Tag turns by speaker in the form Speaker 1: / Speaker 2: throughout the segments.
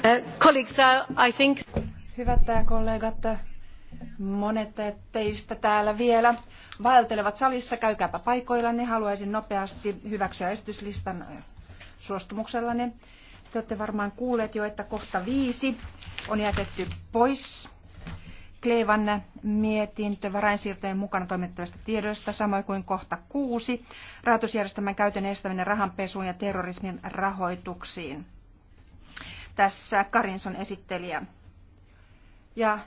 Speaker 1: Uh, uh, Hyvät uh, kollegat, monet teistä täällä vielä vaeltelevat salissa. Käykääpä paikoillanne. Haluaisin nopeasti hyväksyä esityslistan suostumuksellanne. Te olette varmaan kuulleet jo, että kohta viisi on jätetty pois. Kleevan mietintö varainsiirtojen mukana toimittavista tiedoista, samoin kuin kohta kuusi, rahoitusjärjestelmän käytön estäminen rahanpesuun ja terrorismin rahoituksiin tässä Karinson esittelijä. Ja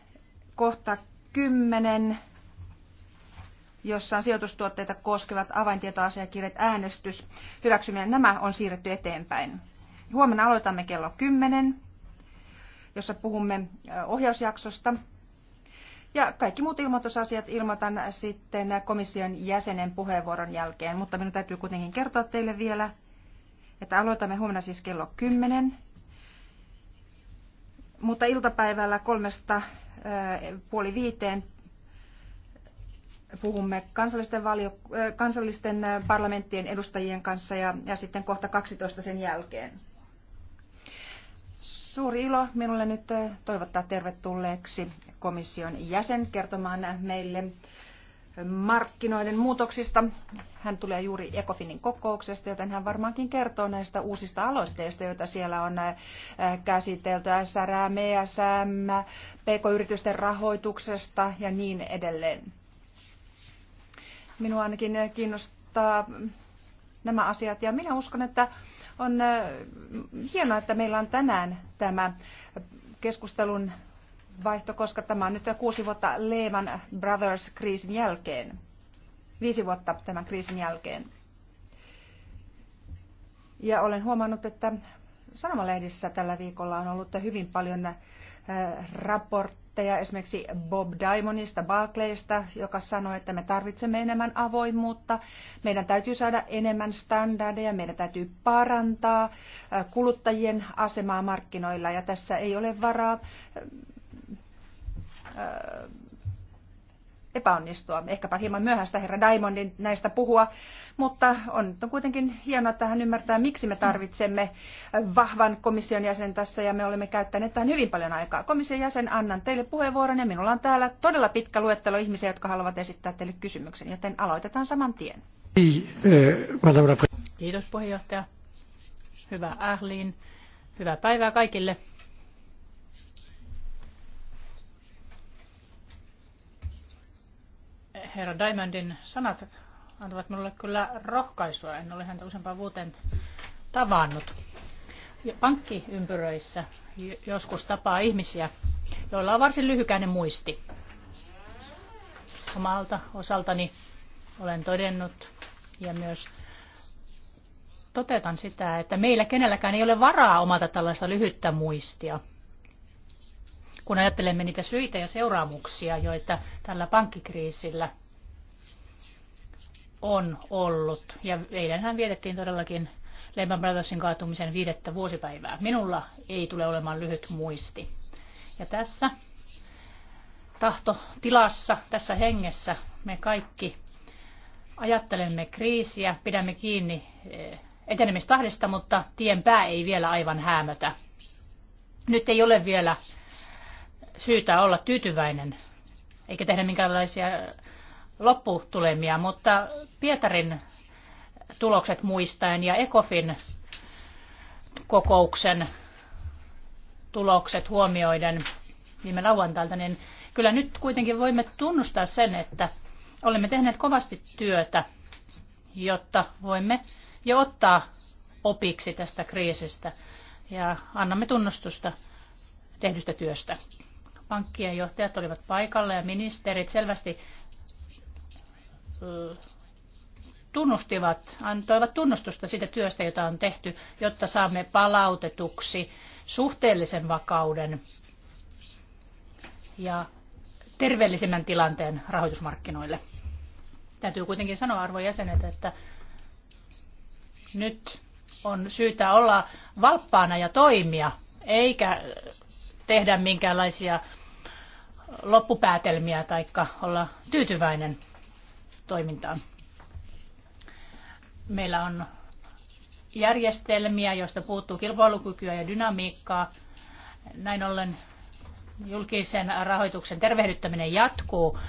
Speaker 1: kohta 10, jossa on sijoitustuotteita koskevat avaintietoasiakirjat äänestys, hyväksyminen, nämä on siirretty eteenpäin. Huomenna aloitamme kello 10, jossa puhumme ohjausjaksosta. Ja kaikki muut ilmoitusasiat ilmoitan sitten komission jäsenen puheenvuoron jälkeen, mutta minun täytyy kuitenkin kertoa teille vielä, että aloitamme huomenna siis kello 10 mutta iltapäivällä kolmesta eh, puoli viiteen puhumme kansallisten, valio, eh, kansallisten eh, parlamenttien edustajien kanssa ja, ja sitten kohta 12 sen jälkeen. Suuri ilo minulle nyt toivottaa tervetulleeksi komission jäsen kertomaan meille markkinoiden muutoksista. Hän tulee juuri Ecofinin kokouksesta, joten hän varmaankin kertoo näistä uusista aloitteista, joita siellä on äh, käsitelty, SRM, MSM, PK-yritysten rahoituksesta ja niin edelleen. Minua ainakin kiinnostaa nämä asiat ja minä uskon, että on äh, hienoa, että meillä on tänään tämä keskustelun vaihto, koska tämä on nyt jo kuusi vuotta Lehman Brothers-kriisin jälkeen. Viisi vuotta tämän kriisin jälkeen. Ja olen huomannut, että sanomalehdissä tällä viikolla on ollut hyvin paljon äh, raportteja esimerkiksi Bob Diamondista, Barclaysta, joka sanoi, että me tarvitsemme enemmän avoimuutta, meidän täytyy saada enemmän standardeja, meidän täytyy parantaa äh, kuluttajien asemaa markkinoilla ja tässä ei ole varaa äh, epäonnistua. Ehkäpä hieman myöhäistä herra Daimondin näistä puhua, mutta on kuitenkin hienoa, että hän ymmärtää, miksi me tarvitsemme vahvan komission jäsen tässä ja me olemme käyttäneet tähän hyvin paljon aikaa. Komission jäsen, annan teille puheenvuoron ja minulla on täällä todella pitkä luettelo ihmisiä, jotka haluavat esittää teille kysymyksen, joten
Speaker 2: aloitetaan saman tien. Kiitos puheenjohtaja. Hyvää Ahlin. Hyvää päivää kaikille. herra Diamondin sanat antavat minulle kyllä rohkaisua. En ole häntä useampaan vuoteen tavannut. Pankkiympyröissä joskus tapaa ihmisiä, joilla on varsin lyhykäinen muisti. Omalta osaltani olen todennut ja myös totetan sitä, että meillä kenelläkään ei ole varaa omata tällaista lyhyttä muistia. Kun ajattelemme niitä syitä ja seuraamuksia, joita tällä pankkikriisillä – on ollut. Ja eilenhän vietettiin todellakin Lehman Brothersin kaatumisen viidettä vuosipäivää. Minulla ei tule olemaan lyhyt muisti. Ja tässä tahtotilassa, tässä hengessä me kaikki ajattelemme kriisiä, pidämme kiinni eh, etenemistahdista, mutta tien pää ei vielä aivan häämötä. Nyt ei ole vielä syytä olla tyytyväinen eikä tehdä minkäänlaisia lopputulemia, mutta Pietarin tulokset muistaen ja EKOFIN kokouksen tulokset huomioiden viime lauantailta, niin kyllä nyt kuitenkin voimme tunnustaa sen, että olemme tehneet kovasti työtä, jotta voimme jo ottaa opiksi tästä kriisistä ja annamme tunnustusta tehdystä työstä. Pankkien johtajat olivat paikalla ja ministerit selvästi tunnustivat, antoivat tunnustusta siitä työstä, jota on tehty, jotta saamme palautetuksi suhteellisen vakauden ja terveellisemmän tilanteen rahoitusmarkkinoille. Täytyy kuitenkin sanoa arvon jäsenet, että nyt on syytä olla valppaana ja toimia, eikä tehdä minkäänlaisia loppupäätelmiä tai olla tyytyväinen toimintaan. Meillä on järjestelmiä, joista puuttuu kilpailukykyä ja dynamiikkaa. Näin ollen julkisen rahoituksen tervehdyttäminen jatkuu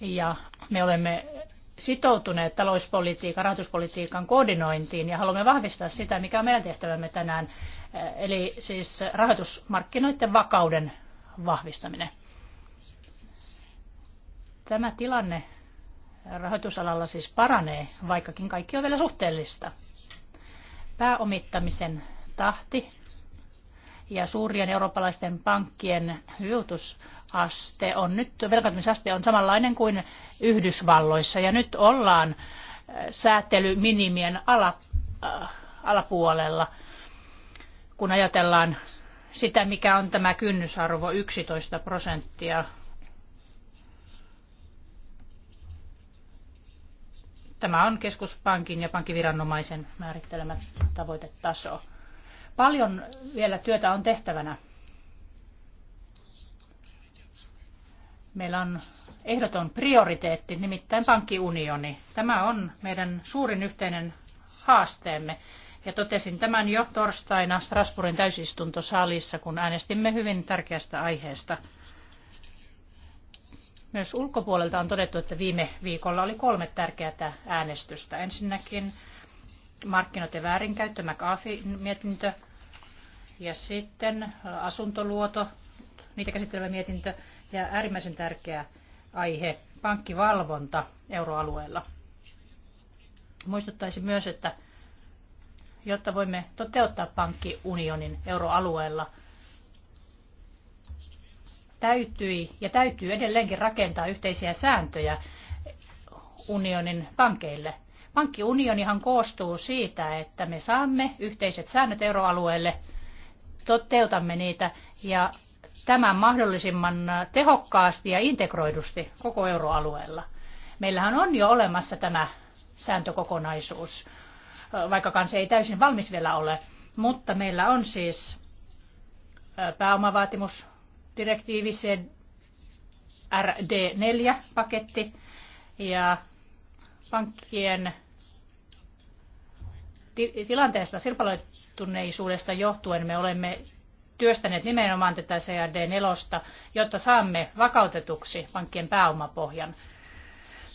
Speaker 2: ja me olemme sitoutuneet talouspolitiikan, rahoituspolitiikan koordinointiin ja haluamme vahvistaa sitä, mikä on meidän tehtävämme tänään, eli siis rahoitusmarkkinoiden vakauden vahvistaminen. Tämä tilanne rahoitusalalla siis paranee, vaikkakin kaikki on vielä suhteellista. Pääomittamisen tahti ja suurien eurooppalaisten pankkien hyötysaste on nyt, velkaantumisaste on samanlainen kuin Yhdysvalloissa ja nyt ollaan äh, säätelyminimien ala, äh, alapuolella, kun ajatellaan sitä, mikä on tämä kynnysarvo 11 prosenttia Tämä on keskuspankin ja pankkiviranomaisen määrittelemä tavoitetaso. Paljon vielä työtä on tehtävänä. Meillä on ehdoton prioriteetti, nimittäin pankkiunioni. Tämä on meidän suurin yhteinen haasteemme. Ja totesin tämän jo torstaina Strasbourgin täysistuntosalissa, kun äänestimme hyvin tärkeästä aiheesta – myös ulkopuolelta on todettu, että viime viikolla oli kolme tärkeää äänestystä. Ensinnäkin markkinoiden väärinkäyttö, McAfee-mietintö, ja sitten asuntoluoto, niitä käsittelevä mietintö, ja äärimmäisen tärkeä aihe, pankkivalvonta euroalueella. Muistuttaisin myös, että jotta voimme toteuttaa pankkiunionin euroalueella – täytyi ja täytyy edelleenkin rakentaa yhteisiä sääntöjä unionin pankeille. Pankkiunionihan koostuu siitä, että me saamme yhteiset säännöt euroalueelle, toteutamme niitä ja tämän mahdollisimman tehokkaasti ja integroidusti koko euroalueella. Meillähän on jo olemassa tämä sääntökokonaisuus, vaikkakaan se ei täysin valmis vielä ole, mutta meillä on siis pääomavaatimus, direktiivi, RD4-paketti ja pankkien tilanteesta, sirpaloituneisuudesta johtuen me olemme työstäneet nimenomaan tätä CRD4, jotta saamme vakautetuksi pankkien pääomapohjan.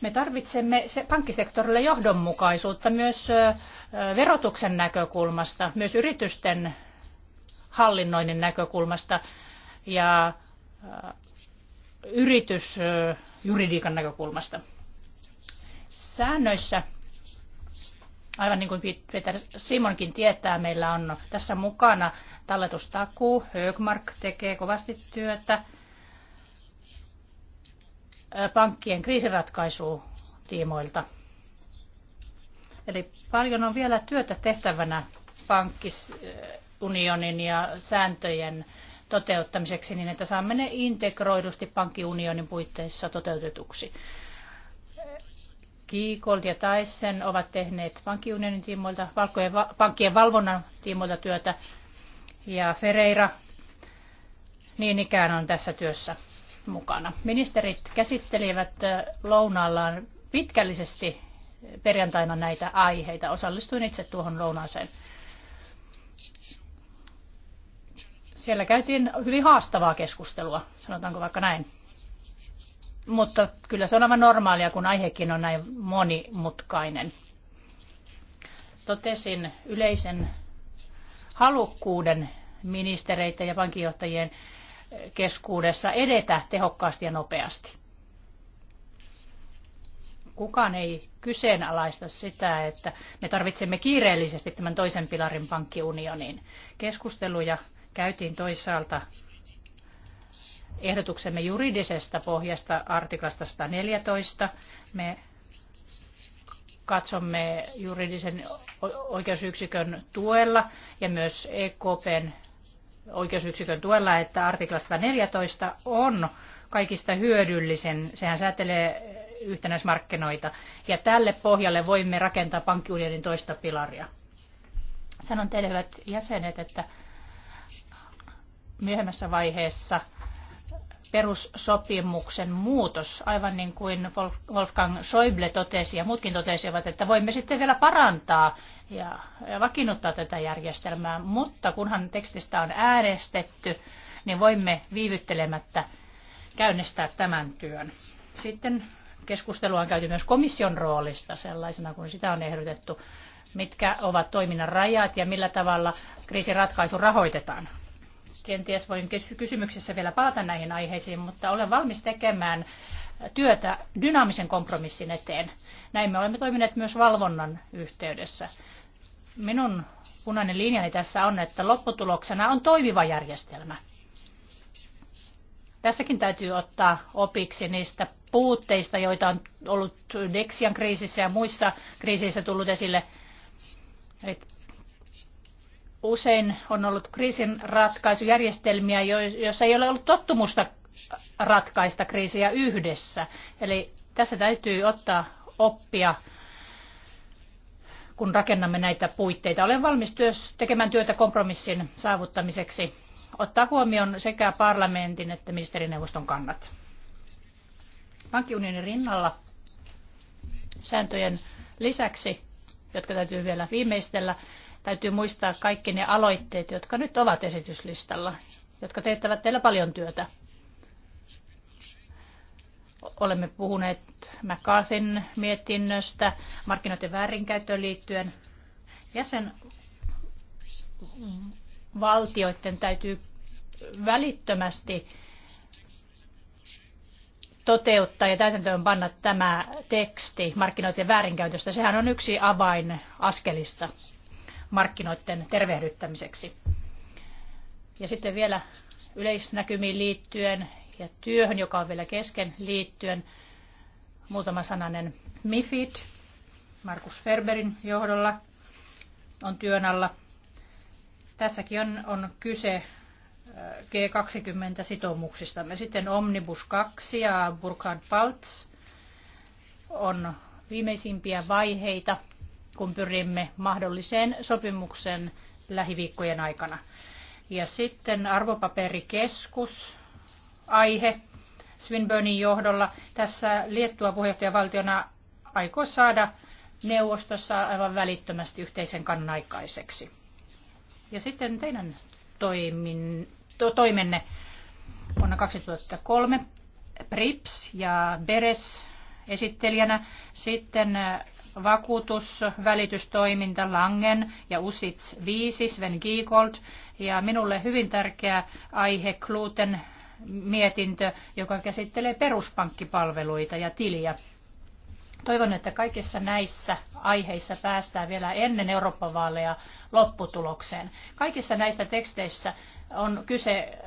Speaker 2: Me tarvitsemme se pankkisektorille johdonmukaisuutta myös verotuksen näkökulmasta, myös yritysten hallinnoinnin näkökulmasta ja äh, yritysjuridiikan äh, näkökulmasta. Säännöissä, aivan niin kuin Peter Simonkin tietää, meillä on tässä mukana talletustakuu. Högmark tekee kovasti työtä äh, pankkien kriisiratkaisu tiimoilta. Eli paljon on vielä työtä tehtävänä pankkisunionin ja sääntöjen toteuttamiseksi niin, että saamme ne integroidusti pankkiunionin puitteissa toteutetuksi. Kiikold ja Taisen ovat tehneet pankkiunionin tiimoilta, valkojen, pankkien valvonnan tiimoilta työtä ja Ferreira niin ikään on tässä työssä mukana. Ministerit käsittelivät äh, lounaallaan pitkällisesti perjantaina näitä aiheita. Osallistuin itse tuohon lounaaseen. Siellä käytiin hyvin haastavaa keskustelua, sanotaanko vaikka näin. Mutta kyllä se on aivan normaalia, kun aihekin on näin monimutkainen. Totesin yleisen halukkuuden ministereiden ja pankinjohtajien keskuudessa edetä tehokkaasti ja nopeasti. Kukaan ei kyseenalaista sitä, että me tarvitsemme kiireellisesti tämän toisen pilarin pankkiunioniin. Keskusteluja Käytiin toisaalta ehdotuksemme juridisesta pohjasta artiklasta 114. Me katsomme juridisen oikeusyksikön tuella ja myös EKPn oikeusyksikön tuella, että artikla 114 on kaikista hyödyllisen. Sehän säätelee yhtenäismarkkinoita. Ja tälle pohjalle voimme rakentaa pankkiunionin toista pilaria. Sanon teille, hyvät jäsenet, että myöhemmässä vaiheessa perussopimuksen muutos, aivan niin kuin Wolfgang Schäuble totesi ja muutkin totesivat, että voimme sitten vielä parantaa ja, ja vakiinnuttaa tätä järjestelmää, mutta kunhan tekstistä on äänestetty, niin voimme viivyttelemättä käynnistää tämän työn. Sitten keskustelua on käyty myös komission roolista sellaisena, kun sitä on ehdotettu, mitkä ovat toiminnan rajat ja millä tavalla kriisiratkaisu rahoitetaan. Kenties voin kysymyksessä vielä palata näihin aiheisiin, mutta olen valmis tekemään työtä dynaamisen kompromissin eteen. Näin me olemme toimineet myös valvonnan yhteydessä. Minun punainen linjani tässä on, että lopputuloksena on toimiva järjestelmä. Tässäkin täytyy ottaa opiksi niistä puutteista, joita on ollut Dexian kriisissä ja muissa kriiseissä tullut esille usein on ollut kriisin ratkaisujärjestelmiä, joissa ei ole ollut tottumusta ratkaista kriisiä yhdessä. Eli tässä täytyy ottaa oppia, kun rakennamme näitä puitteita. Olen valmis työs, tekemään työtä kompromissin saavuttamiseksi. Ottaa huomioon sekä parlamentin että ministerineuvoston kannat. Pankkiunionin rinnalla sääntöjen lisäksi, jotka täytyy vielä viimeistellä, Täytyy muistaa kaikki ne aloitteet, jotka nyt ovat esityslistalla, jotka teettävät teillä paljon työtä. Olemme puhuneet McCarthyn mietinnöstä markkinoiden väärinkäyttöön liittyen. Jäsen valtioiden täytyy välittömästi toteuttaa ja täytäntöön panna tämä teksti markkinoiden väärinkäytöstä. Sehän on yksi avain askelista markkinoiden tervehdyttämiseksi. Ja sitten vielä yleisnäkymiin liittyen ja työhön, joka on vielä kesken liittyen, muutama sananen MIFID Markus Ferberin johdolla on työn alla. Tässäkin on, on kyse äh, G20-sitoumuksista. Me sitten Omnibus 2 ja Burkhard Paltz on viimeisimpiä vaiheita kun pyrimme mahdolliseen sopimuksen lähiviikkojen aikana. Ja sitten arvopaperikeskus, aihe Swinburnin johdolla. Tässä Liettua puheenjohtajavaltiona aikoo saada neuvostossa aivan välittömästi yhteisen kannan aikaiseksi. Ja sitten teidän toimin, to, toimenne vuonna 2003, PRIPS ja BERES esittelijänä, sitten vakuutus, välitystoiminta Langen ja Usits 5, Sven Giegold ja minulle hyvin tärkeä aihe Kluten mietintö, joka käsittelee peruspankkipalveluita ja tiliä. Toivon, että kaikissa näissä aiheissa päästään vielä ennen Euroopan vaaleja lopputulokseen. Kaikissa näistä teksteissä on kyse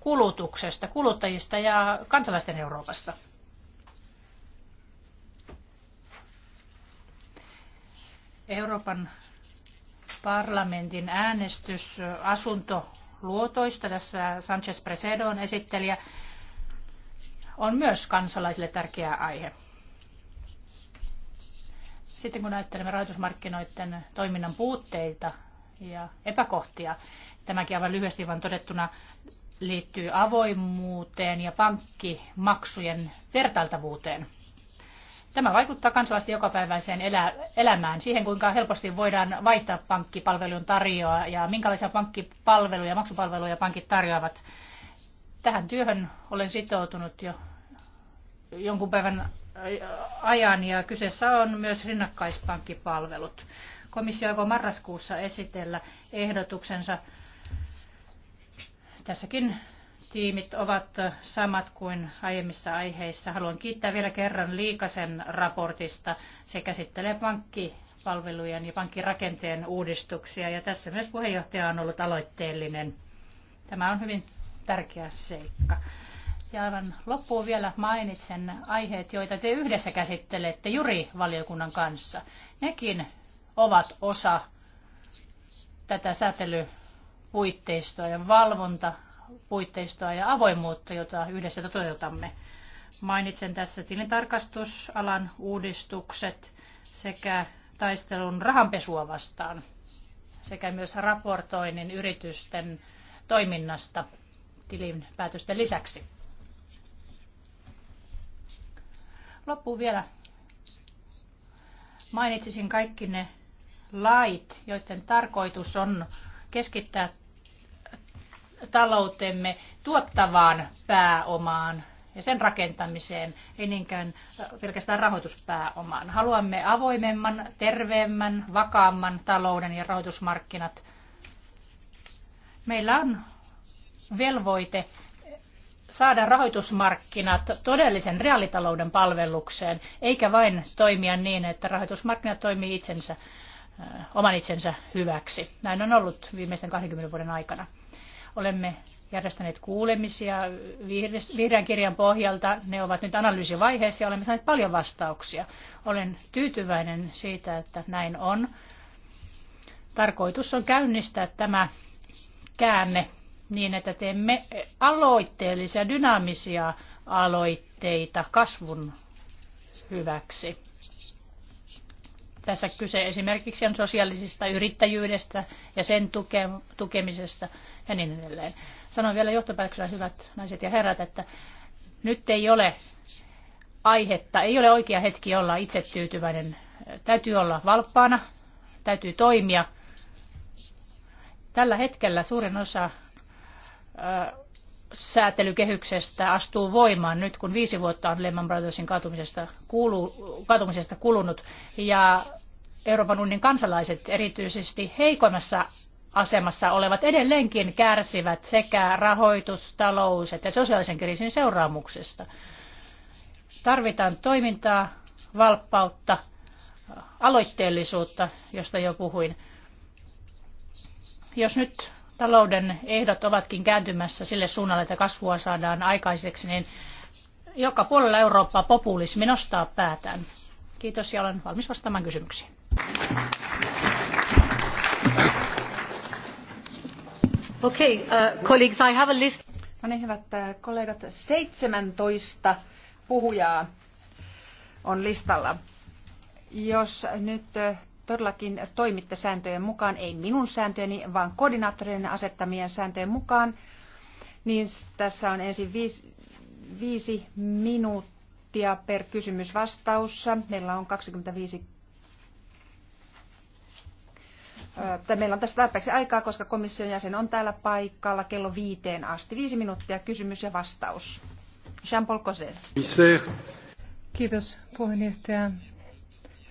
Speaker 2: kulutuksesta, kuluttajista ja kansalaisten Euroopasta. Euroopan parlamentin äänestys asuntoluotoista, tässä Sanchez Presedo on esittelijä, on myös kansalaisille tärkeä aihe. Sitten kun ajattelemme rahoitusmarkkinoiden toiminnan puutteita ja epäkohtia, tämäkin aivan lyhyesti vain todettuna liittyy avoimuuteen ja pankkimaksujen vertailtavuuteen. Tämä vaikuttaa kansalaisten jokapäiväiseen elä, elämään, siihen kuinka helposti voidaan vaihtaa pankkipalvelun tarjoa ja minkälaisia pankkipalveluja, maksupalveluja pankit tarjoavat. Tähän työhön olen sitoutunut jo jonkun päivän ajan ja kyseessä on myös rinnakkaispankkipalvelut. Komissio aikoo marraskuussa esitellä ehdotuksensa tässäkin tiimit ovat samat kuin aiemmissa aiheissa. Haluan kiittää vielä kerran Liikasen raportista. Se käsittelee pankkipalvelujen ja pankkirakenteen uudistuksia ja tässä myös puheenjohtaja on ollut aloitteellinen. Tämä on hyvin tärkeä seikka. Ja aivan loppuun vielä mainitsen aiheet, joita te yhdessä käsittelette juri-valiokunnan kanssa. Nekin ovat osa tätä säätelypuitteistoa ja valvonta puitteistoa ja avoimuutta, jota yhdessä toteutamme. Mainitsen tässä tilintarkastusalan uudistukset sekä taistelun rahanpesua vastaan sekä myös raportoinnin yritysten toiminnasta tilinpäätösten lisäksi. Loppuun vielä mainitsisin kaikki ne lait, joiden tarkoitus on keskittää taloutemme tuottavaan pääomaan ja sen rakentamiseen, ei niinkään äh, pelkästään rahoituspääomaan. Haluamme avoimemman, terveemmän, vakaamman talouden ja rahoitusmarkkinat. Meillä on velvoite saada rahoitusmarkkinat todellisen reaalitalouden palvelukseen, eikä vain toimia niin, että rahoitusmarkkinat toimii itsensä, äh, oman itsensä hyväksi. Näin on ollut viimeisten 20 vuoden aikana. Olemme järjestäneet kuulemisia vihreän kirjan pohjalta. Ne ovat nyt analyysivaiheessa ja olemme saaneet paljon vastauksia. Olen tyytyväinen siitä, että näin on. Tarkoitus on käynnistää tämä käänne niin, että teemme aloitteellisia, dynaamisia aloitteita kasvun hyväksi. Tässä kyse esimerkiksi on sosiaalisesta yrittäjyydestä ja sen tuke, tukemisesta ja niin edelleen. Sanoin vielä johtopäätöksellä, hyvät naiset ja herrat, että nyt ei ole aihetta, ei ole oikea hetki olla itse tyytyväinen. Täytyy olla valppaana, täytyy toimia. Tällä hetkellä suurin osa säätelykehyksestä astuu voimaan nyt, kun viisi vuotta on Lehman Brothersin kaatumisesta, kuulu, kaatumisesta kulunut ja Euroopan unionin kansalaiset, erityisesti heikoimmassa asemassa olevat, edelleenkin kärsivät sekä rahoitus-, talous- että sosiaalisen kriisin seuraamuksista. Tarvitaan toimintaa, valppautta, aloitteellisuutta, josta jo puhuin. Jos nyt talouden ehdot ovatkin kääntymässä sille suunnalle, että kasvua saadaan aikaiseksi, niin joka puolella Eurooppaa populismi nostaa päätään. Kiitos ja olen valmis vastaamaan kysymyksiin. Okay, uh, colleagues, I have a list. No niin, hyvät uh,
Speaker 1: kollegat, 17 puhujaa on listalla. Jos nyt uh, todellakin toimitte sääntöjen mukaan, ei minun sääntöjeni, vaan koordinaattorien asettamien sääntöjen mukaan, niin tässä on ensin viisi, viisi minuuttia per kysymys vastaussa. Meillä on 25 meillä on tässä tarpeeksi aikaa, koska komission jäsen on täällä paikalla kello viiteen asti. Viisi minuuttia kysymys ja vastaus.
Speaker 3: Jean-Paul Cosses. Kiitos puheenjohtaja.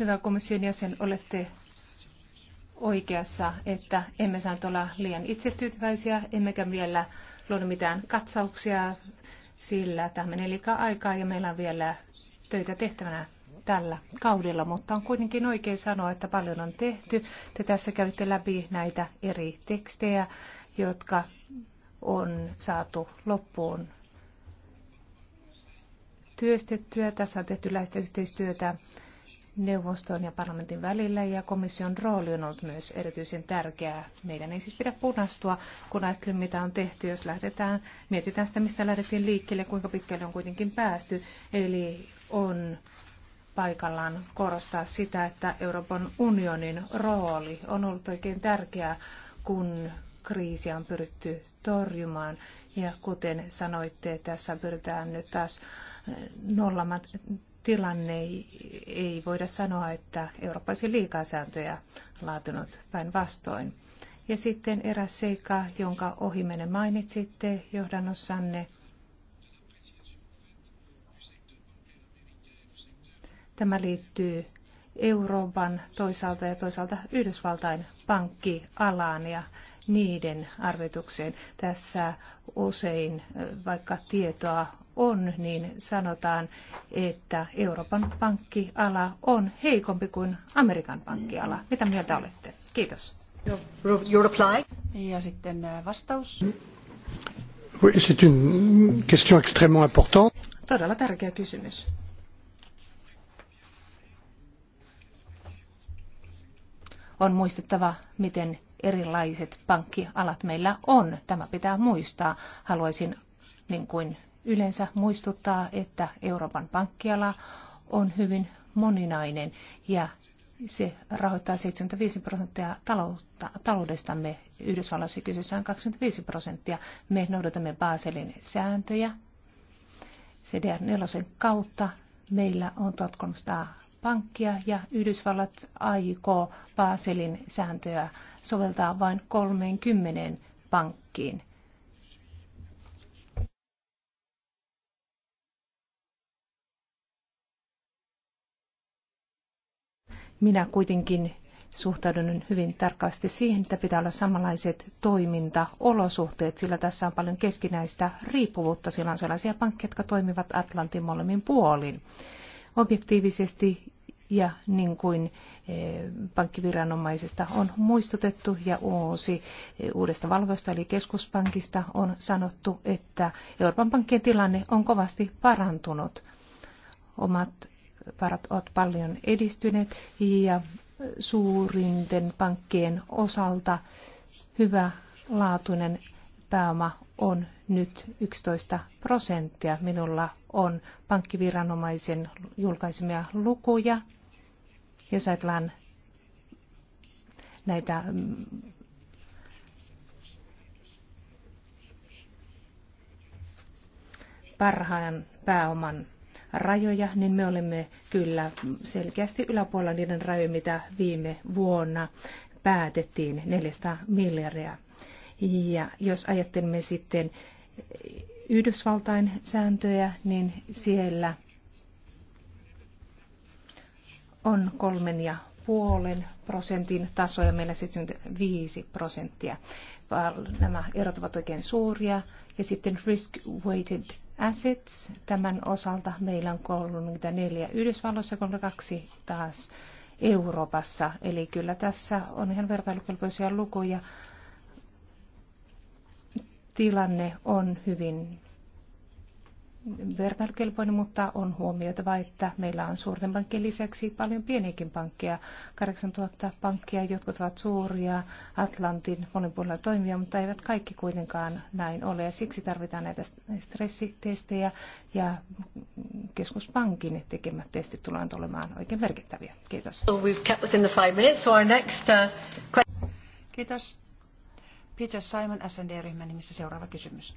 Speaker 3: Hyvä komission jäsen, olette oikeassa, että emme saa olla liian itsetyytyväisiä, emmekä vielä luoda mitään katsauksia, sillä tämä menee liikaa aikaa ja meillä on vielä töitä tehtävänä tällä kaudella, mutta on kuitenkin oikein sanoa, että paljon on tehty. Te tässä kävitte läpi näitä eri tekstejä, jotka on saatu loppuun työstettyä. Tässä on tehty läheistä yhteistyötä neuvoston ja parlamentin välillä ja komission rooli on ollut myös erityisen tärkeää. Meidän ei siis pidä punastua, kun ajattelemme, mitä on tehty, jos lähdetään, mietitään sitä, mistä lähdettiin liikkeelle, kuinka pitkälle on kuitenkin päästy. Eli on paikallaan korostaa sitä, että Euroopan unionin rooli on ollut oikein tärkeää, kun kriisiä on pyritty torjumaan. Ja kuten sanoitte, tässä pyritään nyt taas nollamaan tilanne ei voida sanoa, että Eurooppa olisi liikaa sääntöjä laatunut päinvastoin. Ja sitten eräs seikka, jonka ohimene mainitsitte johdannossanne. Tämä liittyy Euroopan toisaalta ja toisaalta Yhdysvaltain pankkialaan ja niiden arvitukseen. Tässä usein, vaikka tietoa on, niin sanotaan, että Euroopan pankkiala on heikompi kuin Amerikan pankkiala. Mitä mieltä olette? Kiitos. Your reply. Ja sitten äh, vastaus.
Speaker 4: Oui, c'est une question extrêmement importante.
Speaker 3: Todella tärkeä kysymys. On muistettava, miten erilaiset pankkialat meillä on. Tämä pitää muistaa. Haluaisin, niin kuin yleensä muistuttaa, että Euroopan pankkiala on hyvin moninainen ja se rahoittaa 75 prosenttia taloutta, taloudestamme. Yhdysvalloissa kyseessä on 25 prosenttia. Me noudatamme Baselin sääntöjä. CDR4 kautta meillä on 1300 pankkia ja Yhdysvallat aikoo Baselin sääntöjä soveltaa vain 30 pankkiin. Minä kuitenkin suhtaudun hyvin tarkasti siihen, että pitää olla samanlaiset toimintaolosuhteet, sillä tässä on paljon keskinäistä riippuvuutta. Sillä on sellaisia pankkeja, jotka toimivat Atlantin molemmin puolin. Objektiivisesti ja niin kuin eh, pankkiviranomaisesta on muistutettu ja uusi, eh, uudesta valvoista eli keskuspankista on sanottu, että Euroopan pankkien tilanne on kovasti parantunut. Omat varat ovat paljon edistyneet ja suurinten pankkien osalta hyvä laatuinen pääoma on nyt 11 prosenttia. Minulla on pankkiviranomaisen julkaisemia lukuja. Jos ajatellaan näitä mm, parhaan pääoman rajoja, niin me olemme kyllä selkeästi yläpuolella niiden rajoja, mitä viime vuonna päätettiin 400 miljardia. Ja jos ajattelemme sitten Yhdysvaltain sääntöjä, niin siellä on kolmen ja puolen prosentin taso ja meillä 75 prosenttia. Nämä erot ovat oikein suuria. Ja sitten risk-weighted Assets. Tämän osalta meillä on 34 Yhdysvalloissa, 32 taas Euroopassa. Eli kyllä tässä on ihan vertailukelpoisia lukuja. Tilanne on hyvin vertailukelpoinen, mutta on huomioitava, että meillä on suurten pankkien lisäksi paljon pieniäkin pankkeja, 8000 pankkia, jotkut ovat suuria, Atlantin monin puolella toimia, mutta eivät kaikki kuitenkaan näin ole. Ja siksi tarvitaan näitä stressitestejä ja keskuspankin tekemät testit tulevat olemaan oikein merkittäviä. Kiitos.
Speaker 1: Uh, Kiitos. Peter Simon, SND-ryhmän nimissä seuraava kysymys.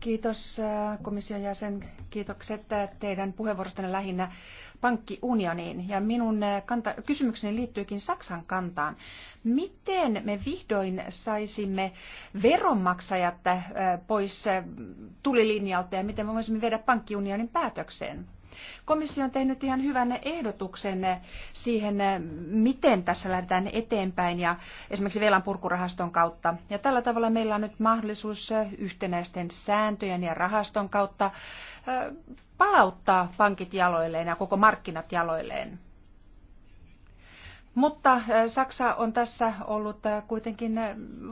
Speaker 1: Kiitos äh, komission jäsen. Kiitokset äh, teidän puheenvuorostanne lähinnä pankkiunioniin. Ja minun äh, kanta, kysymykseni liittyykin Saksan kantaan. Miten me vihdoin saisimme veronmaksajat pois tulilinjalta ja miten me voisimme viedä pankkiunionin päätökseen? Komissio on tehnyt ihan hyvän ehdotuksen siihen, miten tässä lähdetään eteenpäin ja esimerkiksi velan purkurahaston kautta. Ja tällä tavalla meillä on nyt mahdollisuus yhtenäisten sääntöjen ja rahaston kautta palauttaa pankit jaloilleen ja koko markkinat jaloilleen. Mutta Saksa on tässä ollut kuitenkin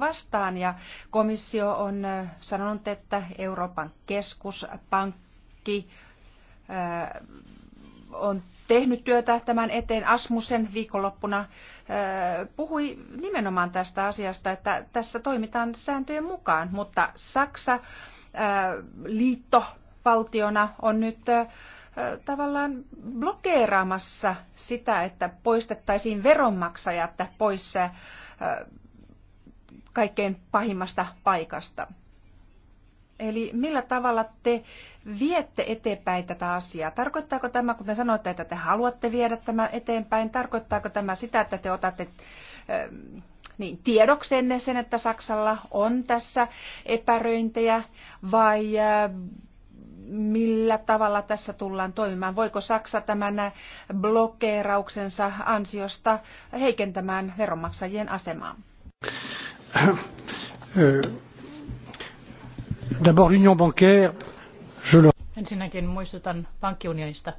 Speaker 1: vastaan ja komissio on sanonut, että Euroopan keskuspankki on tehnyt työtä tämän eteen. Asmusen viikonloppuna puhui nimenomaan tästä asiasta, että tässä toimitaan sääntöjen mukaan, mutta Saksa liittovaltiona on nyt tavallaan blokeeraamassa sitä, että poistettaisiin veronmaksajat pois kaikkein pahimmasta paikasta. Eli millä tavalla te viette eteenpäin tätä asiaa? Tarkoittaako tämä, kun te sanoitte, että te haluatte viedä tämä eteenpäin, tarkoittaako tämä sitä, että te otatte eh, niin, tiedoksenne sen, että Saksalla on tässä epäröintejä, vai eh, millä tavalla tässä tullaan toimimaan? Voiko Saksa tämän eh, blokeerauksensa ansiosta heikentämään
Speaker 2: veronmaksajien asemaa?
Speaker 4: D'abord l'union bancaire, je le...
Speaker 2: Ensinnäkin muistutan pankkiunionista.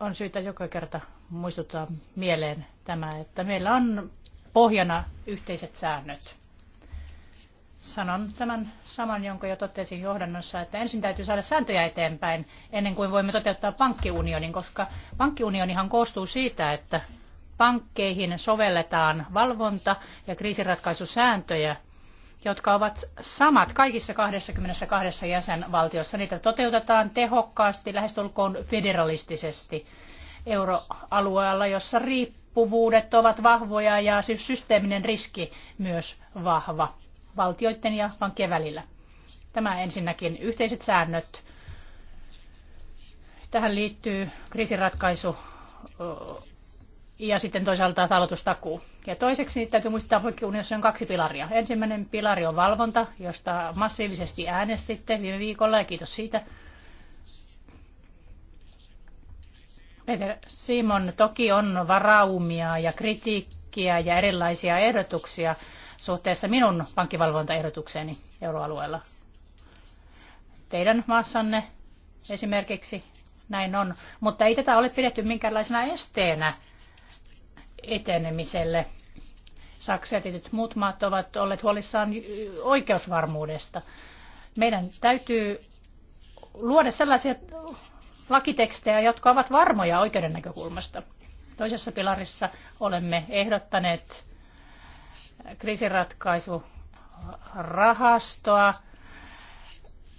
Speaker 2: On syytä joka kerta muistuttaa mieleen tämä, että meillä on pohjana yhteiset säännöt. Sanon tämän saman, jonka jo totesin johdannossa, että ensin täytyy saada sääntöjä eteenpäin ennen kuin voimme toteuttaa pankkiunionin, koska pankkiunionihan koostuu siitä, että pankkeihin sovelletaan valvonta- ja kriisiratkaisusääntöjä, jotka ovat samat kaikissa 22 jäsenvaltiossa. Niitä toteutetaan tehokkaasti, lähestulkoon federalistisesti euroalueella, jossa riippuvuudet ovat vahvoja ja systeeminen riski myös vahva valtioiden ja pankkien välillä. Tämä ensinnäkin yhteiset säännöt. Tähän liittyy kriisinratkaisu ja sitten toisaalta talletustakuu. Ja toiseksi niin täytyy muistaa, että unionissa on kaksi pilaria. Ensimmäinen pilari on valvonta, josta massiivisesti äänestitte viime viikolla ja kiitos siitä. Peter Simon, toki on varaumia ja kritiikkiä ja erilaisia ehdotuksia suhteessa minun pankkivalvontaehdotukseeni euroalueella. Teidän maassanne esimerkiksi näin on, mutta ei tätä ole pidetty minkäänlaisena esteenä etenemiselle. Saksa ja tietyt muut maat ovat olleet huolissaan oikeusvarmuudesta. Meidän täytyy luoda sellaisia lakitekstejä, jotka ovat varmoja oikeuden näkökulmasta. Toisessa pilarissa olemme ehdottaneet kriisiratkaisurahastoa, rahastoa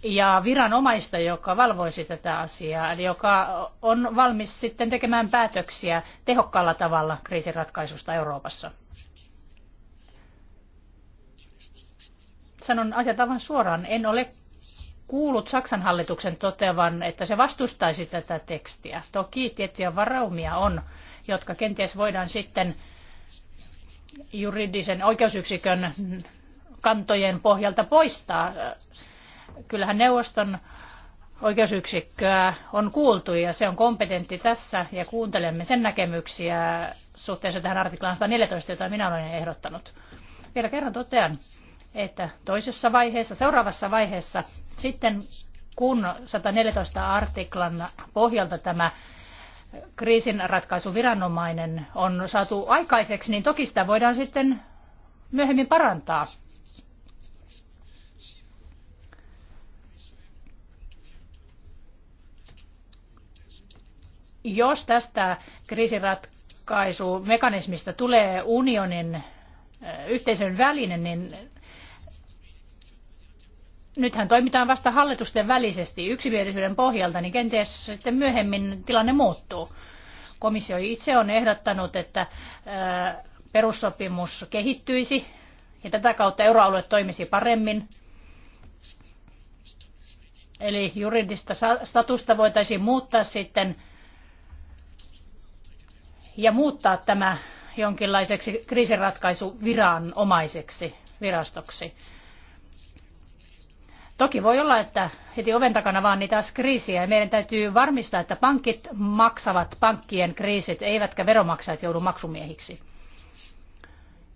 Speaker 2: ja viranomaista, joka valvoisi tätä asiaa, eli joka on valmis sitten tekemään päätöksiä tehokkaalla tavalla kriisiratkaisusta Euroopassa. Sanon asiat aivan suoraan. En ole kuullut Saksan hallituksen toteavan, että se vastustaisi tätä tekstiä. Toki tiettyjä varaumia on, jotka kenties voidaan sitten juridisen oikeusyksikön kantojen pohjalta poistaa Kyllähän neuvoston oikeusyksikköä on kuultu ja se on kompetentti tässä ja kuuntelemme sen näkemyksiä suhteessa tähän artiklaan 114, jota minä olen ehdottanut. Vielä kerran totean, että toisessa vaiheessa, seuraavassa vaiheessa, sitten kun 114 artiklan pohjalta tämä kriisinratkaisuviranomainen on saatu aikaiseksi, niin toki sitä voidaan sitten myöhemmin parantaa Jos tästä kriisiratkaisumekanismista tulee unionin eh, yhteisön välinen, niin nythän toimitaan vasta hallitusten välisesti yksimielisyyden pohjalta, niin kenties sitten myöhemmin tilanne muuttuu. Komissio itse on ehdottanut, että eh, perussopimus kehittyisi ja tätä kautta euroalue toimisi paremmin. Eli juridista statusta voitaisiin muuttaa sitten ja muuttaa tämä jonkinlaiseksi kriisinratkaisuviranomaiseksi, virastoksi. Toki voi olla, että heti oven takana vaan niitä kriisiä ja meidän täytyy varmistaa, että pankit maksavat pankkien kriisit, eivätkä veromaksajat joudu maksumiehiksi.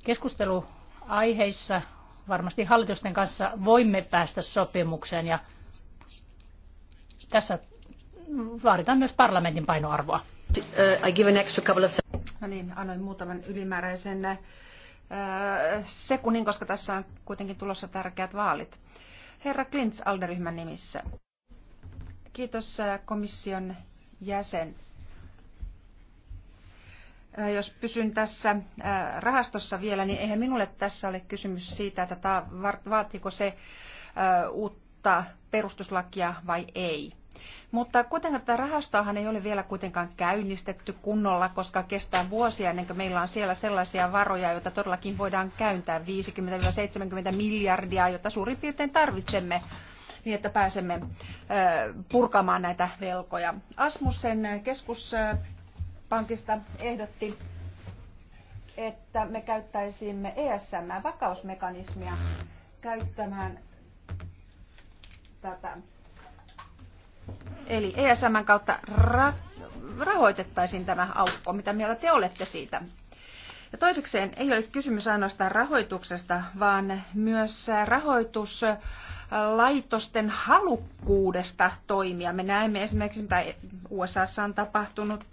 Speaker 2: Keskustelu aiheissa varmasti hallitusten kanssa voimme päästä sopimukseen ja tässä vaaditaan myös parlamentin painoarvoa. Uh, I give an extra couple of...
Speaker 1: No niin, annoin muutaman ylimääräisen äh, sekunnin, koska tässä on kuitenkin tulossa tärkeät vaalit. Herra Klintz Alderyhmän nimissä. Kiitos uh, komission jäsen. Jos pysyn tässä rahastossa vielä, niin eihän minulle tässä ole kysymys siitä, että vaatiiko se uutta perustuslakia vai ei mutta kuitenkaan tätä rahastoahan ei ole vielä kuitenkaan käynnistetty kunnolla, koska kestää vuosia ennen kuin meillä on siellä sellaisia varoja, joita todellakin voidaan käyntää 50-70 miljardia, jota suurin piirtein tarvitsemme niin, että pääsemme purkamaan näitä velkoja. Asmussen keskuspankista ehdotti, että me käyttäisimme ESM-vakausmekanismia käyttämään tätä Eli ESMn kautta ra- rahoitettaisiin tämä aukko, mitä mieltä te olette siitä? Ja toisekseen ei ole kysymys ainoastaan rahoituksesta, vaan myös rahoituslaitosten halukkuudesta toimia. Me näemme esimerkiksi, mitä USAssa on tapahtunut,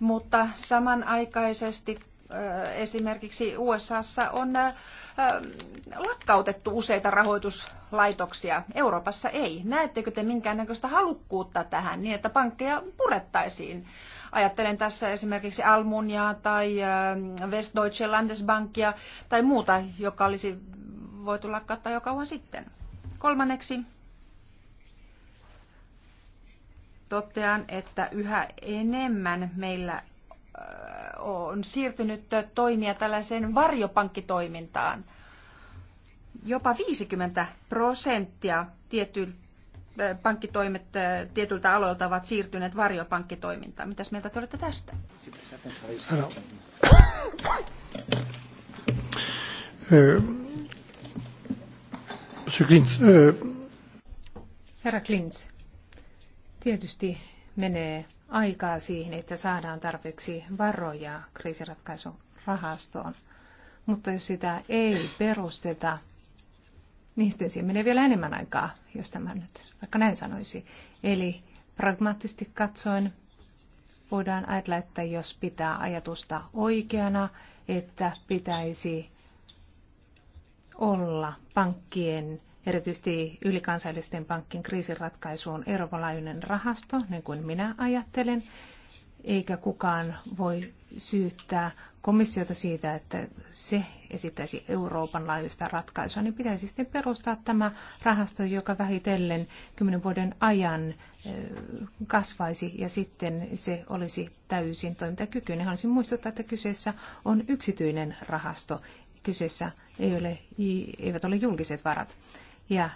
Speaker 1: mutta samanaikaisesti esimerkiksi USAssa on lakkautettu useita rahoituslaitoksia, Euroopassa ei. Näettekö te minkäännäköistä halukkuutta tähän niin, että pankkeja purettaisiin? Ajattelen tässä esimerkiksi Almuniaa tai Westdeutsche Landesbankia tai muuta, joka olisi voitu lakkauttaa jo kauan sitten. Kolmanneksi totean, että yhä enemmän meillä on siirtynyt toimia tällaiseen varjopankkitoimintaan. Jopa 50 prosenttia tietyiltä pankkitoimet tietyiltä aloilta ovat siirtyneet varjopankkitoimintaan. Mitäs mieltä te olette tästä?
Speaker 3: Herra Klintz, tietysti menee aikaa siihen, että saadaan tarpeeksi varoja kriisiratkaisurahastoon. Mutta jos sitä ei perusteta, niin sitten siihen menee vielä enemmän aikaa, jos tämä nyt vaikka näin sanoisi. Eli pragmaattisesti katsoen voidaan ajatella, että jos pitää ajatusta oikeana, että pitäisi olla pankkien erityisesti ylikansallisten pankkien kriisiratkaisuun Euroopan laajuinen rahasto, niin kuin minä ajattelen, eikä kukaan voi syyttää komissiota siitä, että se esittäisi Euroopan laajuista ratkaisua, niin pitäisi sitten perustaa tämä rahasto, joka vähitellen kymmenen vuoden ajan kasvaisi ja sitten se olisi täysin toimintakykyinen. Haluaisin muistuttaa, että kyseessä on yksityinen rahasto. Kyseessä ei ole, eivät ole julkiset varat. Ja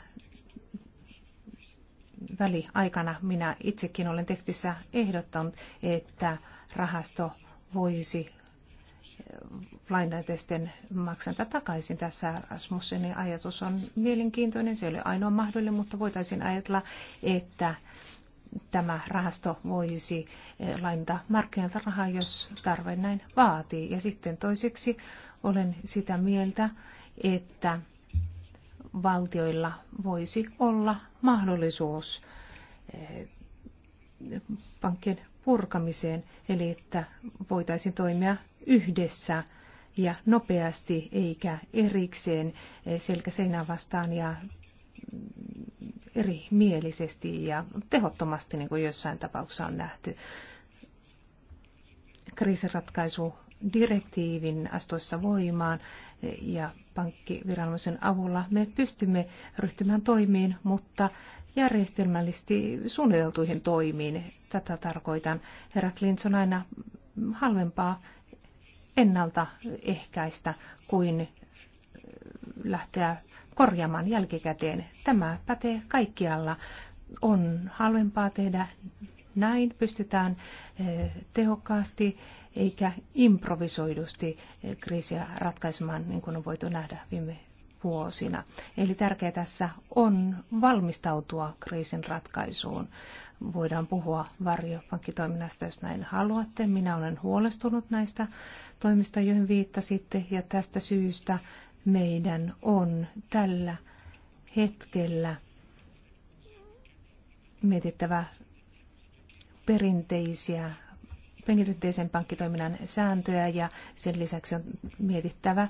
Speaker 3: väliaikana minä itsekin olen tekstissä ehdottanut, että rahasto voisi eh, lainatesten maksanta takaisin. Tässä Rasmussenin ajatus on mielenkiintoinen, se oli ainoa mahdollinen, mutta voitaisiin ajatella, että tämä rahasto voisi eh, lainata markkinoilta rahaa, jos tarve näin vaatii. Ja sitten toiseksi olen sitä mieltä, että valtioilla voisi olla mahdollisuus eh, pankkien purkamiseen, eli että voitaisiin toimia yhdessä ja nopeasti eikä erikseen eh, selkä seinää vastaan ja mm, eri mielisesti ja tehottomasti, niin kuin jossain tapauksessa on nähty. Kriisiratkaisu direktiivin astuessa voimaan ja pankkiviranomaisen avulla me pystymme ryhtymään toimiin, mutta järjestelmällisesti suunniteltuihin toimiin. Tätä tarkoitan. Herra Klintz on aina halvempaa ennaltaehkäistä kuin lähteä korjaamaan jälkikäteen. Tämä pätee kaikkialla. On halvempaa tehdä näin pystytään eh, tehokkaasti eikä improvisoidusti eh, kriisiä ratkaisemaan, niin kuin on voitu nähdä viime vuosina. Eli tärkeää tässä on valmistautua kriisin ratkaisuun. Voidaan puhua varjopankkitoiminnasta, jos näin haluatte. Minä olen huolestunut näistä toimista, joihin viittasitte, ja tästä syystä meidän on tällä hetkellä mietittävä perinteisiä perinteisen pankkitoiminnan sääntöjä ja sen lisäksi on mietittävä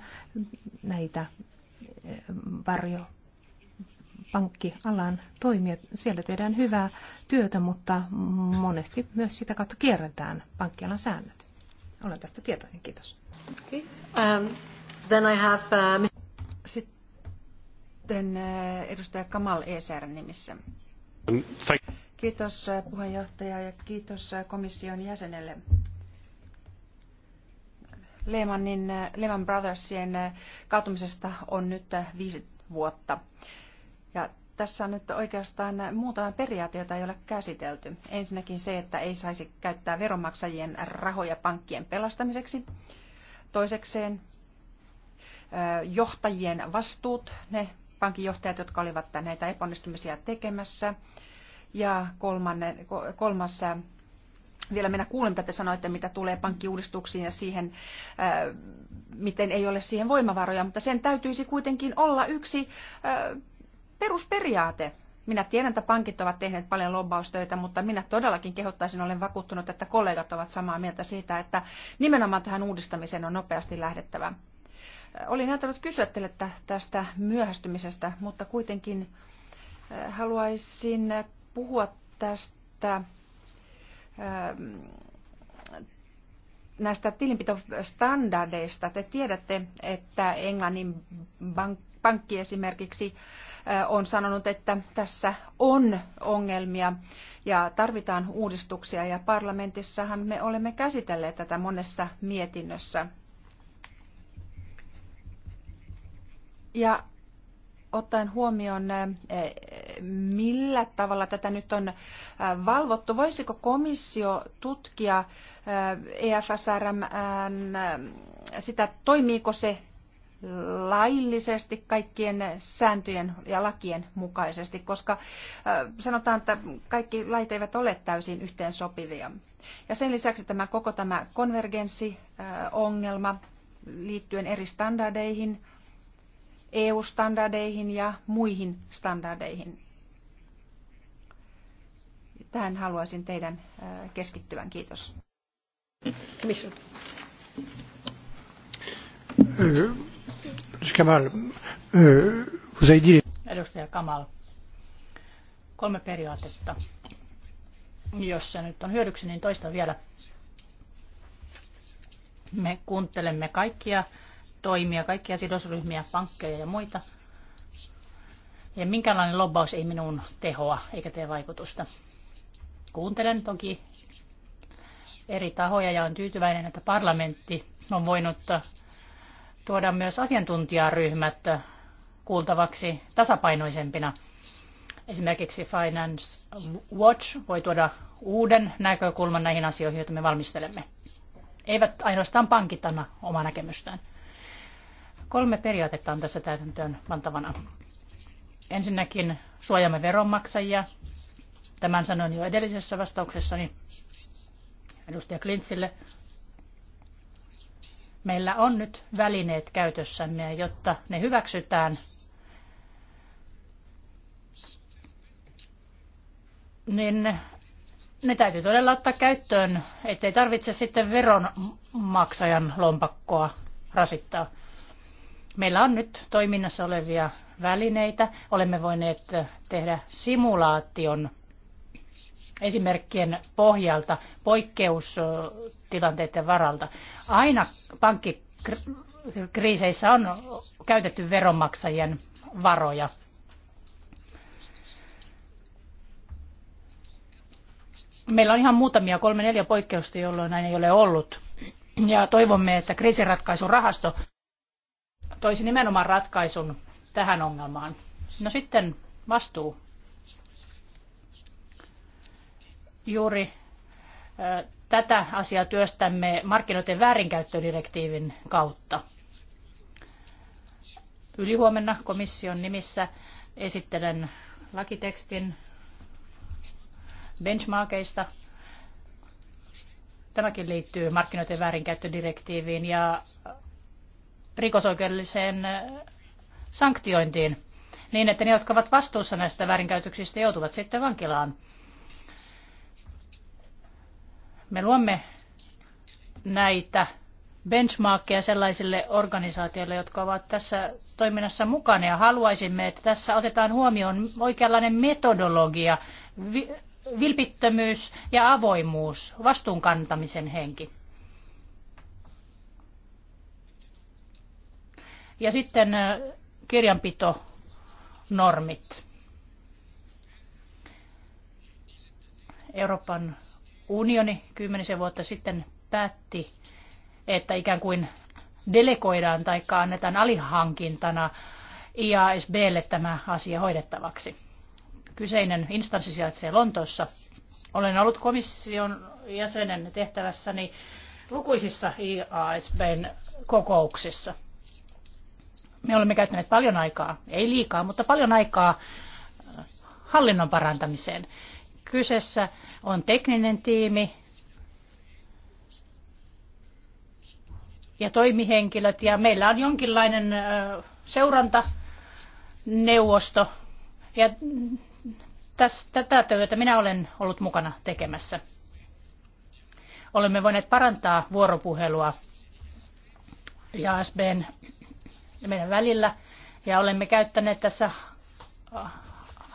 Speaker 3: näitä eh, varjo pankkialan toimia. Siellä tehdään hyvää työtä, mutta monesti myös sitä kautta kierretään pankkialan säännöt. Olen tästä tietoinen, kiitos.
Speaker 1: Okay. Um, then I have, uh, Sitten uh, edustaja Kamal ESR nimissä.
Speaker 5: Um, thank-
Speaker 1: Kiitos puheenjohtaja ja kiitos komission jäsenelle. Lehmanin, Lehman Brothersien kaatumisesta on nyt viisi vuotta. Ja tässä on nyt oikeastaan muutama periaate, jota ei ole käsitelty. Ensinnäkin se, että ei saisi käyttää veronmaksajien rahoja pankkien pelastamiseksi. Toisekseen johtajien vastuut, ne pankinjohtajat, jotka olivat näitä epäonnistumisia tekemässä. Ja kolmanne, kolmas äh, vielä minä kuulen, mitä te sanoitte, mitä tulee pankkiuudistuksiin ja siihen, äh, miten ei ole siihen voimavaroja, mutta sen täytyisi kuitenkin olla yksi äh, perusperiaate. Minä tiedän, että pankit ovat tehneet paljon lobbaustöitä, mutta minä todellakin kehottaisin, olen vakuuttunut, että kollegat ovat samaa mieltä siitä, että nimenomaan tähän uudistamiseen on nopeasti lähdettävä. Olin ajatellut kysyä teille tästä myöhästymisestä, mutta kuitenkin haluaisin puhua tästä ähm, näistä tilinpitostandardeista. Te tiedätte, että Englannin pankki esimerkiksi äh, on sanonut, että tässä on ongelmia ja tarvitaan uudistuksia ja parlamentissahan me olemme käsitelleet tätä monessa mietinnössä. Ja ottaen huomioon äh, millä tavalla tätä nyt on äh, valvottu. Voisiko komissio tutkia äh, EFSRM äh, sitä, toimiiko se laillisesti kaikkien sääntöjen ja lakien mukaisesti, koska sanotaan, että kaikki lait eivät ole täysin yhteen sopivia. Ja sen lisäksi tämä koko tämä konvergenssiongelma liittyen eri standardeihin, EU-standardeihin ja muihin standardeihin tähän haluaisin teidän keskittyvän. Kiitos.
Speaker 4: Euh, euh,
Speaker 2: Edustaja Kamal, kolme periaatetta. Jos se nyt on hyödyksi, niin toista vielä. Me kuuntelemme kaikkia toimia, kaikkia sidosryhmiä, pankkeja ja muita. Ja minkälainen lobbaus ei minun tehoa eikä tee vaikutusta. Kuuntelen toki eri tahoja ja olen tyytyväinen, että parlamentti on voinut tuoda myös asiantuntijaryhmät kuultavaksi tasapainoisempina. Esimerkiksi Finance Watch voi tuoda uuden näkökulman näihin asioihin, joita me valmistelemme. Eivät ainoastaan pankit anna omaa näkemystään. Kolme periaatetta on tässä täytäntöön pantavana. Ensinnäkin suojamme veronmaksajia Tämän sanoin jo edellisessä vastauksessani edustaja Klintsille. Meillä on nyt välineet käytössämme ja jotta ne hyväksytään, niin ne täytyy todella ottaa käyttöön, ettei tarvitse sitten veronmaksajan lompakkoa rasittaa. Meillä on nyt toiminnassa olevia välineitä. Olemme voineet tehdä simulaation esimerkkien pohjalta poikkeustilanteiden varalta. Aina pankkikriiseissä on käytetty veronmaksajien varoja. Meillä on ihan muutamia, kolme neljä poikkeusta, jolloin näin ei ole ollut. Ja toivomme, että kriisiratkaisurahasto toisi nimenomaan ratkaisun tähän ongelmaan. No sitten vastuu Juuri tätä asiaa työstämme markkinoiden väärinkäyttödirektiivin kautta. Ylihuomenna komission nimissä esittelen lakitekstin benchmarkeista. Tämäkin liittyy markkinoiden väärinkäyttödirektiiviin ja rikosoikeudelliseen sanktiointiin niin, että ne, jotka ovat vastuussa näistä väärinkäytöksistä, joutuvat sitten vankilaan. Me luomme näitä benchmarkkeja sellaisille organisaatioille, jotka ovat tässä toiminnassa mukana ja haluaisimme, että tässä otetaan huomioon oikeanlainen metodologia, vilpittömyys ja avoimuus, vastuunkantamisen henki. Ja sitten kirjanpito normit. Euroopan unioni kymmenisen vuotta sitten päätti, että ikään kuin delegoidaan tai annetaan alihankintana IASBlle tämä asia hoidettavaksi. Kyseinen instanssi sijaitsee Lontoossa. Olen ollut komission jäsenen tehtävässäni lukuisissa IASBn kokouksissa. Me olemme käyttäneet paljon aikaa, ei liikaa, mutta paljon aikaa hallinnon parantamiseen. Kyseessä on tekninen tiimi ja toimihenkilöt ja meillä on jonkinlainen seurantaneuvosto ja täs, tätä työtä minä olen ollut mukana tekemässä. Olemme voineet parantaa vuoropuhelua ja SBn meidän välillä ja olemme käyttäneet tässä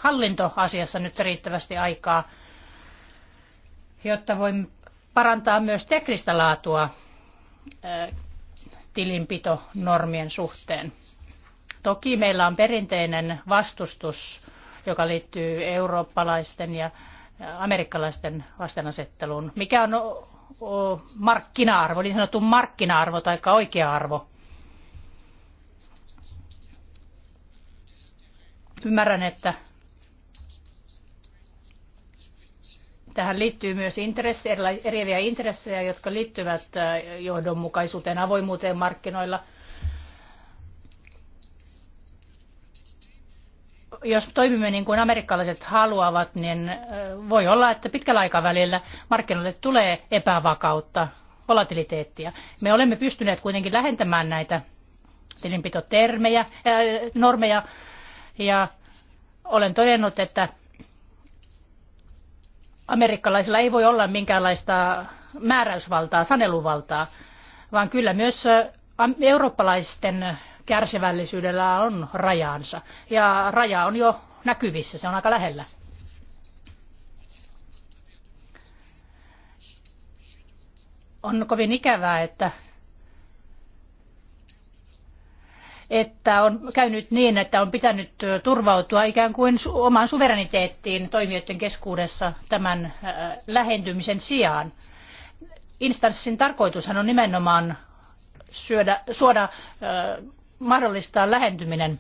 Speaker 2: hallintoasiassa nyt riittävästi aikaa, jotta voin parantaa myös teknistä laatua tilinpitonormien suhteen. Toki meillä on perinteinen vastustus, joka liittyy eurooppalaisten ja amerikkalaisten vastenasetteluun. Mikä on markkina-arvo, niin sanottu markkina-arvo tai oikea arvo? Ymmärrän, että Tähän liittyy myös intressi, eriäviä intressejä, jotka liittyvät äh, johdonmukaisuuteen, avoimuuteen markkinoilla. Jos toimimme niin kuin amerikkalaiset haluavat, niin äh, voi olla, että pitkällä aikavälillä markkinoille tulee epävakautta, volatiliteettia. Me olemme pystyneet kuitenkin lähentämään näitä tilinpitotermejä, äh, normeja, ja olen todennut, että amerikkalaisilla ei voi olla minkäänlaista määräysvaltaa, saneluvaltaa, vaan kyllä myös eurooppalaisten kärsivällisyydellä on rajansa. Ja raja on jo näkyvissä, se on aika lähellä. On kovin ikävää, että että on käynyt niin, että on pitänyt turvautua ikään kuin omaan suvereniteettiin toimijoiden keskuudessa tämän äh, lähentymisen sijaan. Instanssin tarkoitushan on nimenomaan syödä, suoda äh, mahdollistaa lähentyminen.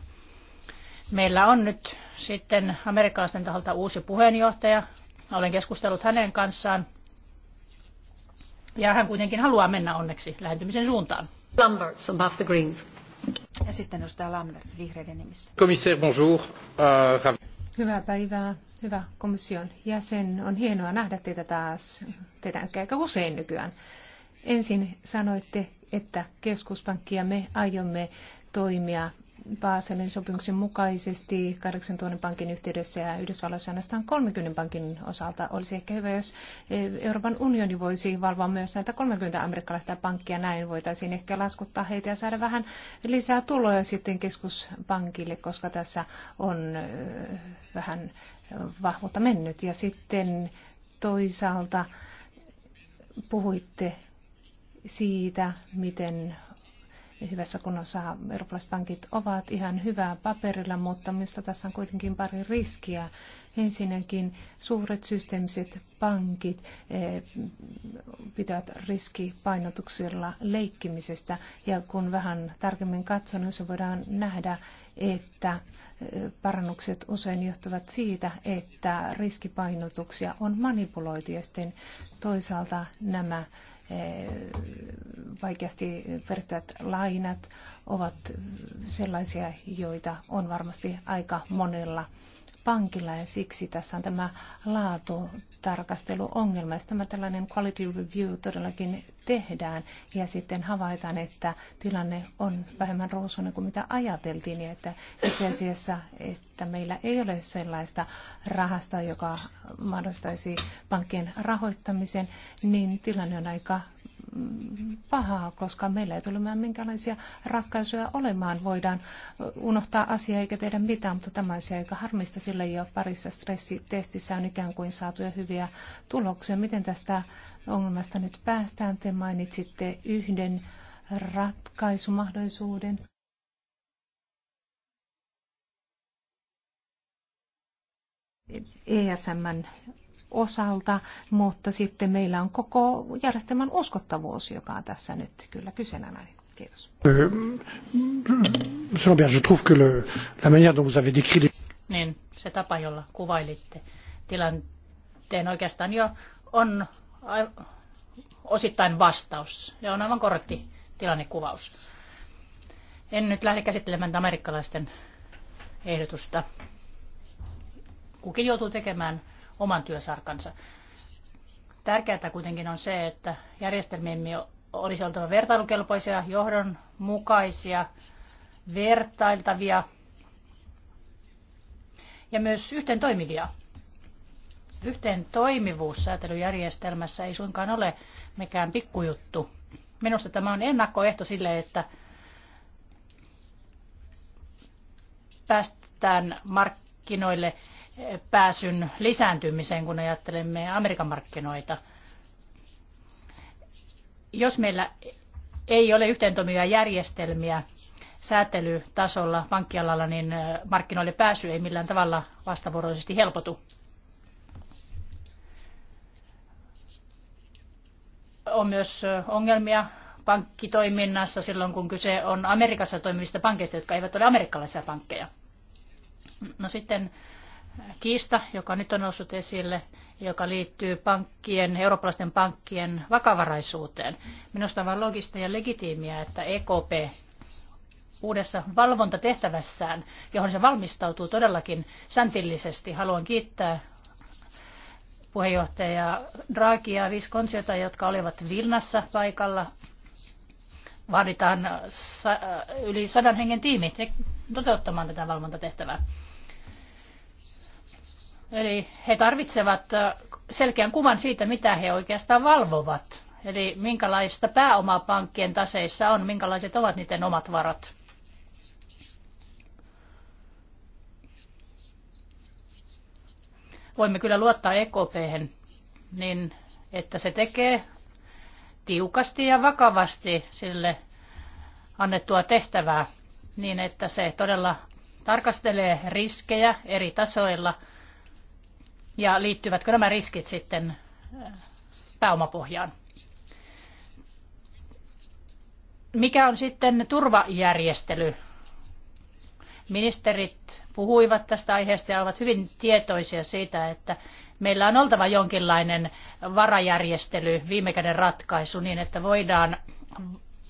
Speaker 2: Meillä on nyt sitten amerikkalaisten taholta uusi puheenjohtaja. Olen keskustellut hänen kanssaan. Ja hän kuitenkin haluaa mennä onneksi lähentymisen suuntaan. the Greens. Ja sitten edustaja Lammers vihreiden nimissä.
Speaker 4: Komissaire, bonjour. Uh,
Speaker 3: Hyvää päivää, hyvä komission jäsen. On hienoa nähdä teitä taas. Teitä aika usein nykyään. Ensin sanoitte, että keskuspankki ja me aiomme toimia Baselin sopimuksen mukaisesti 8000 pankin yhteydessä ja Yhdysvalloissa ainoastaan 30 pankin osalta. Olisi ehkä hyvä, jos e, Euroopan unioni voisi valvoa myös näitä 30 amerikkalaista pankkia. Näin voitaisiin ehkä laskuttaa heitä ja saada vähän lisää tuloja sitten keskuspankille, koska tässä on e, vähän vahvuutta mennyt. Ja sitten toisaalta puhuitte siitä, miten hyvässä kunnossa eurooppalaiset pankit ovat ihan hyvää paperilla, mutta minusta tässä on kuitenkin pari riskiä. Ensinnäkin suuret systeemiset pankit eh, pitävät riskipainotuksilla leikkimisestä ja kun vähän tarkemmin katson, niin se voidaan nähdä, että eh, parannukset usein johtuvat siitä, että riskipainotuksia on manipuloitu ja sitten toisaalta nämä Eh, vaikeasti perittävät lainat ovat sellaisia, joita on varmasti aika monella pankilla ja siksi tässä on tämä laatutarkasteluongelma. Jos tämä tällainen quality review todellakin tehdään ja sitten havaitaan, että tilanne on vähemmän ruusuinen kuin mitä ajateltiin ja että itse asiassa, että meillä ei ole sellaista rahasta, joka mahdollistaisi pankkien rahoittamisen, niin tilanne on aika pahaa, koska meillä ei tule minkälaisia ratkaisuja olemaan. Voidaan unohtaa asiaa eikä tehdä mitään, mutta tämä asia aika harmista, sillä jo parissa stressitestissä on ikään kuin saatu jo hyviä tuloksia. Miten tästä ongelmasta nyt päästään? Te mainitsitte yhden ratkaisumahdollisuuden. ESM e osalta, mutta sitten meillä on koko järjestelmän uskottavuus, joka on tässä nyt kyllä
Speaker 2: kyseenalainen. Kiitos. Euh, niin, se tapa, jolla kuvailitte tilanteen oikeastaan jo on osittain vastaus ja on aivan korrekti tilannekuvaus. En nyt lähde käsittelemään amerikkalaisten ehdotusta. Kukin joutuu tekemään oman työsarkansa. Tärkeää kuitenkin on se, että järjestelmiemme olisi oltava vertailukelpoisia, johdonmukaisia, vertailtavia ja myös yhteen toimivia. Yhteen toimivuus säätelyjärjestelmässä ei suinkaan ole mikään pikkujuttu. Minusta tämä on ennakkoehto sille, että päästään markkinoille pääsyn lisääntymiseen, kun ajattelemme Amerikan markkinoita. Jos meillä ei ole yhteentoimivia järjestelmiä säätelytasolla pankkialalla, niin markkinoille pääsy ei millään tavalla vastavuoroisesti helpotu. On myös ongelmia pankkitoiminnassa silloin, kun kyse on Amerikassa toimivista pankeista, jotka eivät ole amerikkalaisia pankkeja. No sitten kiista, joka nyt on noussut esille, joka liittyy pankkien, eurooppalaisten pankkien vakavaraisuuteen. Minusta on vain logista ja legitiimiä, että EKP uudessa valvontatehtävässään, johon se valmistautuu todellakin säntillisesti. Haluan kiittää puheenjohtaja Draagia ja Viskonsiota, jotka olivat Vilnassa paikalla. Vaaditaan yli sadan hengen tiimi toteuttamaan tätä valvontatehtävää. Eli he tarvitsevat selkeän kuvan siitä, mitä he oikeastaan valvovat. Eli minkälaista pääomaa pankkien taseissa on, minkälaiset ovat niiden omat varat. Voimme kyllä luottaa ekp niin että se tekee tiukasti ja vakavasti sille annettua tehtävää, niin että se todella tarkastelee riskejä eri tasoilla – ja liittyvätkö nämä riskit sitten äh, pääomapohjaan. Mikä on sitten turvajärjestely? Ministerit puhuivat tästä aiheesta ja ovat hyvin tietoisia siitä, että meillä on oltava jonkinlainen varajärjestely, viimekäden ratkaisu, niin että voidaan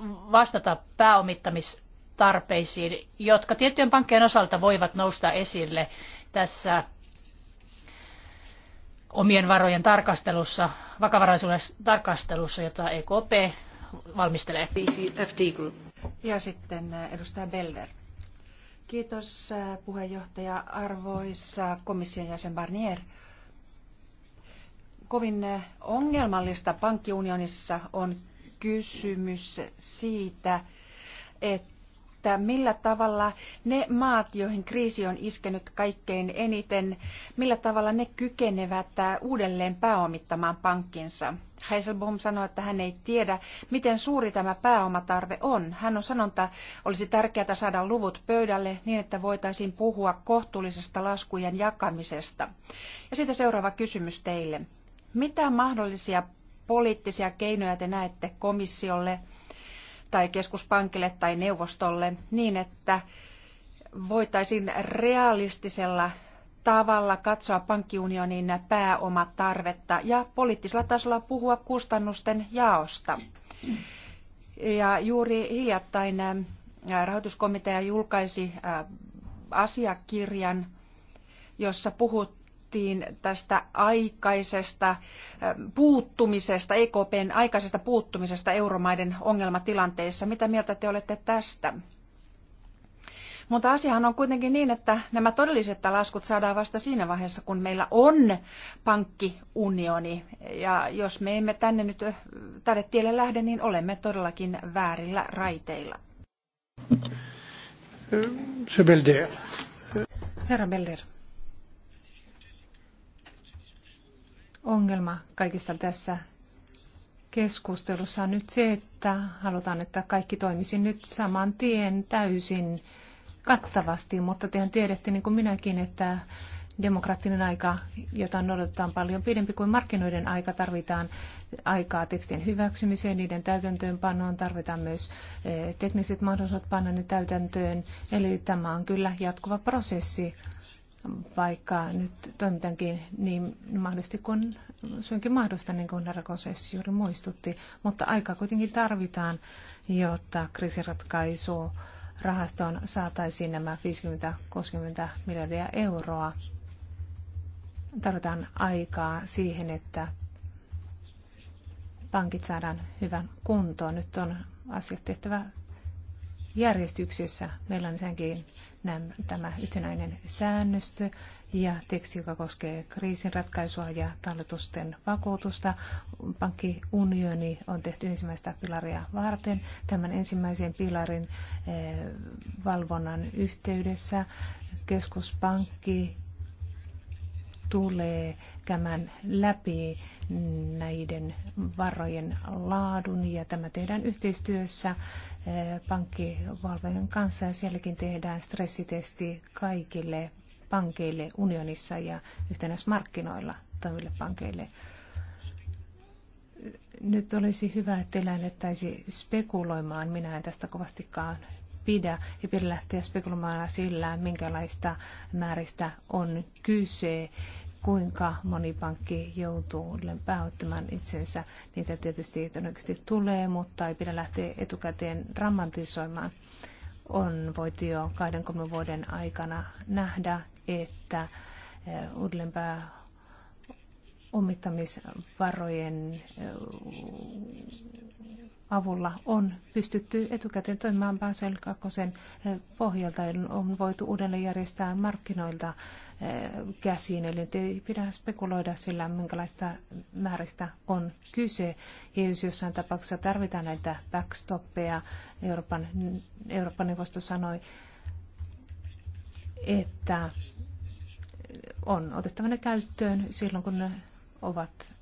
Speaker 2: vastata pääomittamistarpeisiin, jotka tiettyjen pankkien osalta voivat nousta esille tässä omien varojen tarkastelussa, vakavaraisuuden tarkastelussa, jota EKP valmistelee. E FD Group. Ja sitten edustaja Belder.
Speaker 1: Kiitos puheenjohtaja arvoissa komission jäsen Barnier. Kovin ongelmallista pankkiunionissa on kysymys siitä, että että millä tavalla ne maat, joihin kriisi on iskenyt kaikkein eniten, millä tavalla ne kykenevät äh, uudelleen pääomittamaan pankkinsa. Heiselbaum sanoi, että hän ei tiedä, miten suuri tämä pääomatarve on. Hän on sanonut, että olisi tärkeää saada luvut pöydälle niin, että voitaisiin puhua kohtuullisesta laskujen jakamisesta. Ja sitten seuraava kysymys teille. Mitä mahdollisia poliittisia keinoja te näette komissiolle – tai keskuspankille tai neuvostolle niin, että voitaisiin realistisella tavalla katsoa pankkiunionin pääomatarvetta ja poliittisella tasolla puhua kustannusten jaosta. Ja juuri hiljattain rahoituskomitea julkaisi asiakirjan, jossa puhut, puhuttiin tästä aikaisesta puuttumisesta, EKPn aikaisesta puuttumisesta euromaiden ongelmatilanteissa. Mitä mieltä te olette tästä? Mutta asiahan on kuitenkin niin, että nämä todelliset laskut saadaan vasta siinä vaiheessa, kun meillä on pankkiunioni. Ja jos me emme tänne nyt tälle tielle lähde, niin olemme todellakin
Speaker 3: väärillä raiteilla. Herra Belder. ongelma kaikissa tässä keskustelussa on nyt se, että halutaan, että kaikki toimisi nyt saman tien täysin kattavasti, mutta tehän tiedätte niin kuin minäkin, että demokraattinen aika, jota odotetaan paljon pidempi kuin markkinoiden aika, tarvitaan aikaa tekstien hyväksymiseen, niiden täytäntöönpanoon, tarvitaan myös eh, tekniset mahdollisuudet panna ne täytäntöön. Eli tämä on kyllä jatkuva prosessi vaikka nyt toimitankin niin mahdollisesti kuin suinkin mahdollista, niin kuin Rakoses juuri muistutti. Mutta aikaa kuitenkin tarvitaan, jotta kriisiratkaisu rahastoon saataisiin nämä 50-60 miljardia euroa. Tarvitaan aikaa siihen, että pankit saadaan hyvän kuntoon. Nyt on asiat tehtävä järjestyksessä. Meillä on senkin tämä yhtenäinen säännöstö ja teksti, joka koskee kriisinratkaisua ja talletusten vakuutusta. Pankkiunioni on tehty ensimmäistä pilaria varten. Tämän ensimmäisen pilarin eh, valvonnan yhteydessä keskuspankki tulee käymään läpi näiden varojen laadun ja tämä tehdään yhteistyössä Eh, pankkivalvojen kanssa ja sielläkin tehdään stressitesti kaikille pankeille unionissa ja yhtenäismarkkinoilla toimille pankeille. Nyt olisi hyvä, että ei spekuloimaan. Minä en tästä kovastikaan pidä. Ja pidä lähteä spekuloimaan sillä, minkälaista määristä on kyse, kuinka moni pankki joutuu pääottamaan itsensä. Niitä tietysti todennäköisesti tulee, mutta ei pidä lähteä etukäteen dramatisoimaan. On voitu jo 20 vuoden aikana nähdä, että eh, uudelleenpää omittamisvarojen avulla on pystytty etukäteen toimimaan Basel 2 pohjalta, on voitu uudelleen järjestää markkinoilta käsiin, eli ei pidä spekuloida sillä, minkälaista määristä on kyse. Ja jos jossain tapauksessa tarvitaan näitä backstoppeja, Euroopan, Euroopan neuvosto sanoi, että on otettava ne käyttöön silloin, kun ovat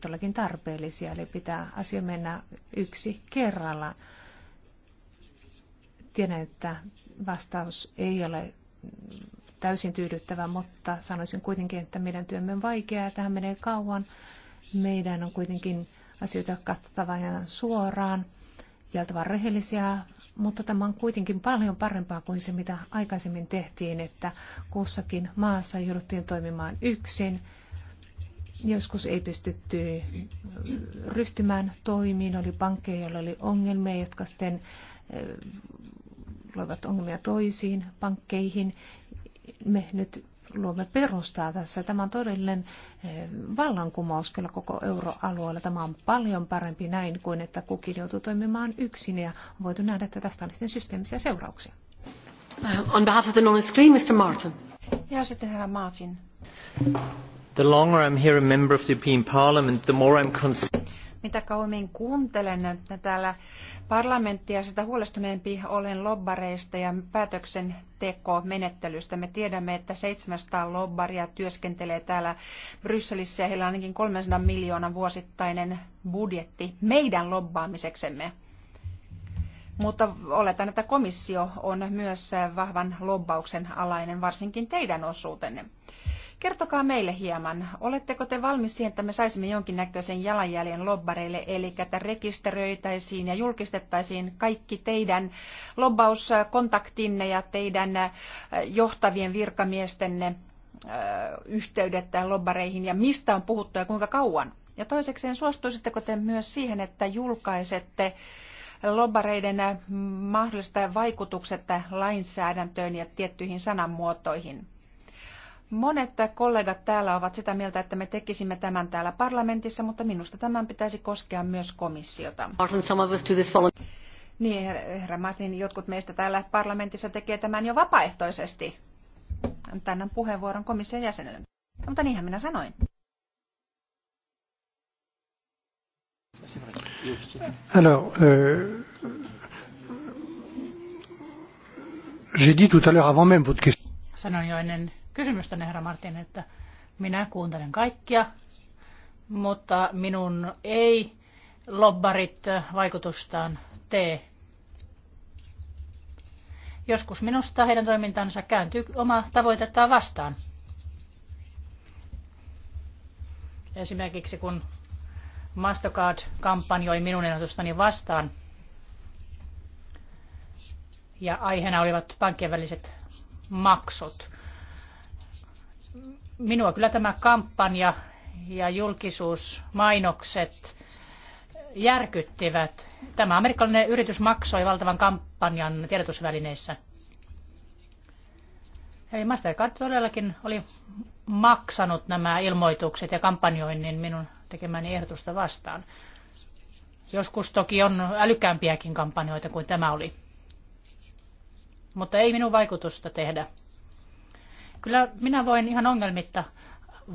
Speaker 3: todellakin tarpeellisia, eli pitää asia mennä yksi kerralla. Tiedän, että vastaus ei ole täysin tyydyttävä, mutta sanoisin kuitenkin, että meidän työmme on vaikeaa ja tähän menee kauan. Meidän on kuitenkin asioita katsottava ja suoraan ja oltava rehellisiä, mutta tämä on kuitenkin paljon parempaa kuin se, mitä aikaisemmin tehtiin, että kussakin maassa jouduttiin toimimaan yksin Joskus ei pystytty ryhtymään toimiin, oli pankkeja, joilla oli ongelmia, jotka sitten eh, loivat ongelmia toisiin pankkeihin. Me nyt luomme perustaa tässä. Tämä on todellinen eh, vallankumous kyllä koko euroalueella. Tämä on paljon parempi näin kuin, että kukin joutuu toimimaan yksin ja on voitu nähdä, että tästä on sitten systeemisiä seurauksia. On behalf of the non Mr. Martin. Ja sitten herra Martin
Speaker 1: mitä kauemmin kuuntelen täällä parlamenttia, sitä huolestuneempi olen lobbareista ja päätöksentekomenettelystä. Me tiedämme, että 700 lobbaria työskentelee täällä Brysselissä ja heillä on ainakin 300 miljoonan vuosittainen budjetti meidän lobbaamiseksemme. Mutta oletan, että komissio on myös vahvan lobbauksen alainen, varsinkin teidän osuutenne. Kertokaa meille hieman, oletteko te valmis siihen, että me saisimme jonkinnäköisen jalanjäljen lobbareille, eli että rekisteröitäisiin ja julkistettaisiin kaikki teidän lobbauskontaktinne ja teidän äh, johtavien virkamiestenne äh, yhteydet lobbareihin ja mistä on puhuttu ja kuinka kauan? Ja toisekseen, suostuisitteko te myös siihen, että julkaisette lobbareiden äh, mahdollista vaikutukset lainsäädäntöön ja tiettyihin sanamuotoihin. Monet kollegat täällä ovat sitä mieltä, että me tekisimme tämän täällä parlamentissa, mutta minusta tämän pitäisi koskea myös komissiota. Niin, herra Martin, jotkut meistä täällä parlamentissa tekee tämän jo vapaaehtoisesti. Tänään puheenvuoron komission jäsenelle. No, mutta niinhän minä sanoin.
Speaker 4: Hello, uh... j'ai dit tout à l'heure avant même votre question.
Speaker 2: Sanoin jo ennen kysymystä, herra Martin, että minä kuuntelen kaikkia, mutta minun ei lobbarit vaikutustaan tee. Joskus minusta heidän toimintansa kääntyy oma tavoitettaan vastaan. Esimerkiksi kun Mastercard kampanjoi minun ennätystani vastaan, ja aiheena olivat pankkien väliset maksut minua kyllä tämä kampanja ja julkisuusmainokset järkyttivät. Tämä amerikkalainen yritys maksoi valtavan kampanjan tiedotusvälineissä. Eli Mastercard todellakin oli maksanut nämä ilmoitukset ja kampanjoinnin minun tekemäni ehdotusta vastaan. Joskus toki on älykkäämpiäkin kampanjoita kuin tämä oli. Mutta ei minun vaikutusta tehdä Kyllä minä voin ihan ongelmitta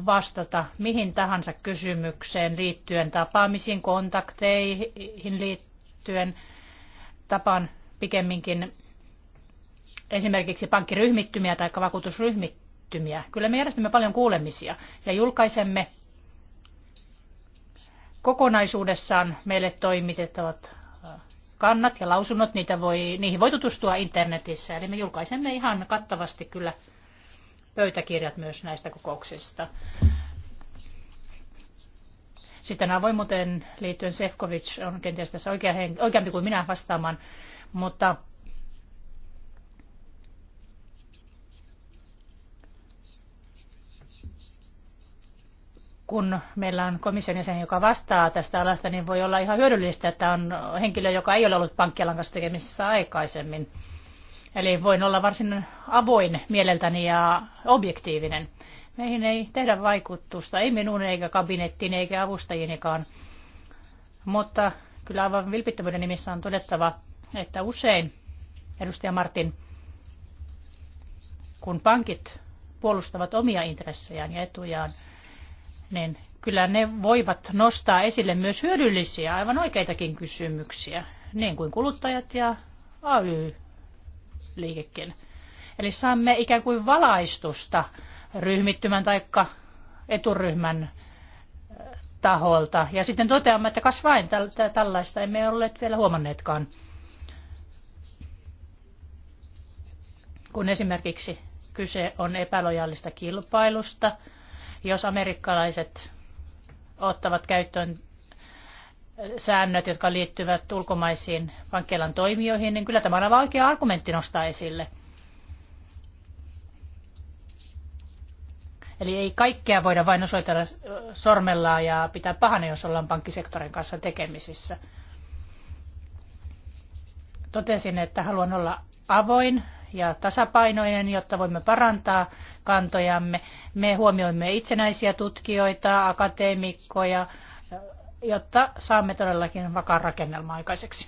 Speaker 2: vastata mihin tahansa kysymykseen liittyen, tapaamisiin, kontakteihin liittyen. Tapaan pikemminkin esimerkiksi pankkiryhmittymiä tai vakuutusryhmittymiä. Kyllä me järjestämme paljon kuulemisia ja julkaisemme kokonaisuudessaan meille toimitettavat äh, kannat ja lausunnot, niitä voi, niihin voi tutustua internetissä. Eli me julkaisemme ihan kattavasti kyllä pöytäkirjat myös näistä kokouksista. Sitten avoimuuteen liittyen Sefkovic on kenties tässä oikea henki, oikeampi kuin minä vastaamaan, mutta kun meillä on komission jäsen, joka vastaa tästä alasta, niin voi olla ihan hyödyllistä, että on henkilö, joka ei ole ollut pankkialan kanssa tekemisissä aikaisemmin. Eli voin olla varsin avoin mieleltäni ja objektiivinen. Meihin ei tehdä vaikutusta, ei minun eikä kabinettiin eikä avustajienikaan. Mutta kyllä aivan vilpittömyyden nimissä on todettava, että usein, edustaja Martin, kun pankit puolustavat omia intressejään ja etujaan, niin kyllä ne voivat nostaa esille myös hyödyllisiä, aivan oikeitakin kysymyksiä, niin kuin kuluttajat ja AY liikekin. Eli saamme ikään kuin valaistusta ryhmittymän tai eturyhmän äh, taholta. Ja sitten toteamme, että kas vain, tällaista emme ole vielä huomanneetkaan. Kun esimerkiksi kyse on epälojaalista kilpailusta, jos amerikkalaiset ottavat käyttöön säännöt, jotka liittyvät ulkomaisiin pankkialan toimijoihin, niin kyllä tämä on aivan oikea argumentti nostaa esille. Eli ei kaikkea voida vain osoitella sormella ja pitää pahana, jos ollaan pankkisektorin kanssa tekemisissä. Totesin, että haluan olla avoin ja tasapainoinen, jotta voimme parantaa kantojamme. Me huomioimme itsenäisiä tutkijoita, akateemikkoja, jotta saamme todellakin vakaan rakennelma aikaiseksi.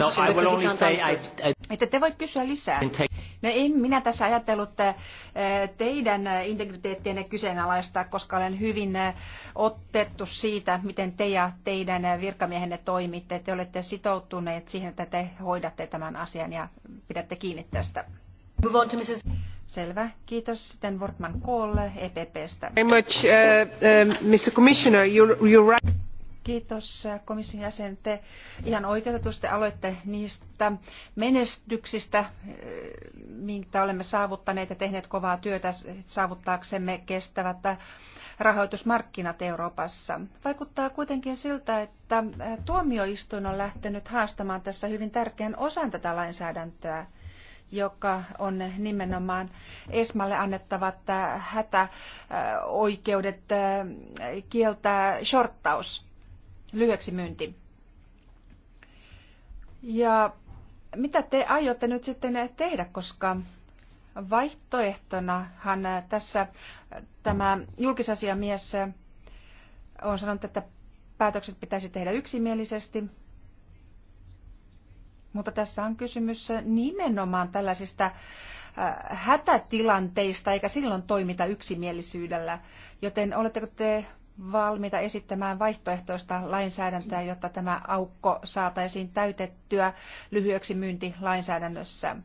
Speaker 2: No, Että te voit kysyä lisää. No en minä tässä ajatellut eh,
Speaker 1: teidän eh, integriteettienne kyseenalaistaa, koska olen hyvin eh, otettu siitä, miten te ja teidän virkamiehenne toimitte. Te olette sitoutuneet siihen, että te hoidatte tämän asian ja pidätte kiinni tästä. Selvä. Kiitos. Sitten Wortman Kool EPPstä. Very much, uh, uh, Mr. Commissioner, you're, you're right. Kiitos äh, komission jäsen. Te ihan oikeutetusti aloitte niistä menestyksistä, äh, mitä olemme saavuttaneet ja tehneet kovaa työtä saavuttaaksemme kestävät äh, rahoitusmarkkinat Euroopassa. Vaikuttaa kuitenkin siltä, että tuomioistuin on lähtenyt haastamaan tässä hyvin tärkeän osan tätä lainsäädäntöä joka on nimenomaan Esmalle annettavat hätäoikeudet kieltää shorttaus lyhyeksi myynti. Ja mitä te aiotte nyt sitten tehdä, koska vaihtoehtonahan tässä tämä julkisasiamies on sanonut, että päätökset pitäisi tehdä yksimielisesti, mutta tässä on kysymys nimenomaan tällaisista äh, hätätilanteista, eikä silloin toimita yksimielisyydellä. Joten oletteko te valmiita esittämään vaihtoehtoista lainsäädäntöä, jotta tämä aukko saataisiin täytettyä lyhyeksi myyntilainsäädännössä.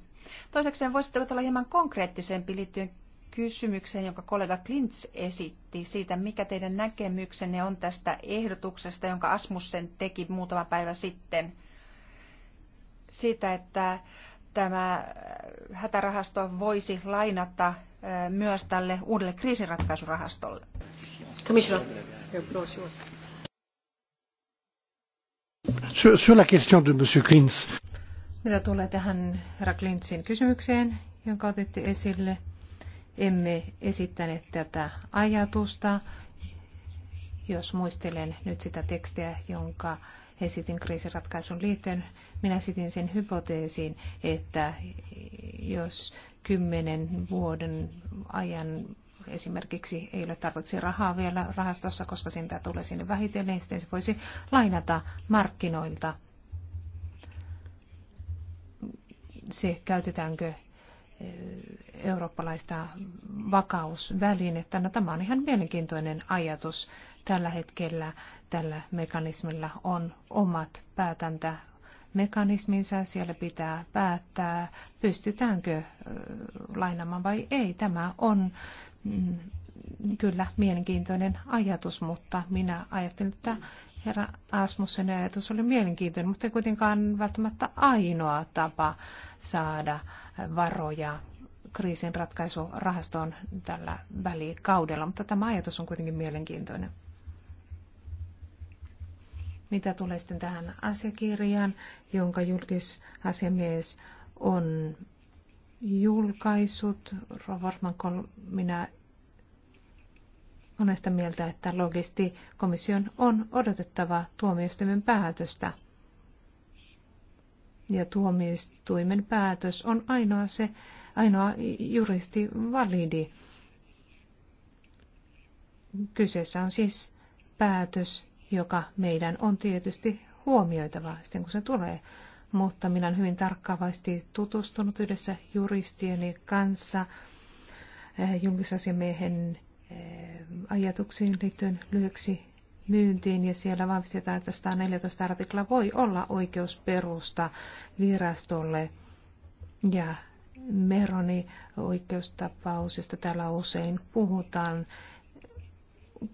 Speaker 1: Toiseksi voisitteko olla hieman konkreettisempi liittyen kysymykseen, jonka kollega Klints esitti siitä, mikä teidän näkemyksenne on tästä ehdotuksesta, jonka Asmussen teki muutama päivä sitten, siitä, että tämä äh, hätärahasto voisi lainata äh, myös tälle uudelle kriisiratkaisurahastolle.
Speaker 3: Mitä tulee tähän herra Klintsin kysymykseen, jonka otitte esille, emme esittäneet tätä ajatusta, jos muistelen nyt sitä tekstiä, jonka esitin kriisiratkaisun liittyen, minä esitin sen hypoteesin, että jos kymmenen vuoden ajan esimerkiksi ei ole tarvitse rahaa vielä rahastossa, koska sitä tulee sinne vähitellen, niin sitten se voisi lainata markkinoilta. Se käytetäänkö Eh, eurooppalaista vakausvälinettä. No, tämä on ihan mielenkiintoinen ajatus. Tällä hetkellä tällä mekanismilla on omat päätäntä mekanisminsa, siellä pitää päättää, pystytäänkö eh, lainamaan vai ei. Tämä on mm, kyllä mielenkiintoinen ajatus, mutta minä ajattelin, että herra Asmussen ajatus oli mielenkiintoinen, mutta ei kuitenkaan välttämättä ainoa tapa saada varoja kriisin ratkaisurahastoon tällä välikaudella, mutta tämä ajatus on kuitenkin mielenkiintoinen. Mitä tulee sitten tähän asiakirjaan, jonka julkisasiamies on julkaissut, Rovartman, minä olen sitä mieltä, että logisti komission on odotettava tuomioistuimen päätöstä. Ja tuomioistuimen päätös on ainoa, se, ainoa juristi validi. Kyseessä on siis päätös, joka meidän on tietysti huomioitava sitten, kun se tulee. Mutta minä olen hyvin tarkkaavasti tutustunut yhdessä juristieni kanssa eh, julkisasiamiehen Eh, ajatuksiin liittyen lyhyeksi myyntiin ja siellä vahvistetaan, että 114 artikla voi olla oikeusperusta virastolle ja Meroni oikeustapaus, josta täällä usein puhutaan,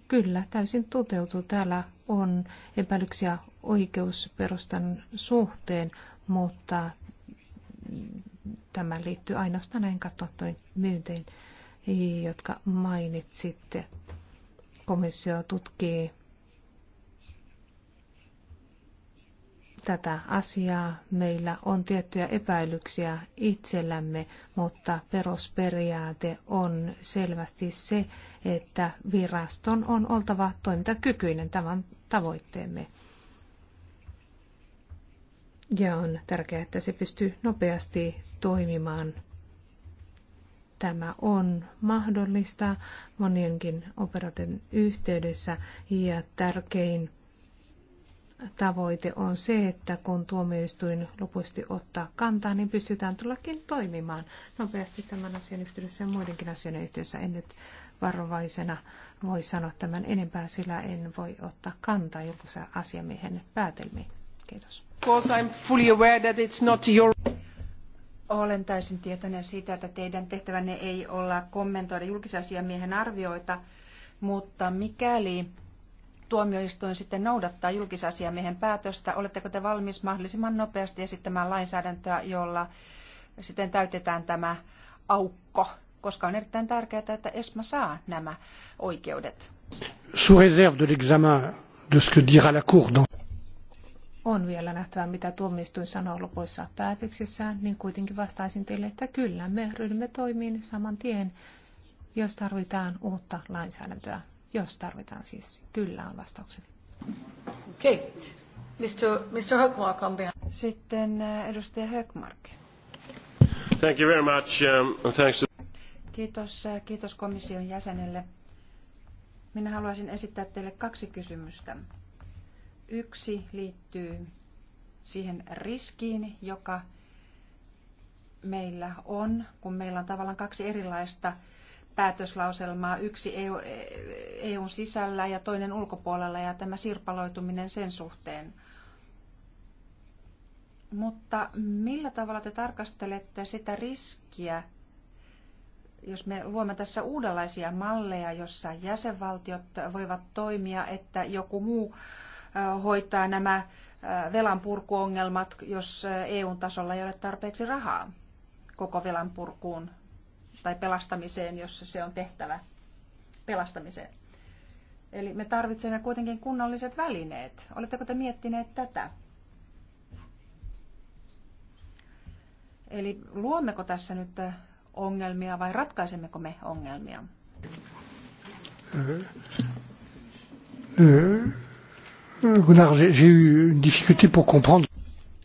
Speaker 3: kyllä täysin toteutuu. Täällä on epäilyksiä oikeusperustan suhteen, mutta tämä liittyy ainoastaan näin katsottuin myyntiin jotka mainitsitte. Komissio tutkii tätä asiaa. Meillä on tiettyjä epäilyksiä itsellämme, mutta perusperiaate on selvästi se, että viraston on oltava toimintakykyinen tämän tavoitteemme. Ja on tärkeää, että se pystyy nopeasti toimimaan tämä on mahdollista monienkin operaatioiden yhteydessä ja tärkein tavoite on se, että kun tuomioistuin lopuksi ottaa kantaa, niin pystytään tullakin toimimaan nopeasti tämän asian yhteydessä ja muidenkin asioiden yhteydessä. En nyt varovaisena voi sanoa tämän enempää, sillä en voi ottaa kantaa joku asiamiehen päätelmiin. Kiitos.
Speaker 1: Olen täysin tietoinen siitä, että teidän tehtävänne ei olla kommentoida julkisasiamiehen arvioita, mutta mikäli tuomioistuin sitten noudattaa julkisasiamiehen päätöstä, oletteko te valmis mahdollisimman nopeasti esittämään lainsäädäntöä, jolla sitten täytetään tämä aukko, koska on erittäin
Speaker 3: tärkeää, että ESMA saa nämä oikeudet.
Speaker 4: Sous réserve de l'examen de ce que dira la Cour dans
Speaker 3: on vielä nähtävä, mitä tuomioistuin sanoo lopuissa päätöksissään, niin kuitenkin vastaisin teille, että kyllä, me ryhdymme toimiin saman tien, jos tarvitaan uutta lainsäädäntöä. Jos tarvitaan siis, kyllä on vastaukseni.
Speaker 1: Okei. Okay. Mr. Mr. Sitten äh, edustaja Högmark.
Speaker 5: Thank you very much. Um, thanks to...
Speaker 1: Kiitos, äh, kiitos komission jäsenelle. Minä haluaisin esittää teille kaksi kysymystä. Yksi liittyy siihen riskiin, joka meillä on, kun meillä on tavallaan kaksi erilaista päätöslauselmaa, yksi EUn e sisällä ja toinen ulkopuolella ja tämä sirpaloituminen sen suhteen. Mutta millä tavalla te tarkastelette sitä riskiä, jos me luomme tässä uudenlaisia malleja, jossa jäsenvaltiot voivat toimia, että joku muu hoitaa nämä velan purkuongelmat, jos EU-tasolla ei ole tarpeeksi rahaa koko velan purkuun tai pelastamiseen, jos se on tehtävä pelastamiseen. Eli me tarvitsemme kuitenkin kunnolliset välineet. Oletteko te miettineet tätä? Eli luommeko tässä nyt ongelmia vai ratkaisemmeko me
Speaker 2: ongelmia?
Speaker 4: Gunnar, j'ai eu une difficulté pour comprendre.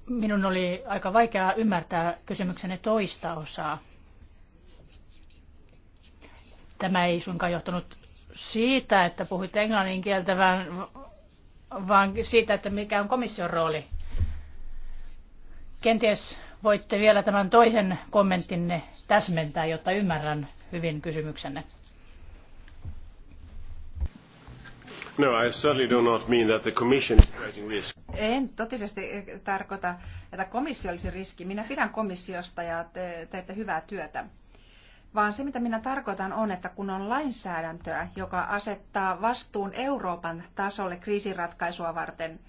Speaker 2: Minun oli aika vaikea ymmärtää kysymyksenne toista osaa. Tämä ei suinkaan johtunut siitä, että puhuit englannin kieltä, vaan, vaan siitä, että mikä on komission rooli. Kenties voitte vielä tämän toisen kommenttinne täsmentää, jotta ymmärrän hyvin kysymyksenne.
Speaker 5: No, I certainly do not mean that the commission is creating risk.
Speaker 1: En totisesti tarkoita, että komissio olisi riski. Minä pidän komissiosta ja te, teette hyvää työtä. Vaan se, mitä minä tarkoitan, on, että kun on lainsäädäntöä, joka asettaa vastuun Euroopan tasolle kriisiratkaisua varten,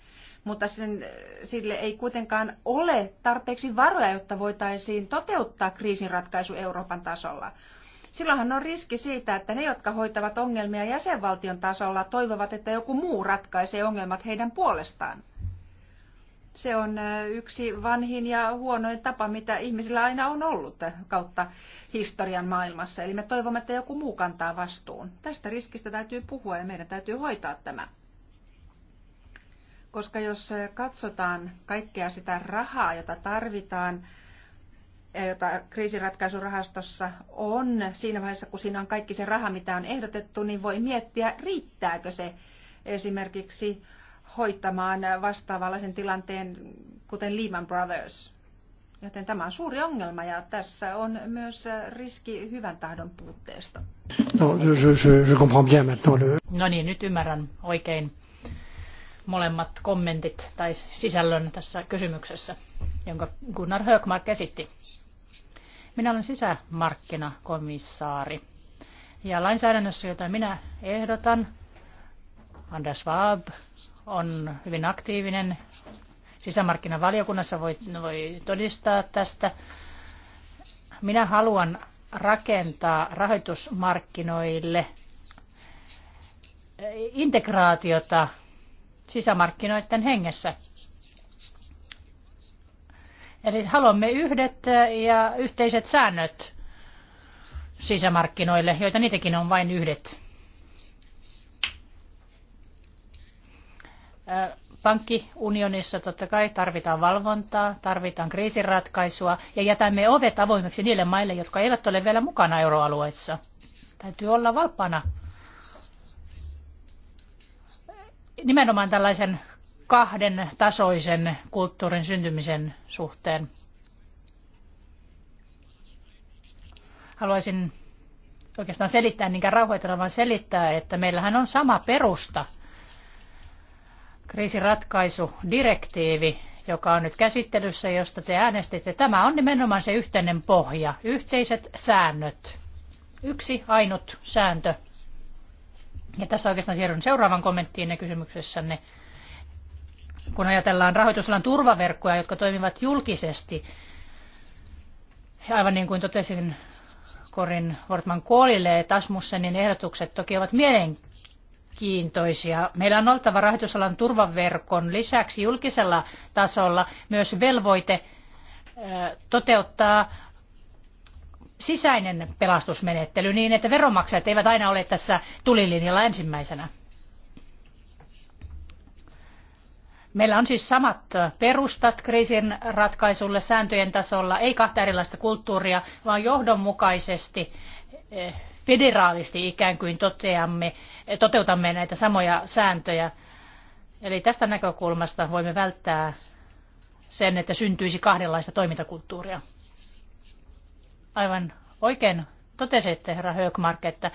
Speaker 1: mutta sen, sille ei kuitenkaan ole tarpeeksi varoja, jotta voitaisiin toteuttaa kriisinratkaisu Euroopan tasolla. Silloinhan on riski siitä, että ne, jotka hoitavat ongelmia jäsenvaltion tasolla, toivovat, että joku muu ratkaisee ongelmat heidän puolestaan. Se on yksi vanhin ja huonoin tapa, mitä ihmisillä aina on ollut kautta historian maailmassa. Eli me toivomme, että joku muu kantaa vastuun. Tästä riskistä täytyy puhua ja meidän täytyy hoitaa tämä. Koska jos katsotaan kaikkea sitä rahaa, jota tarvitaan, Eh, jota kriisiratkaisurahastossa on, siinä vaiheessa kun siinä on kaikki se raha, mitä on ehdotettu, niin voi miettiä, riittääkö se esimerkiksi hoitamaan vastaavanlaisen tilanteen, kuten Lehman Brothers. Joten tämä on suuri ongelma ja tässä on myös riski hyvän tahdon puutteesta.
Speaker 4: No, je, je, je comprends bien maintenant le...
Speaker 2: no niin, nyt ymmärrän oikein molemmat kommentit tai sisällön tässä kysymyksessä, jonka Gunnar Högmark esitti. Minä olen sisämarkkinakomissaari. Ja lainsäädännössä, jota minä ehdotan, Anders Schwab on hyvin aktiivinen. Sisämarkkinavaliokunnassa voi, voi todistaa tästä. Minä haluan rakentaa rahoitusmarkkinoille integraatiota sisämarkkinoiden hengessä. Eli haluamme yhdet eh, ja yhteiset säännöt sisämarkkinoille, joita niitäkin on vain yhdet. Eh, pankkiunionissa totta kai tarvitaan valvontaa, tarvitaan kriisinratkaisua ja jätämme ovet avoimeksi niille maille, jotka eivät ole vielä mukana euroalueessa. Täytyy olla valppana nimenomaan tällaisen kahden tasoisen kulttuurin syntymisen suhteen. Haluaisin oikeastaan selittää, niinkä rauhoitella, vaan selittää, että meillähän on sama perusta kriisiratkaisudirektiivi, joka on nyt käsittelyssä, josta te äänestitte. Tämä on nimenomaan se yhteinen pohja, yhteiset säännöt. Yksi ainut sääntö. Ja tässä oikeastaan siirryn seuraavan kommenttiin ja kysymyksessänne kun ajatellaan rahoitusalan turvaverkkoja, jotka toimivat julkisesti, aivan niin kuin totesin Korin Wortman Koolille, että Asmussenin ehdotukset toki ovat mielenkiintoisia. Meillä on oltava rahoitusalan turvaverkon lisäksi julkisella tasolla myös velvoite toteuttaa sisäinen pelastusmenettely niin, että veronmaksajat eivät aina ole tässä tulilinjalla ensimmäisenä. Meillä on siis samat perustat kriisin ratkaisulle sääntöjen tasolla, ei kahta erilaista kulttuuria, vaan johdonmukaisesti eh, federaalisti ikään kuin toteamme, eh, toteutamme näitä samoja sääntöjä. Eli tästä näkökulmasta voimme välttää sen, että syntyisi kahdenlaista toimintakulttuuria. Aivan oikein totesitte, herra Höökmark, että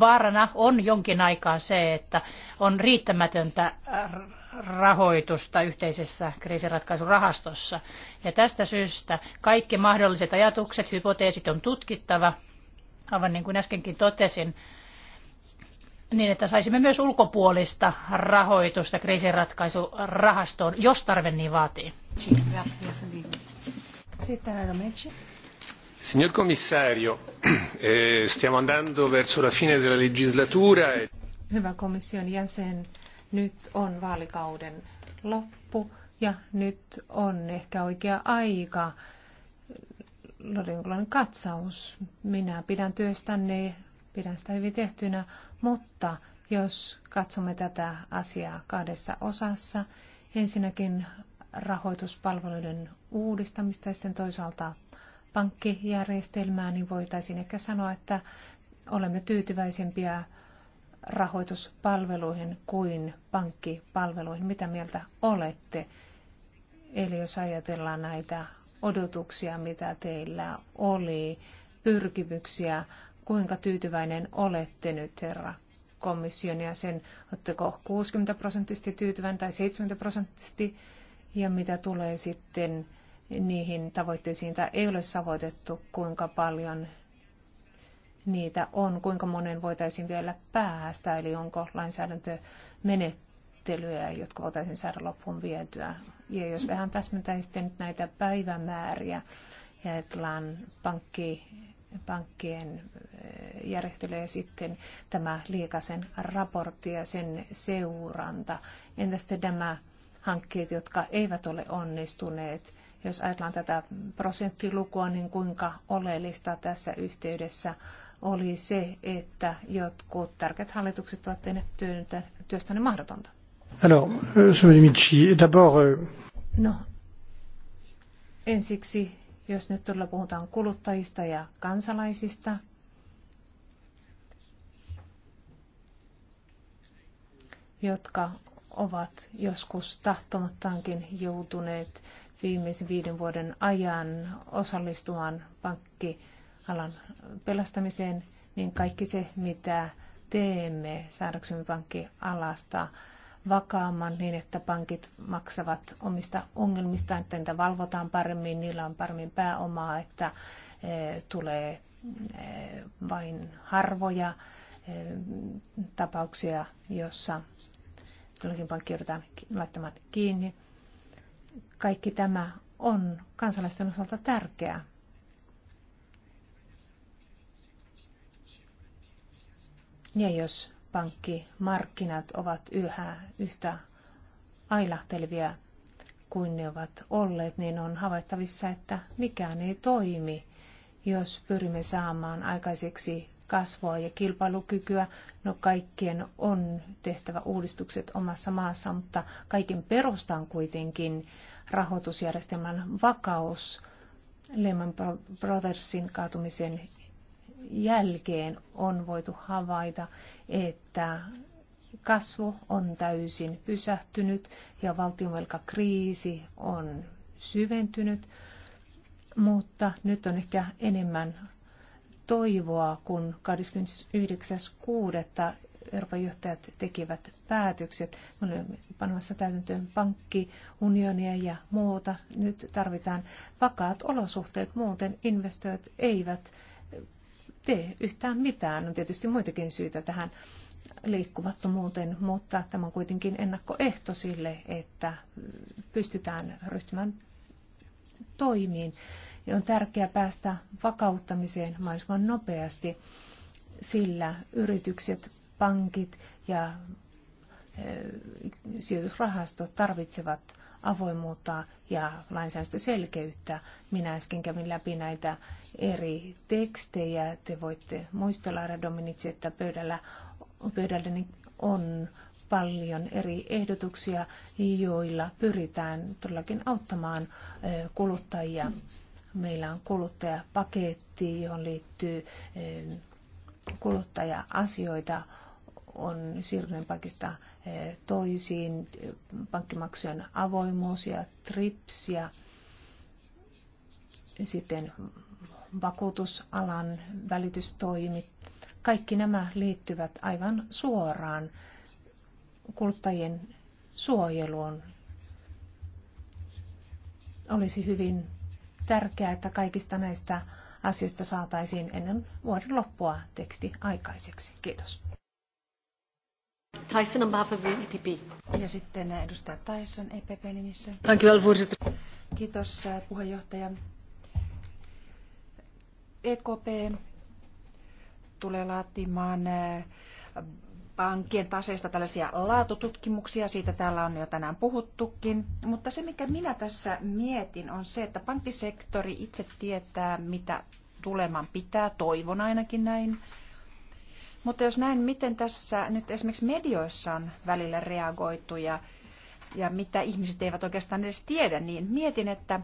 Speaker 2: vaarana on jonkin aikaa se, että on riittämätöntä rahoitusta yhteisessä kriisiratkaisurahastossa. Ja tästä syystä kaikki mahdolliset ajatukset, hypoteesit on tutkittava, aivan niin kuin äskenkin totesin, niin että saisimme myös ulkopuolista rahoitusta kriisinratkaisurahastoon, jos tarve niin vaatii. Sitten
Speaker 3: Aromechi.
Speaker 5: Signor commissario, eh, stiamo andando verso la fine della legislatura. E-
Speaker 3: Hyvä komission jäsen, nyt on vaalikauden loppu ja nyt on ehkä oikea aika Lodinkulan katsaus. Minä pidän työstänne, pidän sitä hyvin tehtynä, mutta jos katsomme tätä asiaa kahdessa osassa, ensinnäkin rahoituspalveluiden uudistamista ja sitten toisaalta pankkijärjestelmää, niin voitaisiin ehkä sanoa, että olemme tyytyväisempiä rahoituspalveluihin kuin pankkipalveluihin. Mitä mieltä olette? Eli jos ajatellaan näitä odotuksia, mitä teillä oli, pyrkimyksiä, kuinka tyytyväinen olette nyt, herra komission ja sen, oletteko 60 prosenttisesti tyytyväinen tai 70 prosenttisesti, ja mitä tulee sitten niihin tavoitteisiin, tai ei ole savoitettu, kuinka paljon niitä on, kuinka monen voitaisiin vielä päästä, eli onko lainsäädäntömenettelyä, jotka voitaisiin saada loppuun vietyä. Ja jos vähän täsmentäisitte näitä päivämääriä, ja ajatellaan pankki, pankkien eh, järjestelyä sitten tämä liikasen raportti ja sen seuranta. Entä sitten nämä hankkeet, jotka eivät ole onnistuneet? Jos ajatellaan tätä prosenttilukua, niin kuinka oleellista tässä yhteydessä oli se, että jotkut tärkeät hallitukset ovat tehneet työntä, työstäni mahdotonta.
Speaker 4: Alors, d'abord... Euh,
Speaker 3: no, ensiksi, jos nyt todella puhutaan kuluttajista ja kansalaisista, jotka ovat joskus tahtomattaankin joutuneet viimeisen viiden vuoden ajan osallistumaan pankki alan pelastamiseen, niin kaikki se, mitä teemme saadaksemme pankkialasta vakaamman niin, että pankit maksavat omista ongelmistaan, että niitä valvotaan paremmin, niillä on paremmin pääomaa, että eh, tulee eh, vain harvoja eh, tapauksia, jossa jollakin pankki joudutaan laittamaan kiinni. Kaikki tämä on kansalaisten osalta tärkeää. Ja jos pankkimarkkinat ovat yhä yhtä ailahtelevia kuin ne ovat olleet, niin on havaittavissa, että mikään ei toimi, jos pyrimme saamaan aikaiseksi kasvua ja kilpailukykyä. No kaikkien on tehtävä uudistukset omassa maassa, mutta kaiken perusta on kuitenkin rahoitusjärjestelmän vakaus Lehman Brothersin kaatumisen jälkeen on voitu havaita, että kasvu on täysin pysähtynyt ja valtionvelkakriisi on syventynyt, mutta nyt on ehkä enemmän toivoa, kun 29.6. Euroopan johtajat tekivät päätökset. Me olemme panemassa täytäntöön pankkiunionia ja muuta. Nyt tarvitaan vakaat olosuhteet, muuten investoijat eivät tee yhtään mitään. On tietysti muitakin syitä tähän liikkumattomuuteen, mutta tämä on kuitenkin ennakkoehto sille, että pystytään ryhtymään toimiin. Ja on tärkeää päästä vakauttamiseen mahdollisimman nopeasti, sillä yritykset, pankit ja e, sijoitusrahastot tarvitsevat avoimuutta ja selkeyttä. Minä äsken kävin läpi näitä eri tekstejä. Te voitte muistella, Dominici, että pöydällä, pöydällä on paljon eri ehdotuksia, joilla pyritään todellakin auttamaan kuluttajia. Meillä on kuluttajapaketti, johon liittyy kuluttaja-asioita on siirtynyt pankista eh, toisiin, pankkimaksujen avoimuus ja TRIPS ja sitten vakuutusalan välitystoimit. Kaikki nämä liittyvät aivan suoraan kuluttajien suojeluun. Olisi hyvin tärkeää, että kaikista näistä asioista saataisiin ennen vuoden loppua teksti aikaiseksi. Kiitos.
Speaker 1: Tyson on behalf of EPP. E ja sitten edustaja Tyson EPP-nimissä. Thank you, Kiitos äh, puheenjohtaja. EKP tulee laatimaan äh, pankkien taseista tällaisia laatututkimuksia, siitä täällä on jo tänään puhuttukin. Mutta se, mikä minä tässä mietin, on se, että pankkisektori itse tietää, mitä tuleman pitää, toivon ainakin näin. Mutta jos näin, miten tässä nyt esimerkiksi medioissa on välillä reagoitu ja, ja mitä ihmiset eivät oikeastaan edes tiedä, niin mietin, että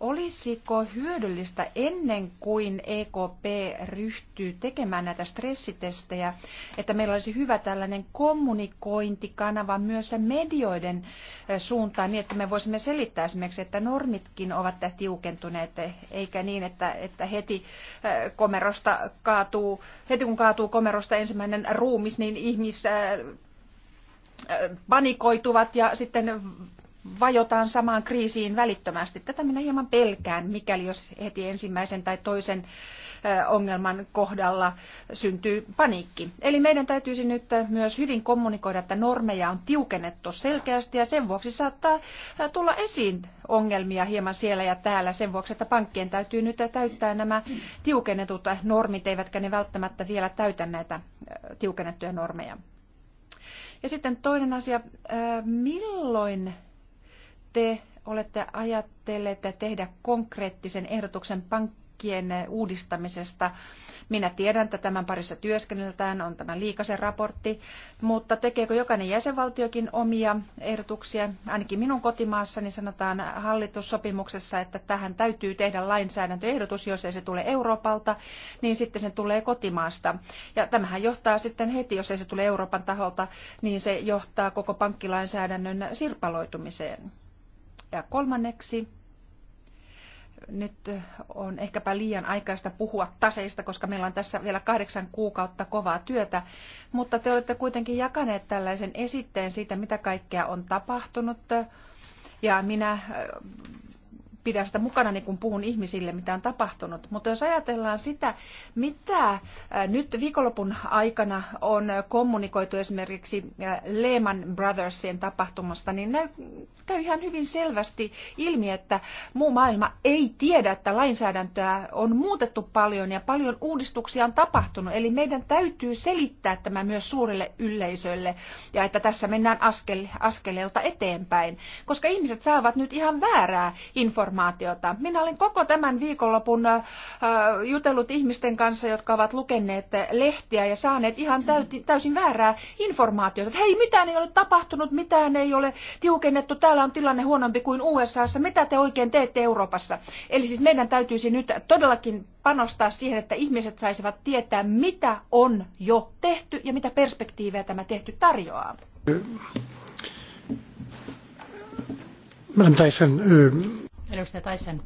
Speaker 1: Olisiko hyödyllistä ennen kuin EKP ryhtyy tekemään näitä stressitestejä, että meillä olisi hyvä tällainen kommunikointikanava myös medioiden eh, suuntaan niin, että me voisimme selittää esimerkiksi, että normitkin ovat tiukentuneet, eikä niin, että, että heti, eh, komerosta kaatuu, heti kun kaatuu komerosta ensimmäinen ruumis, niin ihmis eh, panikoituvat ja sitten vajotaan samaan kriisiin välittömästi. Tätä minä hieman pelkään, mikäli jos heti ensimmäisen tai toisen ongelman kohdalla syntyy paniikki. Eli meidän täytyisi nyt myös hyvin kommunikoida, että normeja on tiukennettu selkeästi ja sen vuoksi saattaa tulla esiin ongelmia hieman siellä ja täällä sen vuoksi, että pankkien täytyy nyt täyttää nämä tiukennetut normit, eivätkä ne välttämättä vielä täytä näitä tiukennettuja normeja. Ja sitten toinen asia, milloin te olette ajatelleet tehdä konkreettisen ehdotuksen pankkien uudistamisesta. Minä tiedän, että tämän parissa työskenneltään, on tämä liikasen raportti, mutta tekeekö jokainen jäsenvaltiokin omia ehdotuksia? Ainakin minun kotimaassani sanotaan hallitussopimuksessa, että tähän täytyy tehdä lainsäädäntöehdotus, jos ei se tule Euroopalta, niin sitten se tulee kotimaasta. Ja tämähän johtaa sitten heti, jos ei se tule Euroopan taholta, niin se johtaa koko pankkilainsäädännön sirpaloitumiseen. Ja kolmanneksi, nyt on ehkäpä liian aikaista puhua taseista, koska meillä on tässä vielä kahdeksan kuukautta kovaa työtä, mutta te olette kuitenkin jakaneet tällaisen esitteen siitä, mitä kaikkea on tapahtunut. Ja minä pidä sitä mukana, niin kun puhun ihmisille, mitä on tapahtunut. Mutta jos ajatellaan sitä, mitä äh, nyt viikonlopun aikana on kommunikoitu esimerkiksi äh, Lehman Brothersien tapahtumasta, niin käy ihan hyvin selvästi ilmi, että muu maailma ei tiedä, että lainsäädäntöä on muutettu paljon ja paljon uudistuksia on tapahtunut. Eli meidän täytyy selittää tämä myös suurille yleisölle ja että tässä mennään askel, askeleelta eteenpäin, koska ihmiset saavat nyt ihan väärää informaatiota informaatiota. Minä olin koko tämän viikonlopun jutellut ihmisten kanssa, jotka ovat lukeneet lehtiä ja saaneet ihan täysin väärää informaatiota. hei, mitään ei ole tapahtunut, mitään ei ole tiukennettu, täällä on tilanne huonompi kuin USAssa, mitä te oikein teette Euroopassa? Eli siis meidän täytyisi nyt todellakin panostaa siihen, että ihmiset saisivat tietää, mitä on jo tehty ja mitä perspektiivejä tämä tehty tarjoaa.
Speaker 4: Madame Tyson,
Speaker 2: Edustaja Taisen.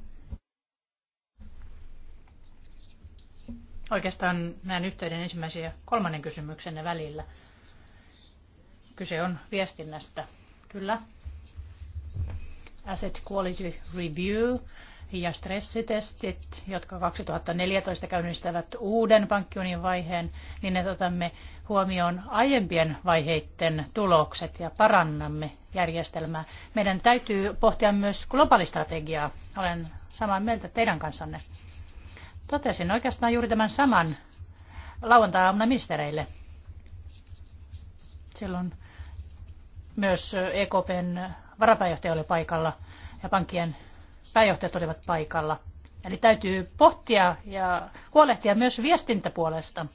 Speaker 2: Oikeastaan näen yhteyden ensimmäisen ja kolmannen kysymyksenne välillä. Kyse on viestinnästä. Kyllä. Asset Quality Review ja stressitestit, jotka 2014 käynnistävät uuden pankkiunin vaiheen, niin että otamme huomioon aiempien vaiheiden tulokset ja parannamme järjestelmää. Meidän täytyy pohtia myös globaalistrategiaa. Olen samaa mieltä teidän kanssanne. Totesin oikeastaan juuri tämän saman lauantai ministereille. Silloin myös EKPn varapääjohtaja oli paikalla ja pankkien pääjohtajat olivat paikalla. Eli täytyy pohtia ja huolehtia myös viestintäpuolesta.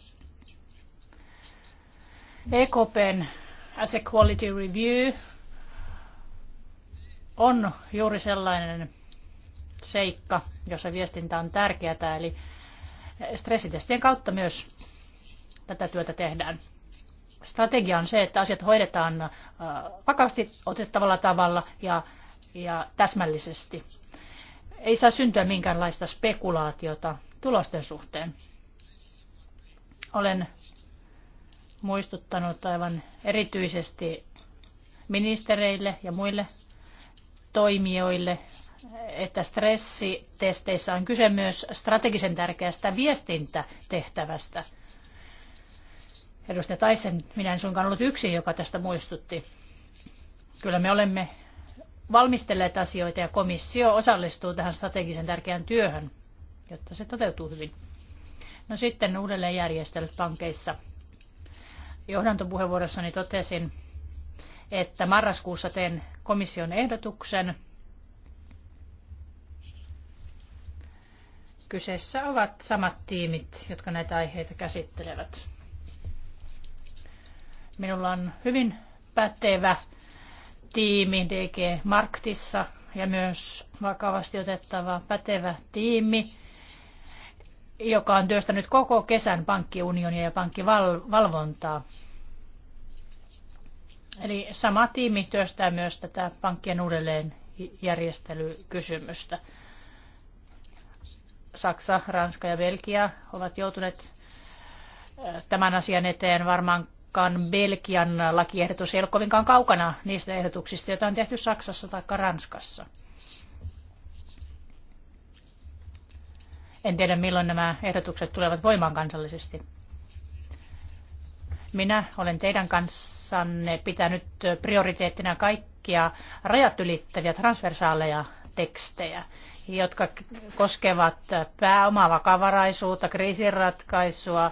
Speaker 2: EKPn Asset Quality Review on juuri sellainen seikka, jossa viestintä on tärkeää, eli stressitestien kautta myös tätä työtä tehdään. Strategia on se, että asiat hoidetaan äh, vakavasti otettavalla tavalla ja, ja täsmällisesti ei saa syntyä minkäänlaista spekulaatiota tulosten suhteen. Olen muistuttanut aivan erityisesti ministereille ja muille toimijoille, että stressitesteissä on kyse myös strategisen tärkeästä viestintätehtävästä. Edustaja Taisen, minä en suinkaan ollut yksi, joka tästä muistutti. Kyllä me olemme valmistelleet asioita ja komissio osallistuu tähän strategisen tärkeään työhön, jotta se toteutuu hyvin. No sitten uudelleenjärjestelyt pankeissa. Johdantopuheenvuorossani totesin, että marraskuussa teen komission ehdotuksen. Kyseessä ovat samat tiimit, jotka näitä aiheita käsittelevät. Minulla on hyvin pätevä tiimi DG Marktissa ja myös vakavasti otettava pätevä tiimi, joka on työstänyt koko kesän pankkiunionia ja pankkivalvontaa. Eli sama tiimi työstää myös tätä pankkien uudelleenjärjestelykysymystä. Saksa, Ranska ja Belgia ovat joutuneet tämän asian eteen varmaan Tanskan, Belgian lakiehdotus ei ole kovinkaan kaukana niistä ehdotuksista, joita on tehty Saksassa tai Ranskassa. En tiedä, milloin nämä ehdotukset tulevat voimaan kansallisesti. Minä olen teidän kanssanne pitänyt prioriteettina kaikkia rajat ylittäviä transversaaleja tekstejä, jotka koskevat pääomaa vakavaraisuutta, kriisinratkaisua,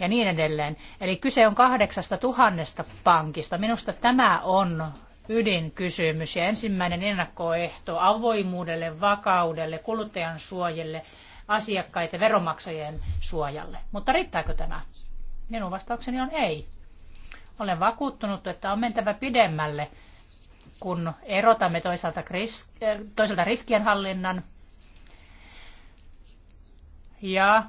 Speaker 2: ja niin edelleen. Eli kyse on kahdeksasta tuhannesta pankista. Minusta tämä on ydinkysymys ja ensimmäinen ennakkoehto avoimuudelle, vakaudelle, kuluttajan suojelle, asiakkaiden veromaksajien suojalle. Mutta riittääkö tämä? Minun vastaukseni on ei. Olen vakuuttunut, että on mentävä pidemmälle, kun erotamme toisaalta, kris, äh, toisaalta riskienhallinnan ja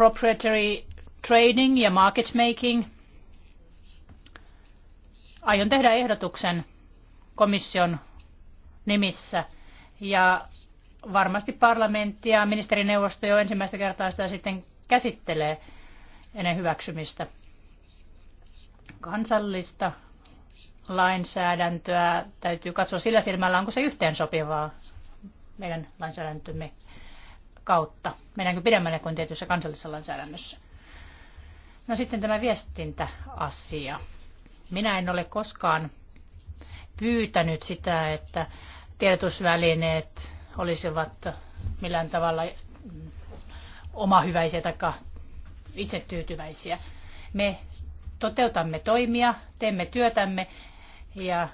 Speaker 2: proprietary trading ja market making. Aion tehdä ehdotuksen komission nimissä ja varmasti parlamentti ja ministerineuvosto jo ensimmäistä kertaa sitä sitten käsittelee ennen hyväksymistä. Kansallista lainsäädäntöä täytyy katsoa sillä silmällä, onko se yhteensopivaa meidän lainsäädäntömme kautta? Mennäänkö pidemmälle kuin tietyissä kansallisessa lainsäädännössä? No sitten tämä viestintäasia. Minä en ole koskaan pyytänyt sitä, että tiedotusvälineet olisivat millään tavalla omahyväisiä tai itsetyytyväisiä. Me toteutamme toimia, teemme työtämme ja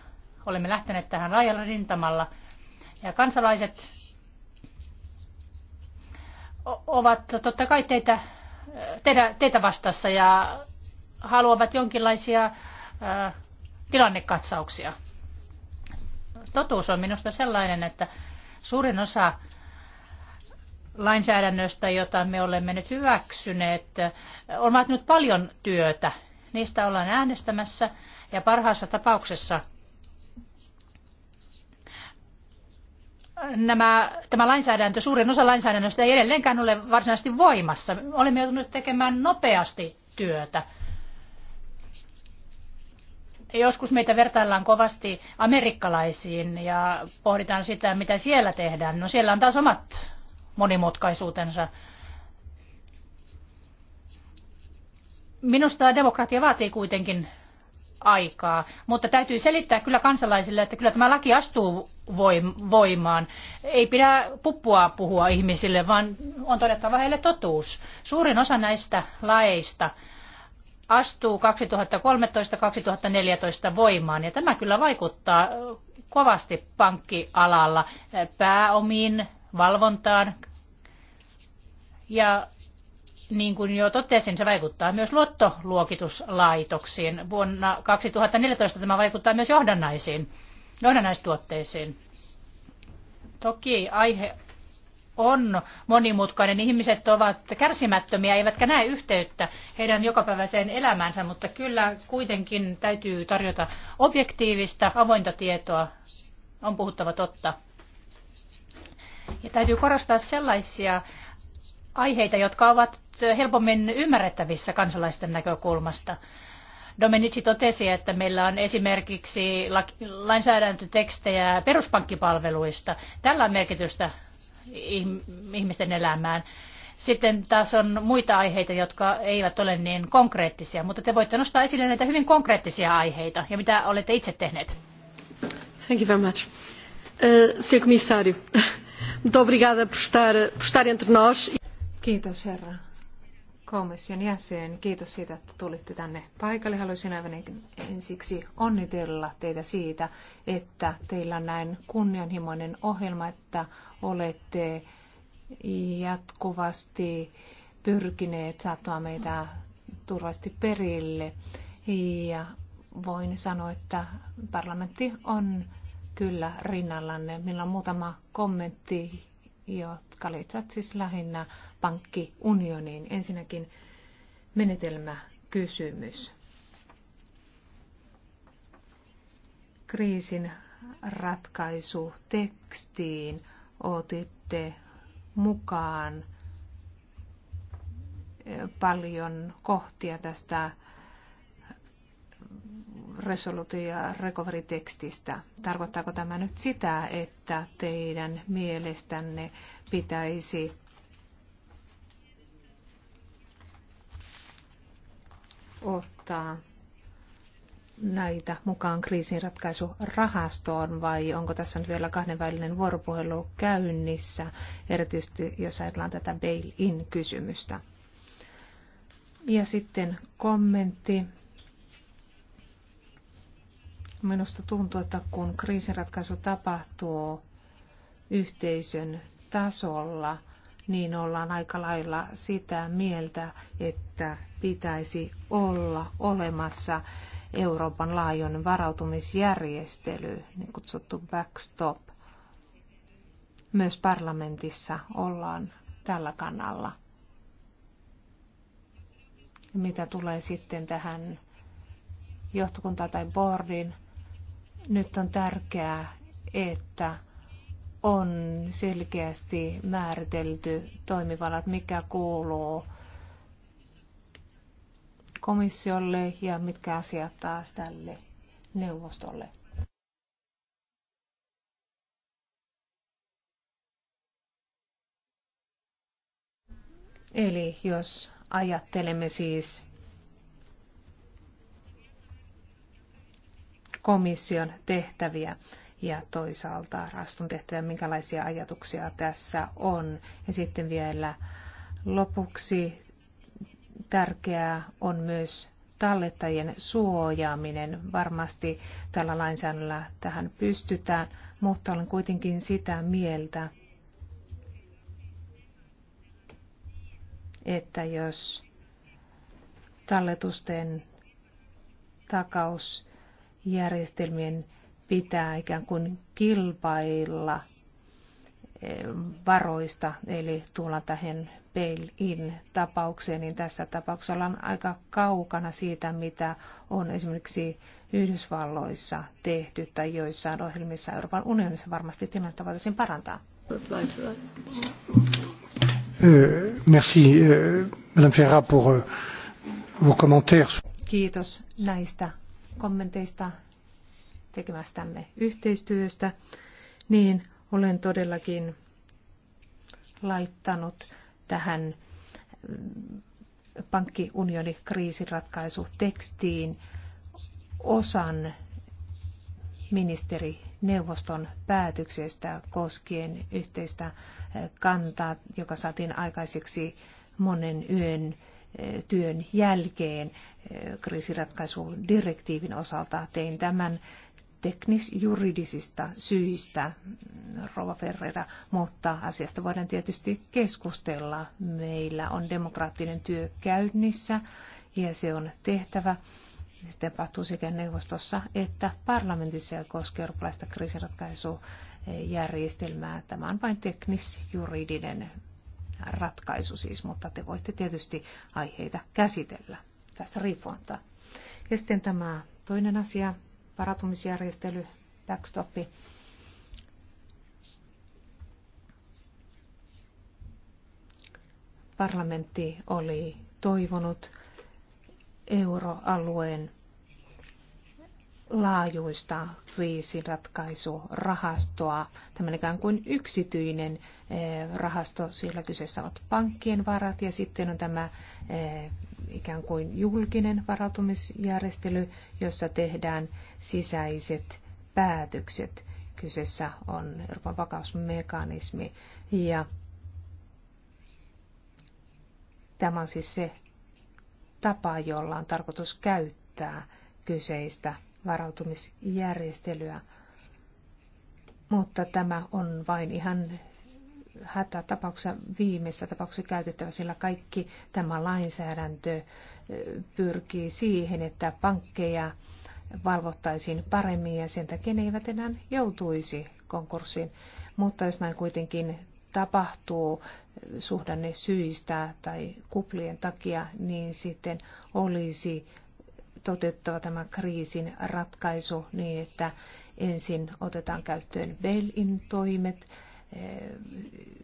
Speaker 2: olemme lähteneet tähän laajalla rintamalla. Ja kansalaiset ovat totta kai teitä, teitä, teitä vastassa ja haluavat jonkinlaisia tilannekatsauksia. Totuus on minusta sellainen, että suurin osa lainsäädännöstä, jota me olemme nyt hyväksyneet, on nyt paljon työtä. Niistä ollaan äänestämässä ja parhaassa tapauksessa nämä, tämä lainsäädäntö, suurin osa lainsäädännöstä ei edelleenkään ole varsinaisesti voimassa. Olemme joutuneet tekemään nopeasti työtä. Joskus meitä vertaillaan kovasti amerikkalaisiin ja pohditaan sitä, mitä siellä tehdään. No siellä on taas omat monimutkaisuutensa. Minusta demokratia vaatii kuitenkin aikaa, mutta täytyy selittää kyllä kansalaisille, että kyllä tämä laki astuu voimaan. Ei pidä puppua puhua ihmisille, vaan on todettava heille totuus. Suurin osa näistä laeista astuu 2013-2014 voimaan ja tämä kyllä vaikuttaa kovasti pankkialalla eh, pääomiin, valvontaan ja niin kuin jo totesin, se vaikuttaa myös luottoluokituslaitoksiin. Vuonna 2014 tämä vaikuttaa myös johdannaisiin, johdannaistuotteisiin. Toki aihe on monimutkainen. Ihmiset ovat kärsimättömiä, eivätkä näe yhteyttä heidän jokapäiväiseen elämäänsä, mutta kyllä kuitenkin täytyy tarjota objektiivista, avointa tietoa. On puhuttava totta. Ja täytyy korostaa sellaisia aiheita, jotka ovat helpommin ymmärrettävissä kansalaisten näkökulmasta. Domenici totesi, että meillä on esimerkiksi lainsäädäntötekstejä peruspankkipalveluista. Tällä on merkitystä ihmisten elämään. Sitten taas on muita aiheita, jotka eivät ole niin konkreettisia, mutta te voitte nostaa esille näitä hyvin konkreettisia aiheita ja mitä olette itse tehneet.
Speaker 4: Thank you very much. Uh, eh, Sr. muito obrigada por estar, por estar
Speaker 3: entre nós. E- Kiitos herra komission jäsen. Kiitos siitä, että tulitte tänne paikalle. Haluaisin aivan ensiksi onnitella teitä siitä, että teillä on näin kunnianhimoinen ohjelma, että olette jatkuvasti pyrkineet saattamaan meitä turvasti perille. Ja voin sanoa, että parlamentti on kyllä rinnallanne. Meillä on muutama kommentti jotka liittyvät siis lähinnä pankkiunioniin. Ensinnäkin menetelmäkysymys. Kriisin ratkaisu tekstiin otitte mukaan eh, paljon kohtia tästä Resolute ja Recovery-tekstistä. Tarkoittaako tämä nyt sitä, että teidän mielestänne pitäisi ottaa näitä mukaan kriisinratkaisurahastoon vai onko tässä nyt vielä kahdenvälinen vuoropuhelu käynnissä, erityisesti jos ajatellaan tätä bail-in-kysymystä. Ja sitten kommentti Minusta tuntuu, että kun kriisinratkaisu tapahtuu yhteisön tasolla, niin ollaan aika lailla sitä mieltä, että pitäisi olla olemassa Euroopan laajon varautumisjärjestely, niin kutsuttu backstop. Myös parlamentissa ollaan tällä kannalla. Mitä tulee sitten tähän johtokuntaan tai boardin nyt on tärkeää, että on selkeästi määritelty toimivallat, mikä kuuluu komissiolle ja mitkä asiat taas tälle neuvostolle. Eli jos ajattelemme siis komission tehtäviä ja toisaalta rastun tehtäviä, minkälaisia ajatuksia tässä on. Ja sitten vielä lopuksi tärkeää on myös tallettajien suojaaminen. Varmasti tällä lainsäädännöllä tähän pystytään, mutta olen kuitenkin sitä mieltä, että jos talletusten takaus järjestelmien pitää ikään kuin kilpailla eh, varoista, eli tulla tähän bail-in tapaukseen, niin tässä tapauksessa ollaan aika kaukana siitä, mitä on esimerkiksi Yhdysvalloissa tehty tai joissain ohjelmissa Euroopan unionissa varmasti tilannetta voitaisiin parantaa.
Speaker 4: Eh, merci, eh, Madame Ferra, pour vos commentaires.
Speaker 3: Kiitos näistä kommenteista, tekemästämme yhteistyöstä, niin olen todellakin laittanut tähän mm, pankkiunionin kriisiratkaisutekstiin osan ministerineuvoston päätöksestä koskien yhteistä mm, kantaa, joka saatiin aikaiseksi monen yön työn jälkeen eh, kriisiratkaisudirektiivin osalta. Tein tämän teknisjuridisista syistä, mm, Rova Ferreira, mutta asiasta voidaan tietysti keskustella. Meillä on demokraattinen työ käynnissä ja se on tehtävä. Se tapahtuu sekä neuvostossa että parlamentissa ja koskee eurooppalaista kriisiratkaisujärjestelmää. Tämä on vain teknisjuridinen ratkaisu siis, mutta te voitte tietysti aiheita käsitellä tästä riippumatta. Ja sitten tämä toinen asia, varautumisjärjestely, backstopi. Parlamentti oli toivonut euroalueen laajuista kriisinratkaisurahastoa, tämmöinen ikään kuin yksityinen eh, rahasto, sillä kyseessä ovat pankkien varat ja sitten on tämä eh, ikään kuin julkinen varautumisjärjestely, jossa tehdään sisäiset päätökset. Kyseessä on Euroopan vakausmekanismi ja tämä on siis se tapa, jolla on tarkoitus käyttää kyseistä varautumisjärjestelyä. Mutta tämä on vain ihan hätätapauksessa, viimeisessä tapauksessa käytettävä, sillä kaikki tämä lainsäädäntö pyrkii siihen, että pankkeja valvottaisiin paremmin ja sen takia ne eivät enää joutuisi konkurssiin. Mutta jos näin kuitenkin tapahtuu suhdanne syistä tai kuplien takia, niin sitten olisi toteuttava tämä kriisin ratkaisu niin, että ensin otetaan käyttöön bail-in toimet eh,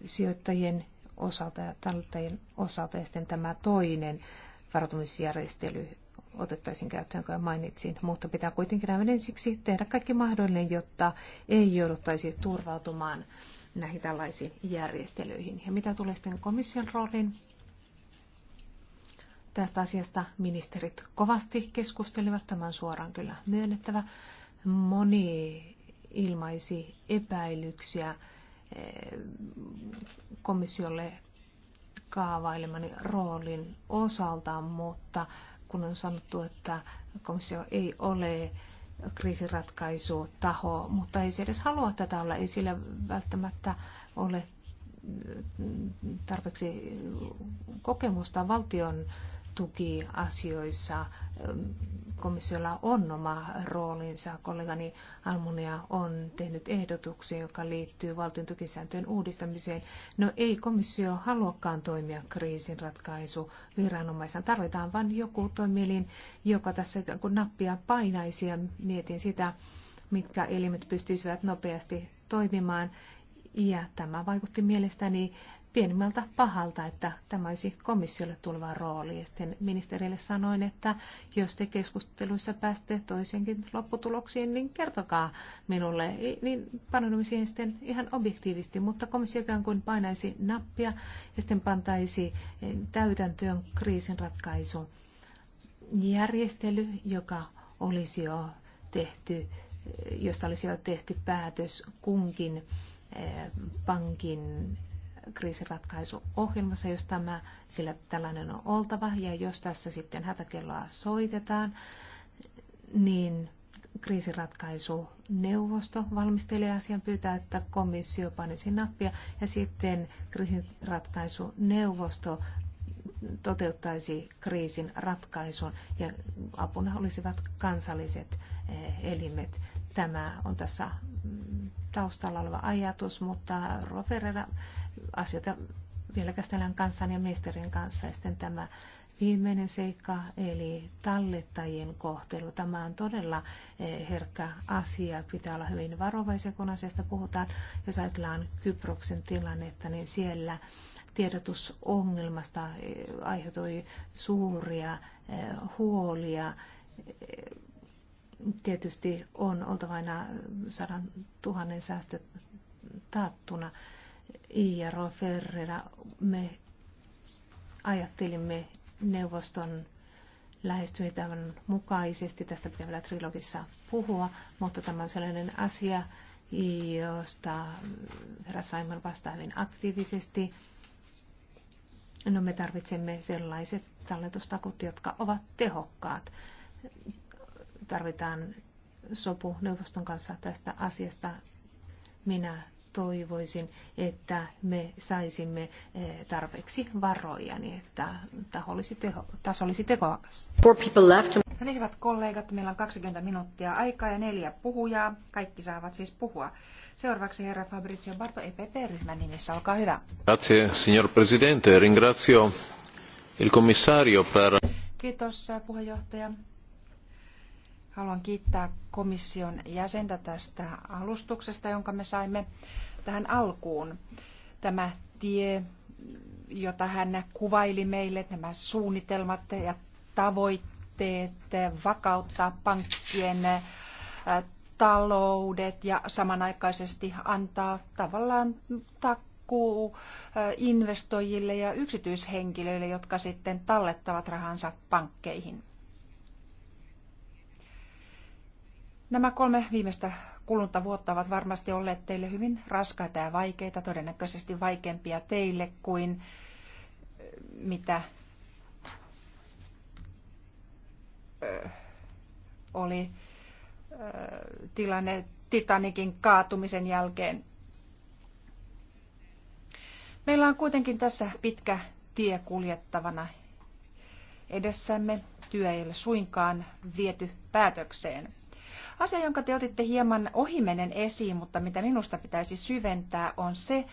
Speaker 3: sijoittajien osalta ja tallettajien osalta ja sitten tämä toinen varautumisjärjestely otettaisiin käyttöön, kun mainitsin, mutta pitää kuitenkin aivan ensiksi tehdä kaikki mahdollinen, jotta ei jouduttaisi turvautumaan näihin tällaisiin järjestelyihin. Ja mitä tulee sitten komission rooliin, Tästä asiasta ministerit kovasti keskustelivat, tämä on suoraan kyllä myönnettävä. Moni ilmaisi epäilyksiä eh, komissiolle kaavailemani roolin osalta, mutta kun on sanottu, että komissio ei ole kriisiratkaisu taho, mutta ei se edes halua tätä olla, ei sillä välttämättä ole mm, tarpeeksi kokemusta valtion tukiasioissa komissiolla on oma roolinsa. Kollegani Almunia on tehnyt ehdotuksia, joka liittyy valtion tukisääntöjen uudistamiseen. No ei komissio haluakaan toimia kriisinratkaisu viranomaisena. Tarvitaan vain joku toimielin, joka tässä kun nappia painaisi ja mietin sitä, mitkä elimet pystyisivät nopeasti toimimaan. Ja tämä vaikutti mielestäni pienimmältä pahalta, että tämä olisi komissiolle tuleva rooli. Ja sitten ministerille sanoin, että jos te keskusteluissa pääsette toisenkin lopputuloksiin, niin kertokaa minulle. Niin panoudumme siihen sitten ihan objektiivisesti, mutta komissio ikään kuin painaisi nappia ja sitten pantaisi eh, täytäntöön kriisinratkaisu järjestely, joka olisi jo tehty, eh, josta olisi jo tehty päätös kunkin eh, pankin kriisiratkaisuohjelmassa, jos tämä, sillä tällainen on oltava. Ja jos tässä sitten hätäkelloa soitetaan, niin kriisiratkaisuneuvosto valmistelee asian pyytää, että komissio panisi nappia ja sitten kriisiratkaisuneuvosto toteuttaisi kriisin ratkaisun ja apuna olisivat kansalliset eh, elimet. Tämä on tässä taustalla oleva ajatus, mutta Ruoferella asioita vielä käsitellään kanssani ja ministerin kanssa. Ja sitten tämä viimeinen seikka, eli tallettajien kohtelu. Tämä on todella eh, herkkä asia. Pitää olla hyvin varovaisia, kun asiasta puhutaan. Jos ajatellaan Kyproksen tilannetta, niin siellä tiedotusongelmasta eh, aiheutui suuria eh, huolia tietysti on oltava aina sadan tuhannen säästöt taattuna. Iaro Ferreira, me ajattelimme neuvoston lähestymistavan mukaisesti, tästä pitää vielä trilogissa puhua, mutta tämä on sellainen asia, josta herra Simon vastaa hyvin aktiivisesti. No me tarvitsemme sellaiset talletustakut jotka ovat tehokkaat tarvitaan sopu neuvoston kanssa tästä asiasta. Minä toivoisin, että me saisimme eh, tarpeeksi varoja, niin että tässä olisi taso olisi tehokas. No
Speaker 1: niin, hyvät kollegat, meillä on 20 minuuttia aikaa ja neljä puhujaa. Kaikki saavat siis puhua. Seuraavaksi herra Fabrizio Barto EPP-ryhmän nimissä, olkaa hyvä.
Speaker 5: Grazie, signor Presidente. Ringrazio il commissario per...
Speaker 1: Kiitos, eh, puheenjohtaja. Haluan kiittää komission jäsentä tästä alustuksesta, jonka me saimme tähän alkuun. Tämä tie, jota hän kuvaili meille, nämä suunnitelmat ja tavoitteet vakauttaa pankkien taloudet ja samanaikaisesti antaa tavallaan takkuu investoijille ja yksityishenkilöille, jotka sitten tallettavat rahansa pankkeihin. Nämä kolme viimeistä kulunta vuotta ovat varmasti olleet teille hyvin raskaita ja vaikeita, todennäköisesti vaikeampia teille kuin eh, mitä eh, oli eh, tilanne Titanikin kaatumisen jälkeen. Meillä on kuitenkin tässä pitkä tie kuljettavana edessämme. Työ ei ole suinkaan viety päätökseen. Asia, jonka te otitte hieman ohimennen esiin, mutta mitä minusta pitäisi syventää, on se,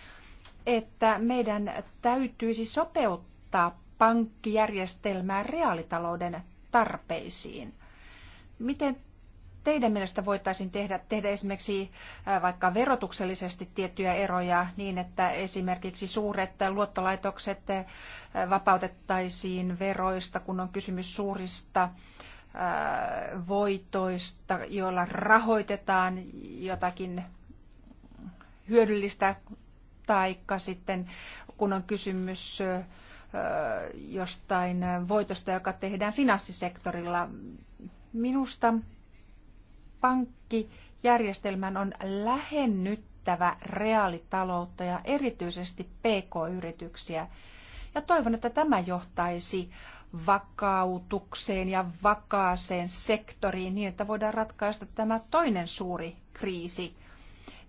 Speaker 1: että meidän täytyisi sopeuttaa pankkijärjestelmää reaalitalouden tarpeisiin. Miten teidän mielestä voitaisiin tehdä, tehdä esimerkiksi vaikka verotuksellisesti tiettyjä eroja niin, että esimerkiksi suuret luottolaitokset vapautettaisiin veroista, kun on kysymys suurista äh, voitoista, joilla rahoitetaan jotakin hyödyllistä, taikka sitten kun on kysymys jostain voitosta, joka tehdään finanssisektorilla. Minusta pankkijärjestelmän on lähennyttävä reaalitaloutta ja erityisesti pk-yrityksiä. Ja toivon, että tämä johtaisi äh, vakautukseen ja vakaaseen sektoriin niin, että voidaan ratkaista tämä toinen suuri kriisi,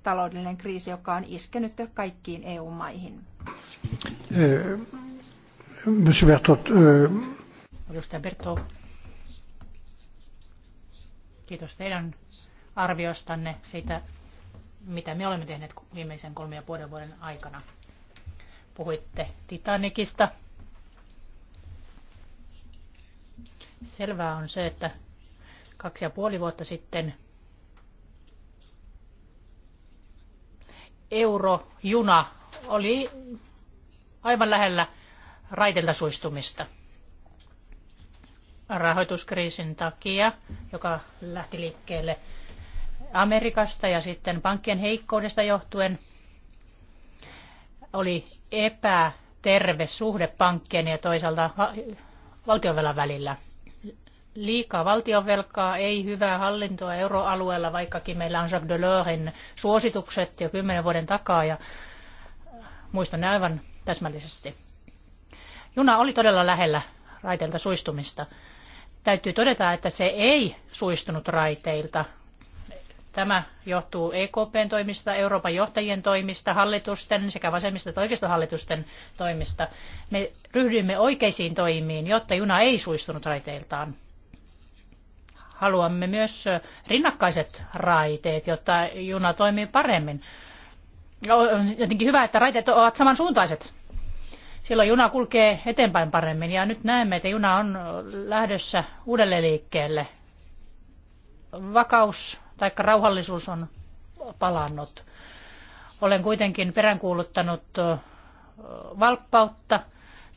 Speaker 1: taloudellinen kriisi, joka on iskenyt kaikkiin EU-maihin. Eh,
Speaker 4: Monsieur Bertot. Eh.
Speaker 2: Edustaja Bertot, kiitos teidän arviostanne siitä, mitä me olemme tehneet viimeisen kolmen ja puolen vuoden aikana. Puhuitte Titanikista, Selvää on se, että kaksi ja puoli vuotta sitten eurojuna oli aivan lähellä raitelta suistumista rahoituskriisin takia, joka lähti liikkeelle Amerikasta ja sitten pankkien heikkoudesta johtuen oli epäterve suhde pankkien ja toisaalta valtionvelan välillä – liikaa valtionvelkaa, ei hyvää hallintoa euroalueella, vaikkakin meillä on Jacques Delorsin suositukset jo kymmenen vuoden takaa ja muistan ne aivan täsmällisesti. Juna oli todella lähellä raiteilta suistumista. Täytyy todeta, että se ei suistunut raiteilta. Tämä johtuu EKPn toimista, Euroopan johtajien toimista, hallitusten sekä vasemmista että oikeistohallitusten toimista. Me ryhdyimme oikeisiin toimiin, jotta juna ei suistunut raiteiltaan haluamme myös rinnakkaiset raiteet, jotta juna toimii paremmin. On jotenkin hyvä, että raiteet ovat samansuuntaiset. Silloin juna kulkee eteenpäin paremmin ja nyt näemme, että juna on lähdössä uudelle liikkeelle. Vakaus tai rauhallisuus on palannut. Olen kuitenkin peräänkuuluttanut valppautta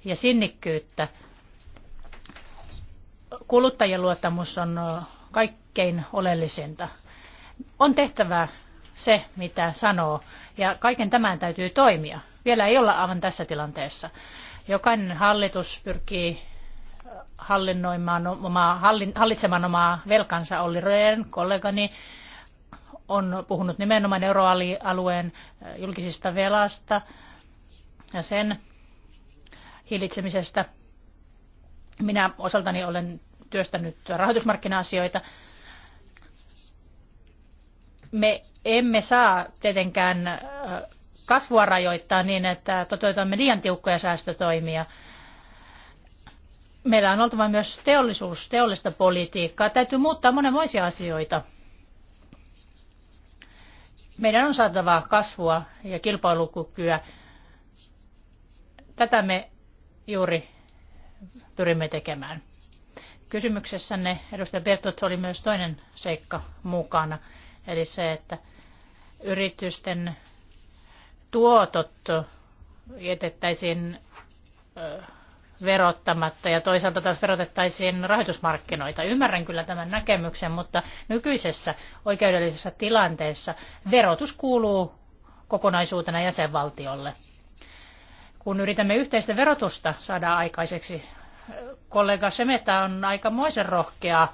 Speaker 2: ja sinnikkyyttä kuluttajien luottamus on kaikkein oleellisinta. On tehtävä se, mitä sanoo, ja kaiken tämän täytyy toimia. Vielä ei olla aivan tässä tilanteessa. Jokainen hallitus pyrkii hallinnoimaan omaa, hallitsemaan omaa velkansa. Olli Rehn, kollegani, on puhunut nimenomaan euroalueen julkisista velasta ja sen hillitsemisestä. Minä osaltani olen työstänyt rahoitusmarkkina-asioita. Me emme saa tietenkään kasvua rajoittaa niin, että toteutamme liian tiukkoja säästötoimia. Meillä on oltava myös teollisuus, teollista politiikkaa. Täytyy muuttaa monenmoisia asioita. Meidän on saatava kasvua ja kilpailukykyä. Tätä me juuri pyrimme tekemään. Kysymyksessänne, edustaja Bertot, oli myös toinen seikka mukana, eli se, että yritysten tuotot jätettäisiin verottamatta ja toisaalta taas verotettaisiin rahoitusmarkkinoita. Ymmärrän kyllä tämän näkemyksen, mutta nykyisessä oikeudellisessa tilanteessa verotus kuuluu kokonaisuutena jäsenvaltiolle. Kun yritämme yhteistä verotusta saada aikaiseksi kollega Semeta on aikamoisen rohkea.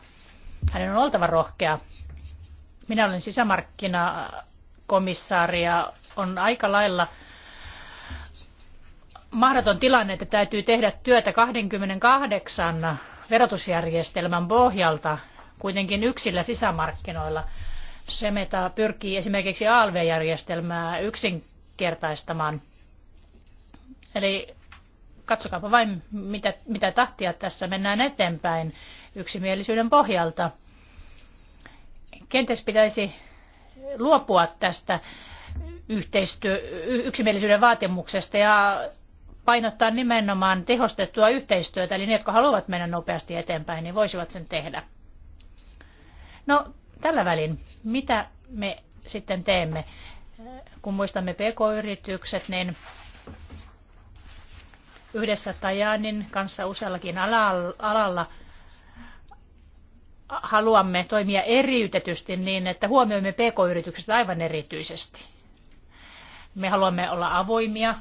Speaker 2: Hänen on oltava rohkea. Minä olen sisämarkkinakomissaari ja on aika lailla mahdoton tilanne, että täytyy tehdä työtä 28 verotusjärjestelmän pohjalta kuitenkin yksillä sisämarkkinoilla. Semeta pyrkii esimerkiksi ALV-järjestelmää yksinkertaistamaan. Eli katsokaapa vain, mitä, mitä tahtia tässä mennään eteenpäin yksimielisyyden pohjalta. Kenties pitäisi luopua tästä yhteistyö, yksimielisyyden vaatimuksesta ja painottaa nimenomaan tehostettua yhteistyötä, eli ne, jotka haluavat mennä nopeasti eteenpäin, niin voisivat sen tehdä. No, tällä välin, mitä me sitten teemme? Kun muistamme pk-yritykset, niin yhdessä Tajanin kanssa useallakin alalla haluamme toimia eriytetysti niin, että huomioimme pk-yritykset aivan erityisesti. Me haluamme olla avoimia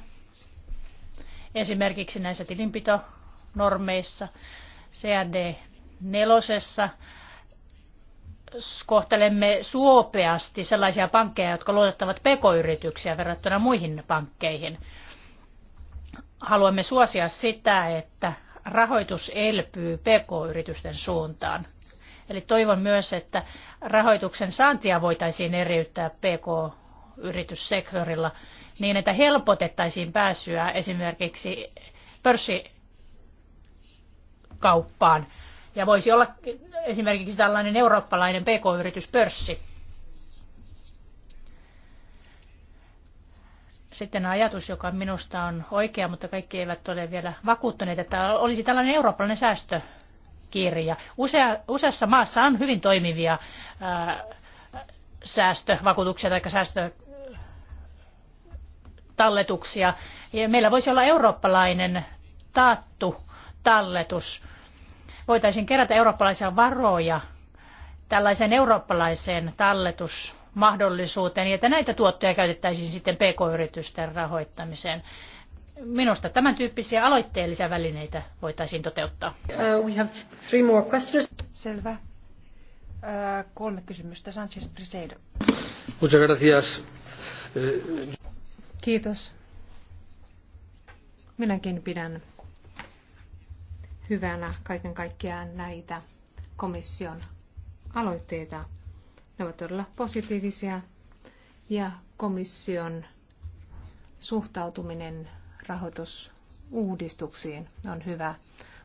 Speaker 2: esimerkiksi näissä tilinpitonormeissa, CRD 4 kohtelemme suopeasti sellaisia pankkeja, jotka luotettavat pk-yrityksiä verrattuna muihin pankkeihin haluamme suosia sitä, että rahoitus elpyy pk-yritysten suuntaan. Eli toivon myös, että rahoituksen saantia voitaisiin eriyttää pk-yrityssektorilla niin, että helpotettaisiin pääsyä esimerkiksi pörssikauppaan. Ja voisi olla esimerkiksi tällainen eurooppalainen pk-yrityspörssi. Sitten ajatus, joka minusta on oikea, mutta kaikki eivät ole vielä vakuuttuneet, että olisi tällainen eurooppalainen säästökirja. Usea, useassa maassa on hyvin toimivia ää, säästövakuutuksia tai säästötalletuksia. Ja meillä voisi olla eurooppalainen taattu talletus. Voitaisiin kerätä eurooppalaisia varoja tällaiseen eurooppalaiseen talletusmahdollisuuteen, ja että näitä tuottoja käytettäisiin sitten pk-yritysten rahoittamiseen. Minusta tämän tyyppisiä aloitteellisia välineitä voitaisiin toteuttaa. Uh, we have three more
Speaker 1: questions. Selvä. Uh,
Speaker 3: kolme kysymystä. Sanchez Brisedo.
Speaker 4: Muchas gracias.
Speaker 3: Eh, Kiitos. Minäkin pidän hyvänä kaiken kaikkiaan näitä komission aloitteita. Ne ovat todella positiivisia ja komission suhtautuminen rahoitusuudistuksiin on hyvä.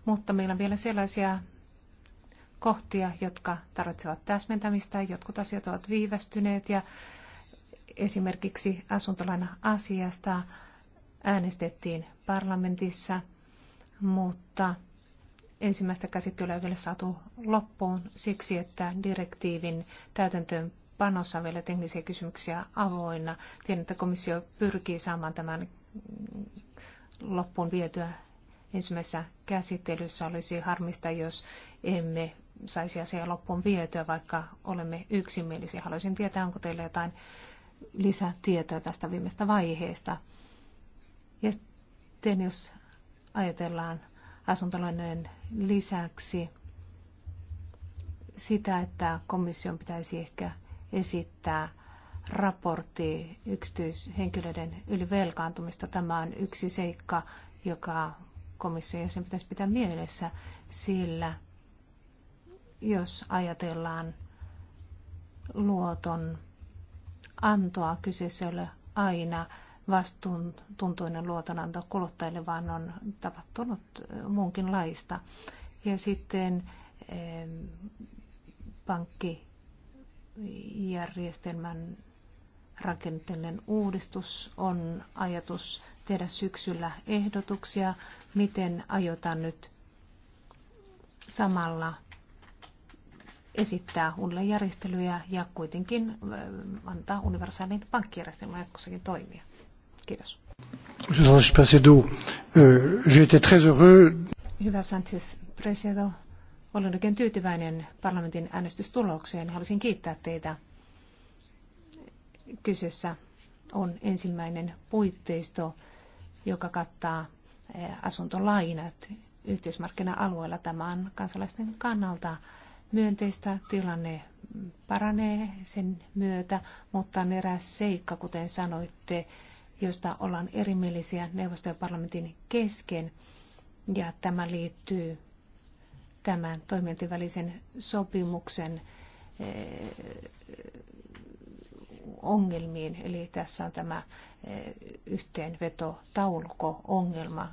Speaker 3: Mutta meillä on vielä sellaisia kohtia, jotka tarvitsevat täsmentämistä. Jotkut asiat ovat viivästyneet ja esimerkiksi asuntolaina-asiasta äänestettiin parlamentissa, mutta ensimmäistä käsittelyä vielä saatu loppuun siksi, että direktiivin täytäntöön panossa on vielä teknisiä kysymyksiä avoinna. Tiedän, että komissio pyrkii saamaan tämän loppuun vietyä ensimmäisessä käsittelyssä. Olisi harmista, jos emme saisi asiaa loppuun vietyä, vaikka olemme yksimielisiä. Haluaisin tietää, onko teillä jotain lisätietoa tästä viimeistä vaiheesta. Ja sitten jos ajatellaan asuntolainojen lisäksi sitä, että komission pitäisi ehkä esittää raportti yksityishenkilöiden ylivelkaantumista. Tämä on yksi seikka, joka komission jäsen pitäisi pitää mielessä, sillä jos ajatellaan luoton antoa, kyseessä ole aina vastuuntuntoinen luotonanto kuluttajille, vaan on tapahtunut eh, muunkinlaista. Ja sitten eh, pankkijärjestelmän rakenteellinen uudistus on ajatus tehdä syksyllä ehdotuksia, miten aiotaan nyt samalla esittää uudelleenjärjestelyjä ja kuitenkin eh, antaa universaalin pankkijärjestelmän jatkossakin toimia. Kiitos. Hyvä Sanchez Presedo, olen oikein tyytyväinen parlamentin äänestystulokseen. Haluaisin kiittää teitä. Kyseessä on ensimmäinen puitteisto, joka kattaa asuntolainat yhteismarkkina-alueella. Tämä on kansalaisten kannalta myönteistä. Tilanne paranee sen myötä, mutta on eräs seikka, kuten sanoitte, joista ollaan erimielisiä neuvoston ja parlamentin kesken. Ja tämä liittyy tämän toimijoiden välisen sopimuksen eh, ongelmiin. Eli tässä on tämä eh, yhteenvetotaulko-ongelma.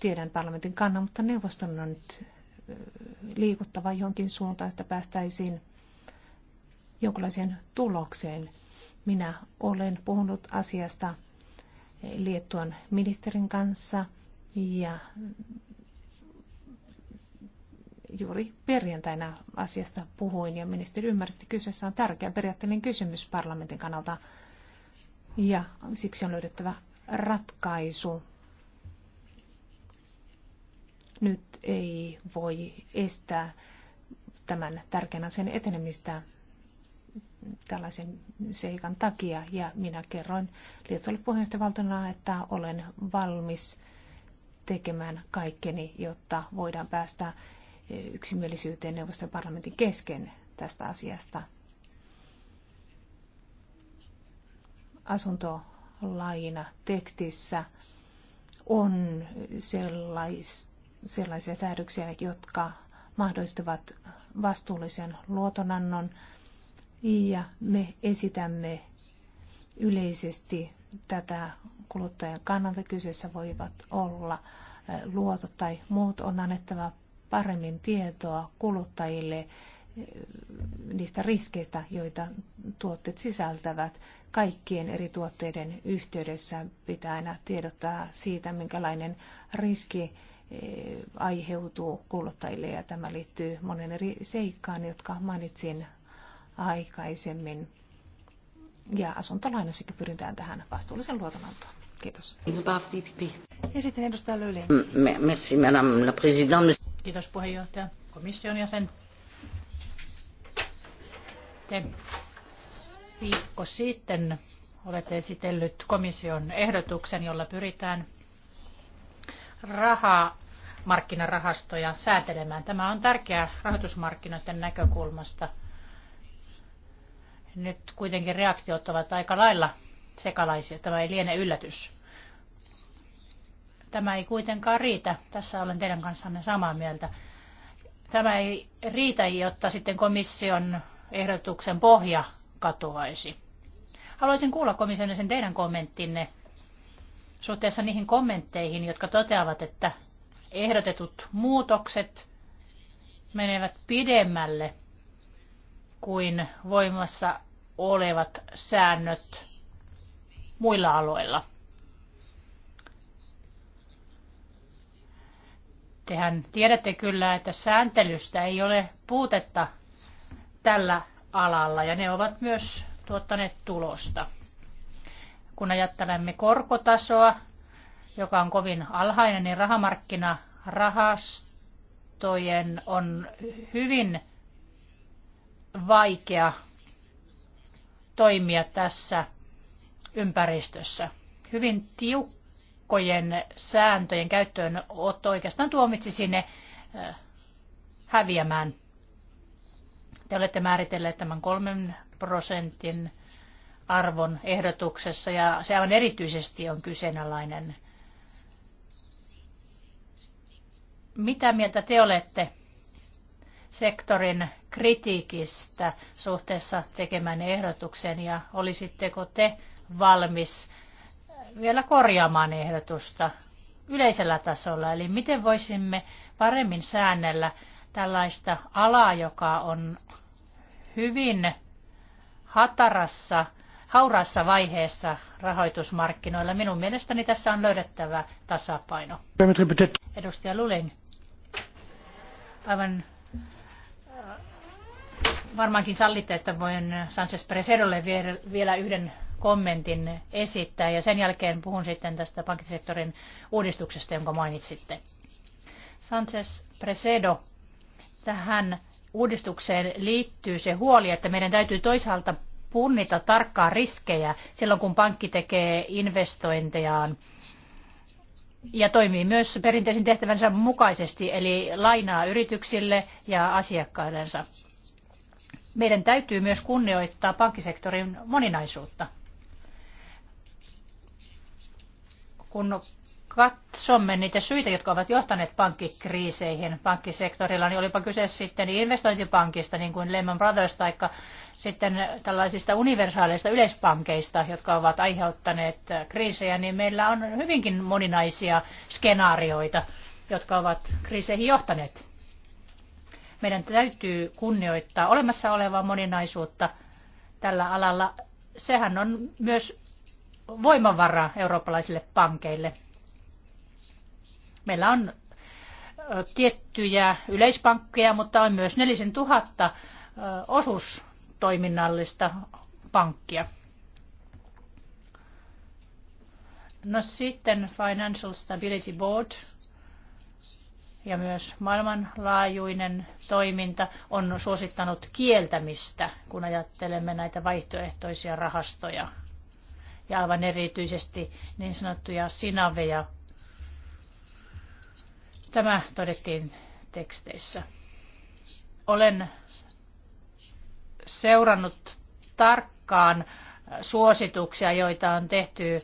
Speaker 3: Tiedän parlamentin kannan, mutta neuvoston on nyt eh, liikuttava johonkin suuntaan, että päästäisiin jonkinlaiseen tulokseen minä olen puhunut asiasta Liettuan ministerin kanssa ja juuri perjantaina asiasta puhuin ja ministeri ymmärsi, että kyseessä on tärkeä periaatteellinen kysymys parlamentin kannalta ja siksi on löydettävä ratkaisu. Nyt ei voi estää tämän tärkeän asian etenemistä tällaisen seikan takia ja minä kerroin puheenjohtajan puheenjohtajavaltona, että olen valmis tekemään kaikkeni, jotta voidaan päästä eh, yksimielisyyteen neuvoston parlamentin kesken tästä asiasta. Asuntolaina tekstissä on sellais, sellaisia säädöksiä, jotka mahdollistavat vastuullisen luotonannon ja me esitämme yleisesti tätä kuluttajan kannalta kyseessä voivat olla luotot tai muut. On annettava paremmin tietoa kuluttajille niistä riskeistä, joita tuotteet sisältävät. Kaikkien eri tuotteiden yhteydessä pitää aina tiedottaa siitä, minkälainen riski aiheutuu kuluttajille ja tämä liittyy monen eri seikkaan, jotka mainitsin aikaisemmin. Ja asuntolainassakin pyritään tähän vastuullisen luotonantoon.
Speaker 2: Kiitos. Ja sitten edustaja Löyli. Merci, madame la présidente. Kiitos puheenjohtaja, komission jäsen. Te viikko sitten olette esitellyt komission ehdotuksen, jolla pyritään rahaa markkinarahastoja säätelemään. Tämä on tärkeää rahoitusmarkkinoiden näkökulmasta – nyt kuitenkin reaktiot ovat aika lailla sekalaisia. Tämä ei liene yllätys. Tämä ei kuitenkaan riitä. Tässä olen teidän kanssanne samaa mieltä. Tämä ei riitä, jotta sitten komission ehdotuksen pohja katoaisi. Haluaisin kuulla komission sen teidän kommenttinne suhteessa niihin kommentteihin, jotka toteavat, että ehdotetut muutokset menevät pidemmälle kuin voimassa olevat säännöt muilla aloilla. Tehän tiedätte kyllä, että sääntelystä ei ole puutetta tällä alalla ja ne ovat myös tuottaneet tulosta. Kun ajattelemme korkotasoa, joka on kovin alhainen, niin rahamarkkinarahastojen on hyvin vaikea toimia tässä ympäristössä. Hyvin tiukkojen sääntöjen käyttöön Otto oikeastaan tuomitsi sinne häviämään. Te olette määritelleet tämän kolmen prosentin arvon ehdotuksessa ja se on erityisesti on kyseenalainen. Mitä mieltä te olette sektorin kritiikistä suhteessa tekemään ehdotuksen ja olisitteko te valmis vielä korjaamaan ehdotusta yleisellä tasolla? Eli miten voisimme paremmin säännellä tällaista alaa, joka on hyvin hatarassa, hauraassa vaiheessa rahoitusmarkkinoilla. Minun mielestäni tässä on löydettävä tasapaino. Edustaja Luling. Aivan Varmaankin sallitte, että voin Sanchez Presedolle vielä yhden kommentin esittää ja sen jälkeen puhun sitten tästä pankkisektorin uudistuksesta, jonka mainitsitte. Sanchez Presedo, tähän uudistukseen liittyy se huoli, että meidän täytyy toisaalta punnita tarkkaan riskejä silloin, kun pankki tekee investointejaan ja toimii myös perinteisen tehtävänsä mukaisesti, eli lainaa yrityksille ja asiakkaillensa meidän täytyy myös kunnioittaa pankkisektorin moninaisuutta. Kun katsomme niitä syitä, jotka ovat johtaneet pankkikriiseihin pankkisektorilla, niin olipa kyse sitten investointipankista, niin kuin Lehman Brothers, tai sitten tällaisista universaaleista yleispankeista, jotka ovat aiheuttaneet kriisejä, niin meillä on hyvinkin moninaisia skenaarioita, jotka ovat kriiseihin johtaneet. Meidän täytyy kunnioittaa olemassa olevaa moninaisuutta tällä alalla. Sehän on myös voimavara eurooppalaisille pankeille. Meillä on tiettyjä yleispankkeja, mutta on myös nelisen osuustoiminnallista pankkia. No sitten Financial Stability Board – ja myös maailmanlaajuinen toiminta on suosittanut kieltämistä, kun ajattelemme näitä vaihtoehtoisia rahastoja ja aivan erityisesti niin sanottuja sinaveja. Tämä todettiin teksteissä. Olen seurannut tarkkaan suosituksia, joita on tehty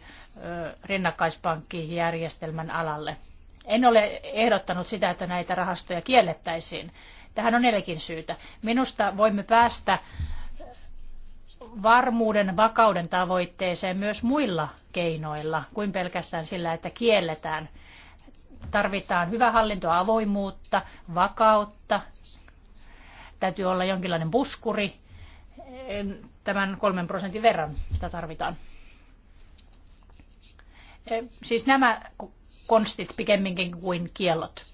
Speaker 2: rinnakkaispankkijärjestelmän alalle – en ole ehdottanut sitä, että näitä rahastoja kiellettäisiin. Tähän on neljäkin syytä. Minusta voimme päästä varmuuden, vakauden tavoitteeseen myös muilla keinoilla kuin pelkästään sillä, että kielletään. Tarvitaan hyvä hallintoa, avoimuutta, vakautta. Täytyy olla jonkinlainen puskuri. Tämän kolmen prosentin verran sitä tarvitaan. Eh, siis nämä konstit pikemminkin kuin kiellot.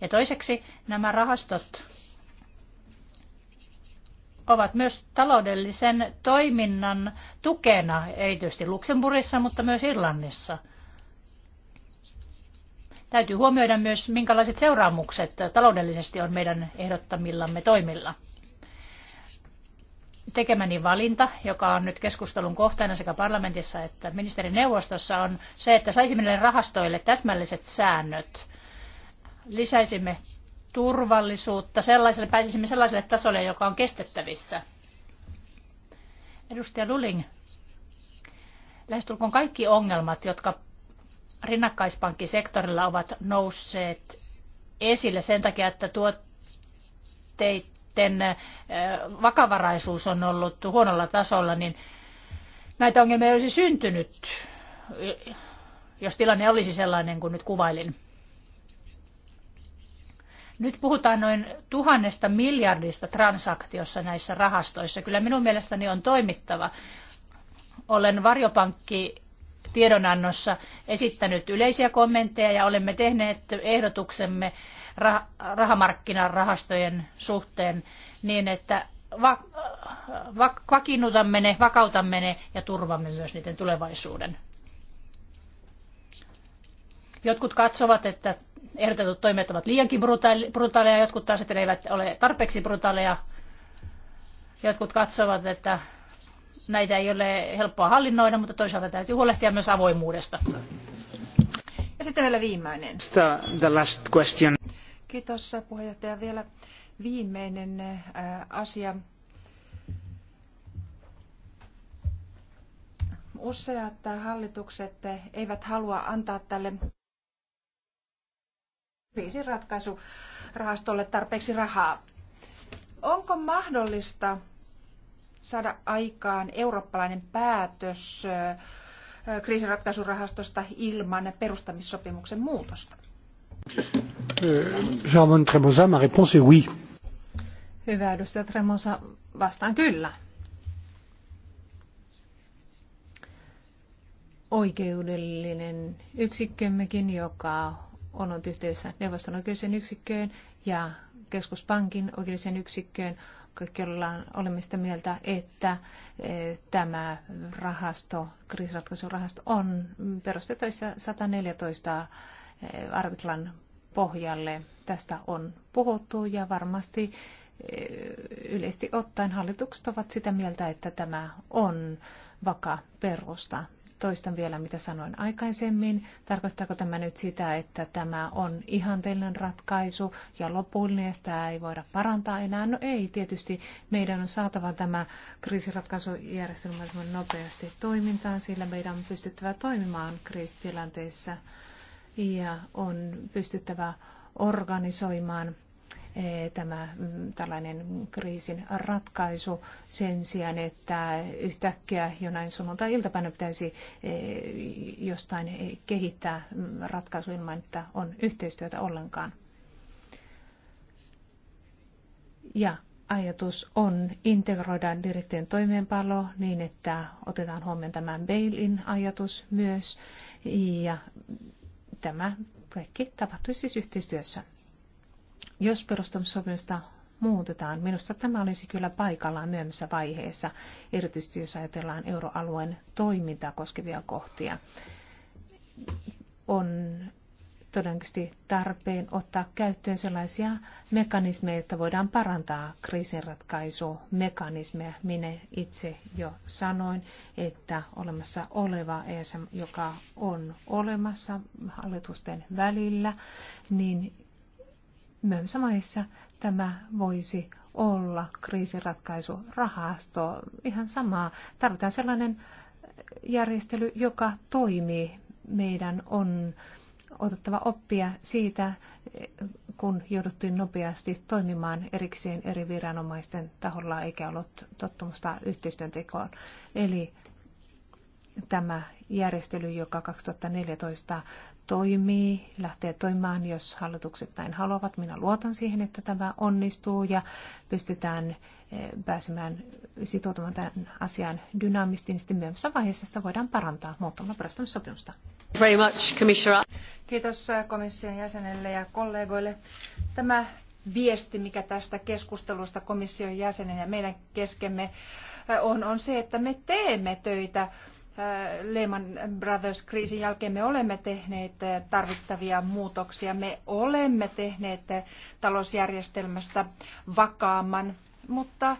Speaker 2: Ja toiseksi nämä rahastot ovat myös taloudellisen toiminnan tukena, erityisesti Luxemburgissa, mutta myös Irlannissa. Täytyy huomioida myös, minkälaiset seuraamukset taloudellisesti on meidän ehdottamillamme toimilla tekemäni valinta, joka on nyt keskustelun kohteena sekä parlamentissa että ministerineuvostossa, on se, että saisimme näille rahastoille täsmälliset säännöt. Lisäisimme turvallisuutta, sellaiselle, pääsisimme sellaiselle tasolle, joka on kestettävissä. Edustaja Luling, lähestulkoon kaikki ongelmat, jotka rinnakkaispankkisektorilla ovat nousseet esille sen takia, että tuotteita sitten vakavaraisuus on ollut huonolla tasolla, niin näitä ongelmia ei olisi syntynyt, jos tilanne olisi sellainen kuin nyt kuvailin. Nyt puhutaan noin tuhannesta miljardista transaktiossa näissä rahastoissa. Kyllä minun mielestäni on toimittava. Olen varjopankki tiedonannossa esittänyt yleisiä kommentteja ja olemme tehneet ehdotuksemme rah- rahamarkkinarahastojen suhteen niin, että va- va- vakiinnutamme ne, vakautamme ne ja turvamme myös niiden tulevaisuuden. Jotkut katsovat, että ehdotetut toimet ovat liiankin brutaaleja, jotkut taas, että ne eivät ole tarpeeksi brutaaleja. Jotkut katsovat, että näitä ei ole helppoa hallinnoida, mutta toisaalta täytyy huolehtia myös avoimuudesta. Ja sitten vielä viimeinen. Uh, the last question. Kiitos puheenjohtaja. Vielä
Speaker 1: viimeinen äh, asia. Useat hallitukset eivät halua antaa tälle kriisinratkaisurahastolle tarpeeksi rahaa. Onko mahdollista saada aikaan eurooppalainen päätös äh, kriisinratkaisurahastosta ilman perustamissopimuksen
Speaker 3: muutosta?
Speaker 4: Euh, Jean-Mon Tremosa, ma réponse est oui.
Speaker 3: Hyvä, edustaja Tremosa, vastaan kyllä. Oikeudellinen yksikkömmekin, joka on ollut yhteydessä neuvoston oikeuden yksikköön ja keskuspankin oikeudellisen yksikköön, kaikki ollaan, olemme mieltä, että eh, tämä rahasto, kriisiratkaisurahasto on perustettavissa 114 Eh, artiklan pohjalle. Tästä on puhuttu ja varmasti eh, yleisesti ottaen hallitukset ovat sitä mieltä, että tämä on vaka perusta. Toistan vielä, mitä sanoin aikaisemmin. Tarkoittaako tämä nyt sitä, että tämä on ihanteellinen ratkaisu ja lopullinen ja sitä ei voida parantaa enää? No ei, tietysti meidän on saatava tämä kriisiratkaisujärjestelmä nopeasti toimintaan, sillä meidän on pystyttävä toimimaan kriisitilanteissa ja on pystyttävä organisoimaan eh, tämä mm, tällainen kriisin ratkaisu sen sijaan, että yhtäkkiä jonain sunnuntai-iltapäivänä pitäisi eh, jostain kehittää mm, ratkaisu ilman, että on yhteistyötä ollenkaan. Ja ajatus on integroida direktiivin toimeenpalo niin, että otetaan huomioon tämä bail-in-ajatus myös ja Tämä kaikki tapahtui siis yhteistyössä. Jos perustamissopimusta muutetaan, minusta tämä olisi kyllä paikallaan myöhemmässä vaiheessa, erityisesti jos ajatellaan euroalueen toimintaa koskevia kohtia. On todennäköisesti tarpeen ottaa käyttöön sellaisia mekanismeja, joita voidaan parantaa kriisinratkaisumekanismeja. Minä itse jo sanoin, että olemassa oleva ESM, joka on olemassa hallitusten välillä, niin myös maissa tämä voisi olla kriisinratkaisurahasto. Ihan samaa. Tarvitaan sellainen järjestely, joka toimii. Meidän on otettava oppia siitä, kun jouduttiin nopeasti toimimaan erikseen eri viranomaisten taholla, eikä ollut tottumusta yhteistyön tekoon. Eli tämä järjestely, joka 2014 toimii, lähtee toimimaan, jos hallitukset näin haluavat. Minä luotan siihen, että tämä onnistuu ja pystytään eh, pääsemään sitoutumaan tämän asian dynaamisti, niin sitten myöhemmässä vaiheessa sitä voidaan parantaa muuttamalla perustamissopimusta. Very much, Commissioner.
Speaker 1: Kiitos eh, komission jäsenelle ja kollegoille. Tämä viesti, mikä tästä keskustelusta komission jäsenen ja meidän keskemme eh, on, on se, että me teemme töitä Äh, Lehman Brothers-kriisin jälkeen me olemme tehneet äh, tarvittavia muutoksia. Me olemme tehneet äh, talousjärjestelmästä vakaamman, mutta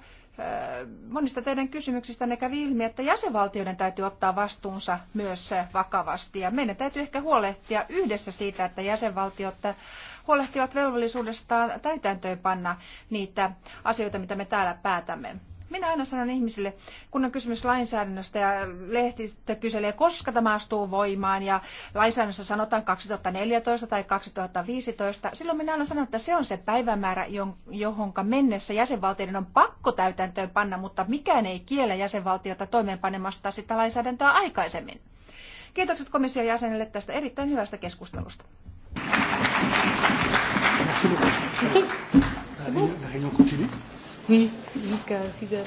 Speaker 1: monista teidän kysymyksistä ne kävi ilmi, että jäsenvaltioiden täytyy ottaa vastuunsa myös vakavasti. Ja meidän täytyy ehkä huolehtia yhdessä siitä, että jäsenvaltiot huolehtivat velvollisuudestaan täytäntöönpanna niitä asioita, mitä me täällä päätämme. Minä aina sanon ihmisille, kun on kysymys lainsäädännöstä ja lehtistä kyselee, koska tämä astuu voimaan ja lainsäädännössä sanotaan 2014 tai 2015, silloin minä aina sanon, että se on se päivämäärä, johonka mennessä jäsenvaltioiden on pakko täytäntöön panna, mutta mikään ei kiellä jäsenvaltiota toimeenpanemasta sitä lainsäädäntöä aikaisemmin. Kiitokset komission jäsenelle tästä erittäin hyvästä keskustelusta.
Speaker 4: continue. Oui, jusqu'à 6 heures.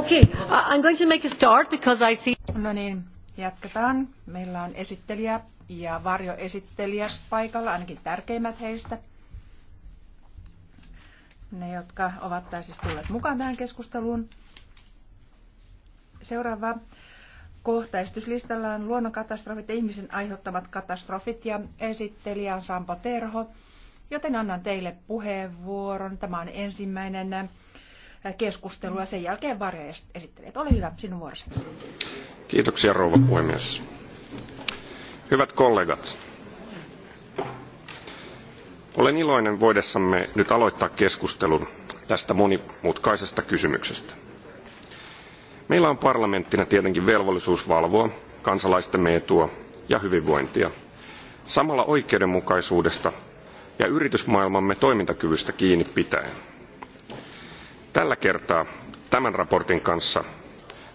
Speaker 1: Okay, I'm going to make a start because I see... No niin, jatketaan. Meillä on esittelijä ja varjoesittelijä paikalla, ainakin tärkeimmät heistä. Ne, jotka ovat tai siis tulleet mukaan tähän keskusteluun. Seuraava kohta esityslistalla on luonnonkatastrofit ja ihmisen aiheuttamat katastrofit ja esittelijä on Sampo Terho. Joten annan teille puheenvuoron. Tämä on ensimmäinen keskustelua. Sen jälkeen varjo esittelijät. Ole hyvä, sinun vuorosi.
Speaker 5: Kiitoksia rouva puhemies. Hyvät kollegat, olen iloinen voidessamme nyt aloittaa keskustelun tästä monimutkaisesta kysymyksestä. Meillä on parlamenttina tietenkin velvollisuus valvoa kansalaistemme etua ja hyvinvointia. Samalla oikeudenmukaisuudesta ja yritysmaailmamme toimintakyvystä kiinni pitäen tällä kertaa tämän mietinnön kanssa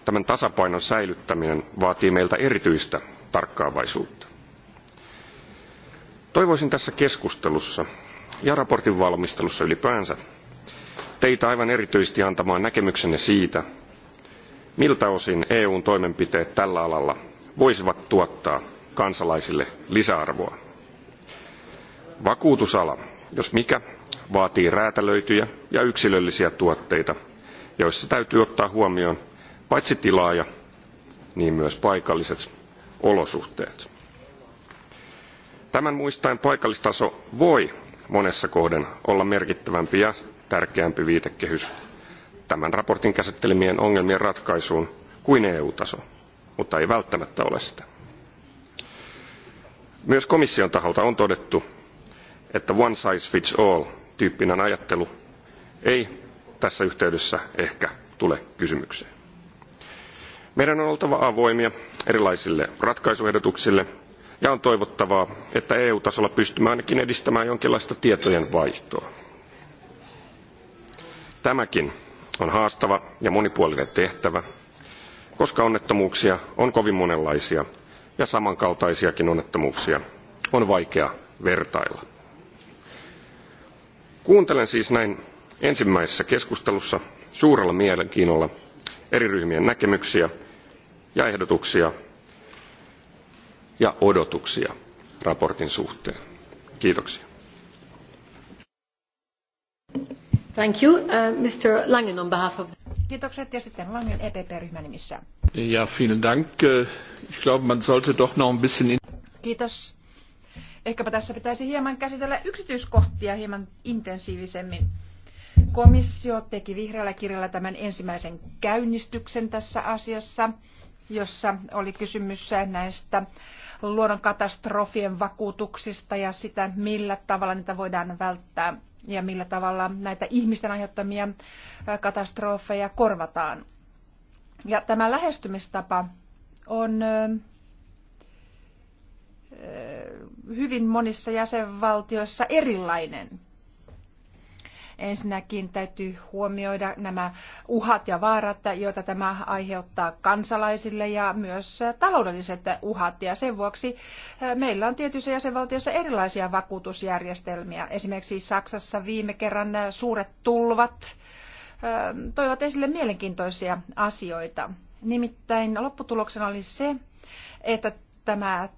Speaker 5: tämän tasapainon säilyttäminen vaatii meiltä erityistä tarkkaavaisuutta. toivoisin tässä keskustelussa ja mietinnön valmistelussa ylipäänsä teitä aivan erityisesti antamaan näkemyksenne siitä miltä osin eun toimenpiteet tällä alalla voisivat tuottaa kansalaisille lisäarvoa. vakuutusala jos mikä vaatii räätälöityjä ja yksilöllisiä tuotteita joissa täytyy ottaa huomioon paitsi tilaaja niin myös paikalliset olosuhteet. tämän muistaen paikallistaso voi monessa kohden olla merkittävämpi ja tärkeämpi viitekehys tämän raportin käsittelemien ongelmien ratkaisuun kuin eu taso mutta ei välttämättä ole sitä. myös komission taholta on todettu että one size fits all tyyppinen ajattelu ei tässä yhteydessä ehkä tule kysymykseen. Meidän on oltava avoimia erilaisille ratkaisuehdotuksille ja on toivottavaa, että EU-tasolla pystymme ainakin edistämään jonkinlaista tietojen vaihtoa. Tämäkin on haastava ja monipuolinen tehtävä, koska onnettomuuksia on kovin monenlaisia ja samankaltaisiakin onnettomuuksia on vaikea vertailla kuuntelen siis näin ensimmäisessä keskustelussa suurella mielenkiinnolla eri ryhmien näkemyksiä ja ehdotuksia ja odotuksia raportin suhteen. Kiitoksia.
Speaker 1: Thank you. Uh, Mr. Langen on behalf of... Kiitokset ja sitten Langen EPP-ryhmän nimissä.
Speaker 4: Ja, vielen Dank. Ich glaube, man sollte doch noch ein bisschen...
Speaker 1: Kiitos ehkäpä tässä pitäisi hieman käsitellä yksityiskohtia hieman intensiivisemmin. Komissio teki vihreällä kirjalla tämän ensimmäisen käynnistyksen tässä asiassa, jossa oli kysymys näistä luonnonkatastrofien vakuutuksista ja sitä, millä tavalla niitä voidaan välttää ja millä tavalla näitä ihmisten aiheuttamia katastrofeja korvataan. Ja tämä lähestymistapa on hyvin monissa jäsenvaltioissa erilainen. Ensinnäkin täytyy huomioida nämä uhat ja vaarat, joita tämä aiheuttaa kansalaisille ja myös taloudelliset uhat. Ja sen vuoksi meillä on tietyissä jäsenvaltioissa erilaisia vakuutusjärjestelmiä. Esimerkiksi Saksassa viime kerran suuret tulvat toivat esille mielenkiintoisia asioita. Nimittäin lopputuloksena oli se, että tämä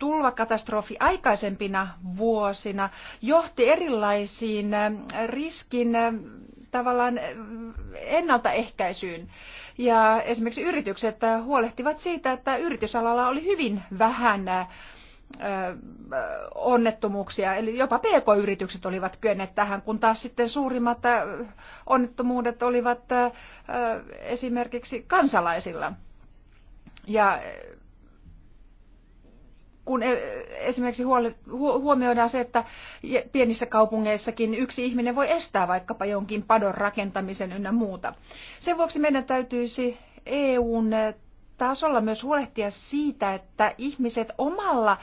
Speaker 1: tulvakatastrofi aikaisempina vuosina johti erilaisiin riskin tavallaan ennaltaehkäisyyn. Ja esimerkiksi yritykset huolehtivat siitä, että yritysalalla oli hyvin vähän onnettomuuksia, eli jopa pk-yritykset olivat kyenneet tähän, kun taas sitten suurimmat onnettomuudet olivat esimerkiksi kansalaisilla. Ja kun e- esimerkiksi huomioidaan se, että pienissä kaupungeissakin yksi ihminen voi estää vaikkapa jonkin padon rakentamisen ynnä muuta. Sen vuoksi meidän täytyisi EUn e, tasolla myös huolehtia siitä, että ihmiset omalla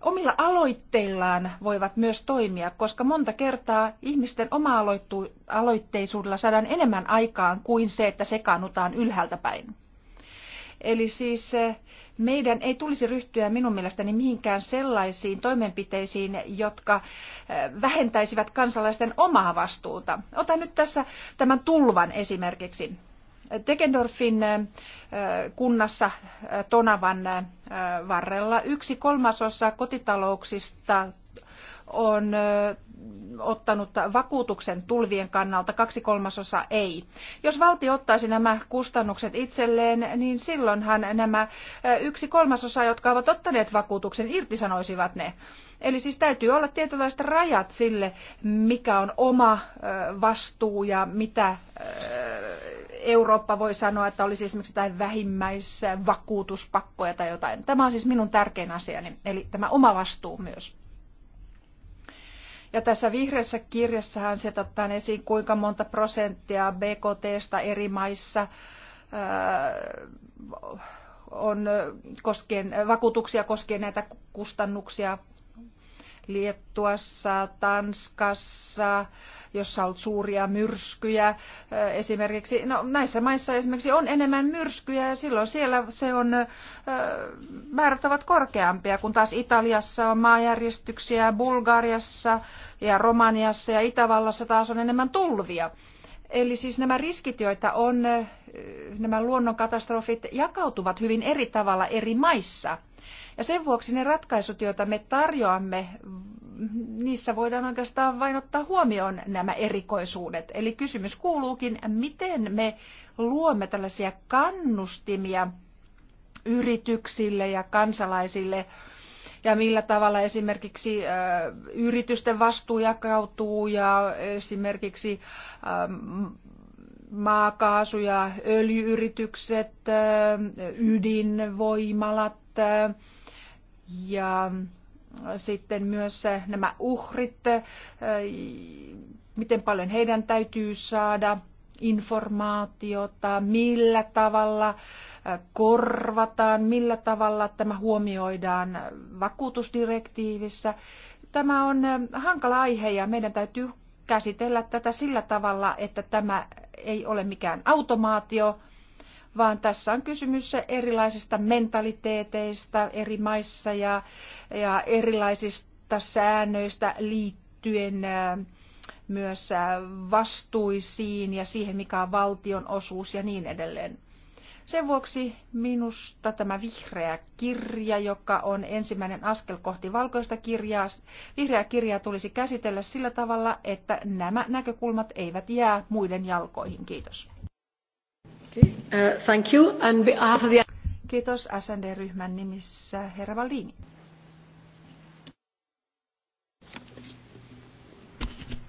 Speaker 1: omilla aloitteillaan voivat myös toimia, koska monta kertaa ihmisten oma-aloitteisuudella saadaan enemmän aikaan kuin se, että sekaannutaan ylhäältä päin. Eli siis eh, meidän ei tulisi ryhtyä minun mielestäni mihinkään sellaisiin toimenpiteisiin, jotka eh, vähentäisivät kansalaisten omaa vastuuta. Otan nyt tässä tämän tulvan esimerkiksi. Tekendorfin eh, kunnassa Tonavan varrella yksi kolmasosa kotitalouksista on ottanut vakuutuksen tulvien kannalta, kaksi kolmasosa ei. Jos valtio ottaisi nämä kustannukset itselleen, niin silloinhan nämä yksi kolmasosa, jotka ovat ottaneet vakuutuksen, irtisanoisivat ne. Eli siis täytyy olla tietynlaiset rajat sille, mikä on oma vastuu ja mitä Eurooppa voi sanoa, että olisi esimerkiksi jotain vähimmäisvakuutuspakkoja tai jotain. Tämä on siis minun tärkein asiani, eli tämä oma vastuu myös. Ja tässä vihreässä kirjassahan asetetaan esiin, kuinka monta prosenttia BKTstä eri maissa äh, on äh, koskien, vakuutuksia koskien näitä kustannuksia Liettuassa, Tanskassa, jossa on ollut suuria myrskyjä esimerkiksi. No, näissä maissa esimerkiksi on enemmän myrskyjä ja silloin siellä se on, määrät ovat korkeampia, kun taas Italiassa on maajärjestyksiä, Bulgariassa ja Romaniassa ja Itävallassa taas on enemmän tulvia. Eli siis nämä riskit, joita on, nämä luonnonkatastrofit jakautuvat hyvin eri tavalla eri maissa – ja sen vuoksi ne ratkaisut, joita me tarjoamme, niissä voidaan oikeastaan vain ottaa huomioon nämä erikoisuudet. Eli kysymys kuuluukin, miten me luomme tällaisia kannustimia yrityksille ja kansalaisille, ja millä tavalla esimerkiksi yritysten vastuu jakautuu ja esimerkiksi maakaasu- ja öljyyritykset, ydinvoimalat, ja äh, sitten myös äh, nämä uhrit, äh, miten paljon heidän täytyy saada informaatiota, millä tavalla korvataan, millä tavalla tämä huomioidaan vakuutusdirektiivissä. Tämä on hankala aihe ja meidän täytyy käsitellä tätä sillä tavalla, että tämä ei ole mikään automaatio, vaan tässä on kysymys erilaisista mentaliteeteista eri maissa ja, ja erilaisista säännöistä liittyen myös vastuisiin ja siihen, mikä on valtion osuus ja niin edelleen. Sen vuoksi minusta tämä vihreä kirja, joka on ensimmäinen askel kohti valkoista kirjaa, vihreä kirja tulisi käsitellä sillä tavalla, että nämä näkökulmat eivät jää muiden jalkoihin. Kiitos.
Speaker 4: Uh, thank you. And behalf of the...
Speaker 1: Kiitos SND-ryhmän nimissä herra Valdini.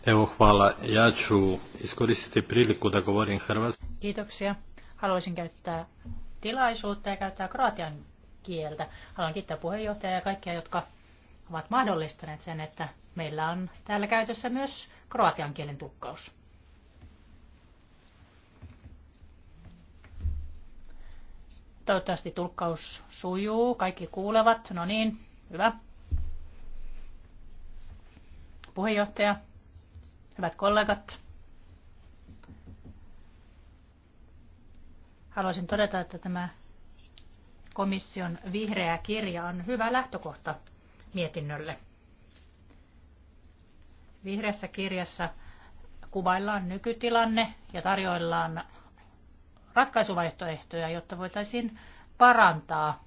Speaker 4: Evo, hvala. Ja ću iskoristiti priliku da govorim hrvatski.
Speaker 2: Kiitoksia. Haluaisin käyttää tilaisuutta ja käyttää kroatian kieltä. Haluan kiittää puheenjohtajaa ja kaikkia, jotka ovat mahdollistaneet sen, että meillä on täällä käytössä myös kroatian kielen tukkaus. Toivottavasti tulkkaus sujuu, kaikki kuulevat. No niin, hyvä. Puheenjohtaja, hyvät kollegat. Haluaisin todeta, että tämä komission vihreä kirja on hyvä lähtökohta mietinnölle. Vihreässä kirjassa kuvaillaan nykytilanne ja tarjoillaan ratkaisuvaihtoehtoja, jotta voitaisiin parantaa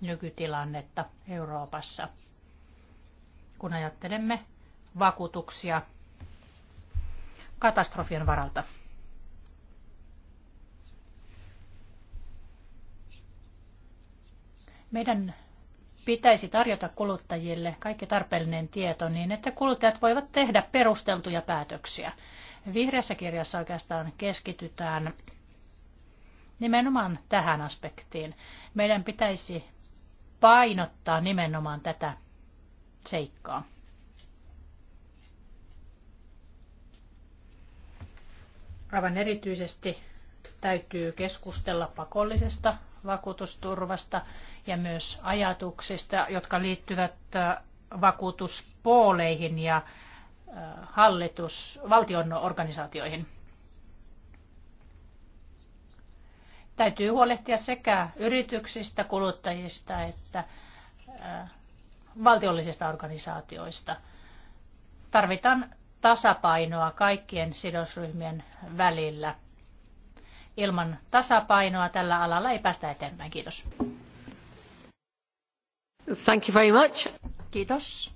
Speaker 2: nykytilannetta Euroopassa, kun ajattelemme vakuutuksia katastrofien varalta. Meidän pitäisi tarjota kuluttajille kaikki tarpeellinen tieto niin, että kuluttajat voivat tehdä perusteltuja päätöksiä. Vihreässä kirjassa oikeastaan keskitytään nimenomaan tähän aspektiin. Meidän pitäisi painottaa nimenomaan tätä seikkaa. Aivan erityisesti täytyy keskustella pakollisesta vakuutusturvasta ja myös ajatuksista, jotka liittyvät äh, vakuutuspooleihin ja äh, hallitus, valtion organisaatioihin. Täytyy huolehtia sekä yrityksistä, kuluttajista että valtiollisista organisaatioista. Tarvitaan tasapainoa kaikkien sidosryhmien välillä. Ilman tasapainoa tällä alalla ei päästä eteenpäin. Kiitos.
Speaker 1: Thank you very much. Kiitos.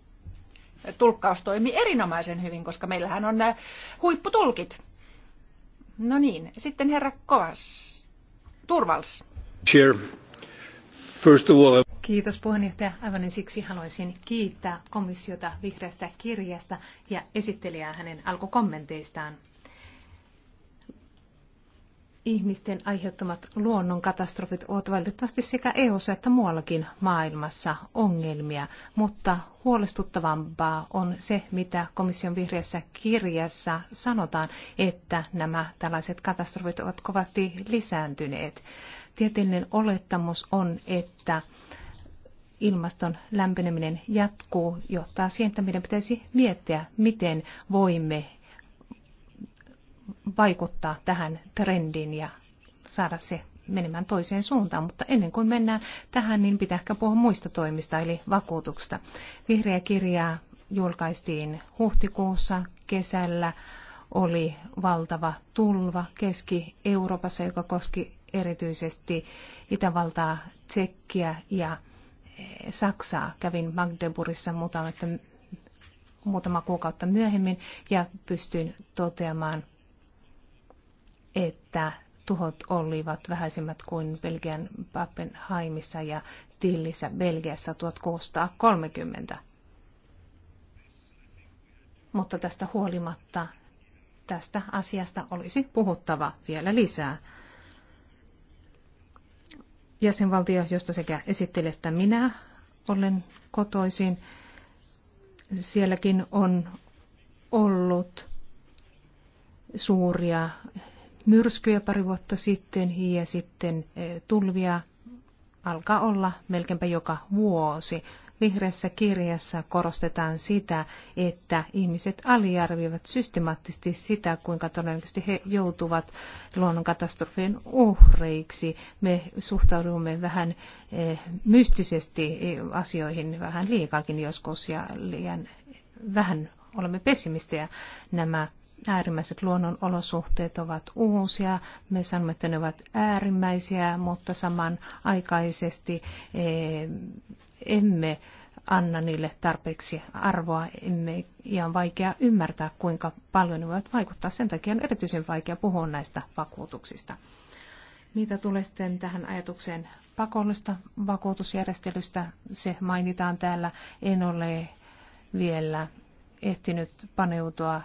Speaker 1: Tulkkaus toimi erinomaisen hyvin, koska meillähän on nämä huipputulkit.
Speaker 3: No niin, sitten herra Kovas. Turvals.
Speaker 5: Chair. First of all,
Speaker 3: Kiitos puheenjohtaja. Aivan siksi haluaisin kiittää komissiota vihreästä kirjasta ja esittelijää hänen alkukommenteistaan ihmisten aiheuttamat luonnonkatastrofit ovat valitettavasti sekä EU:ssa että muuallakin maailmassa ongelmia, mutta huolestuttavampaa on se, mitä komission vihreässä kirjassa sanotaan, että nämä tällaiset katastrofit ovat kovasti lisääntyneet. Tieteellinen olettamus on, että ilmaston lämpeneminen jatkuu, johtaa siihen, että meidän pitäisi miettiä, miten voimme vaikuttaa tähän trendiin ja saada se menemään toiseen suuntaan, mutta ennen kuin mennään tähän, niin pitää ehkä puhua muista toimista, eli vakuutuksesta. Vihreä kirjaa julkaistiin huhtikuussa, kesällä oli valtava tulva Keski-Euroopassa, joka koski erityisesti Itävaltaa, Tsekkiä ja e, Saksaa. Kävin Magdeburgissa muutama, muutama kuukautta myöhemmin ja pystyin toteamaan että tuhot olivat vähäisemmät kuin Belgian Pappenheimissa ja Tillissä Belgiassa 1630. Mutta tästä huolimatta tästä asiasta olisi puhuttava vielä lisää. Jäsenvaltio, josta sekä esittelijä että minä olen kotoisin, sielläkin on ollut suuria myrskyjä pari vuotta sitten ja sitten e, tulvia alkaa olla melkeinpä joka vuosi. Vihreässä kirjassa korostetaan sitä, että ihmiset aliarvioivat systemaattisesti sitä, kuinka todennäköisesti he joutuvat luonnonkatastrofien uhreiksi. Me suhtaudumme vähän e, mystisesti asioihin vähän liikaakin joskus ja liian vähän olemme pessimistejä. Nämä äärimmäiset luonnonolosuhteet ovat uusia. Me sanomme, että ne ovat äärimmäisiä, mutta samanaikaisesti eh, emme anna niille tarpeeksi arvoa emme, ja on vaikea ymmärtää, kuinka paljon ne voivat vaikuttaa. Sen takia on erityisen vaikea puhua näistä vakuutuksista. Mitä tulee sitten tähän ajatukseen pakollista vakuutusjärjestelystä, se mainitaan täällä. En ole vielä ehtinyt paneutua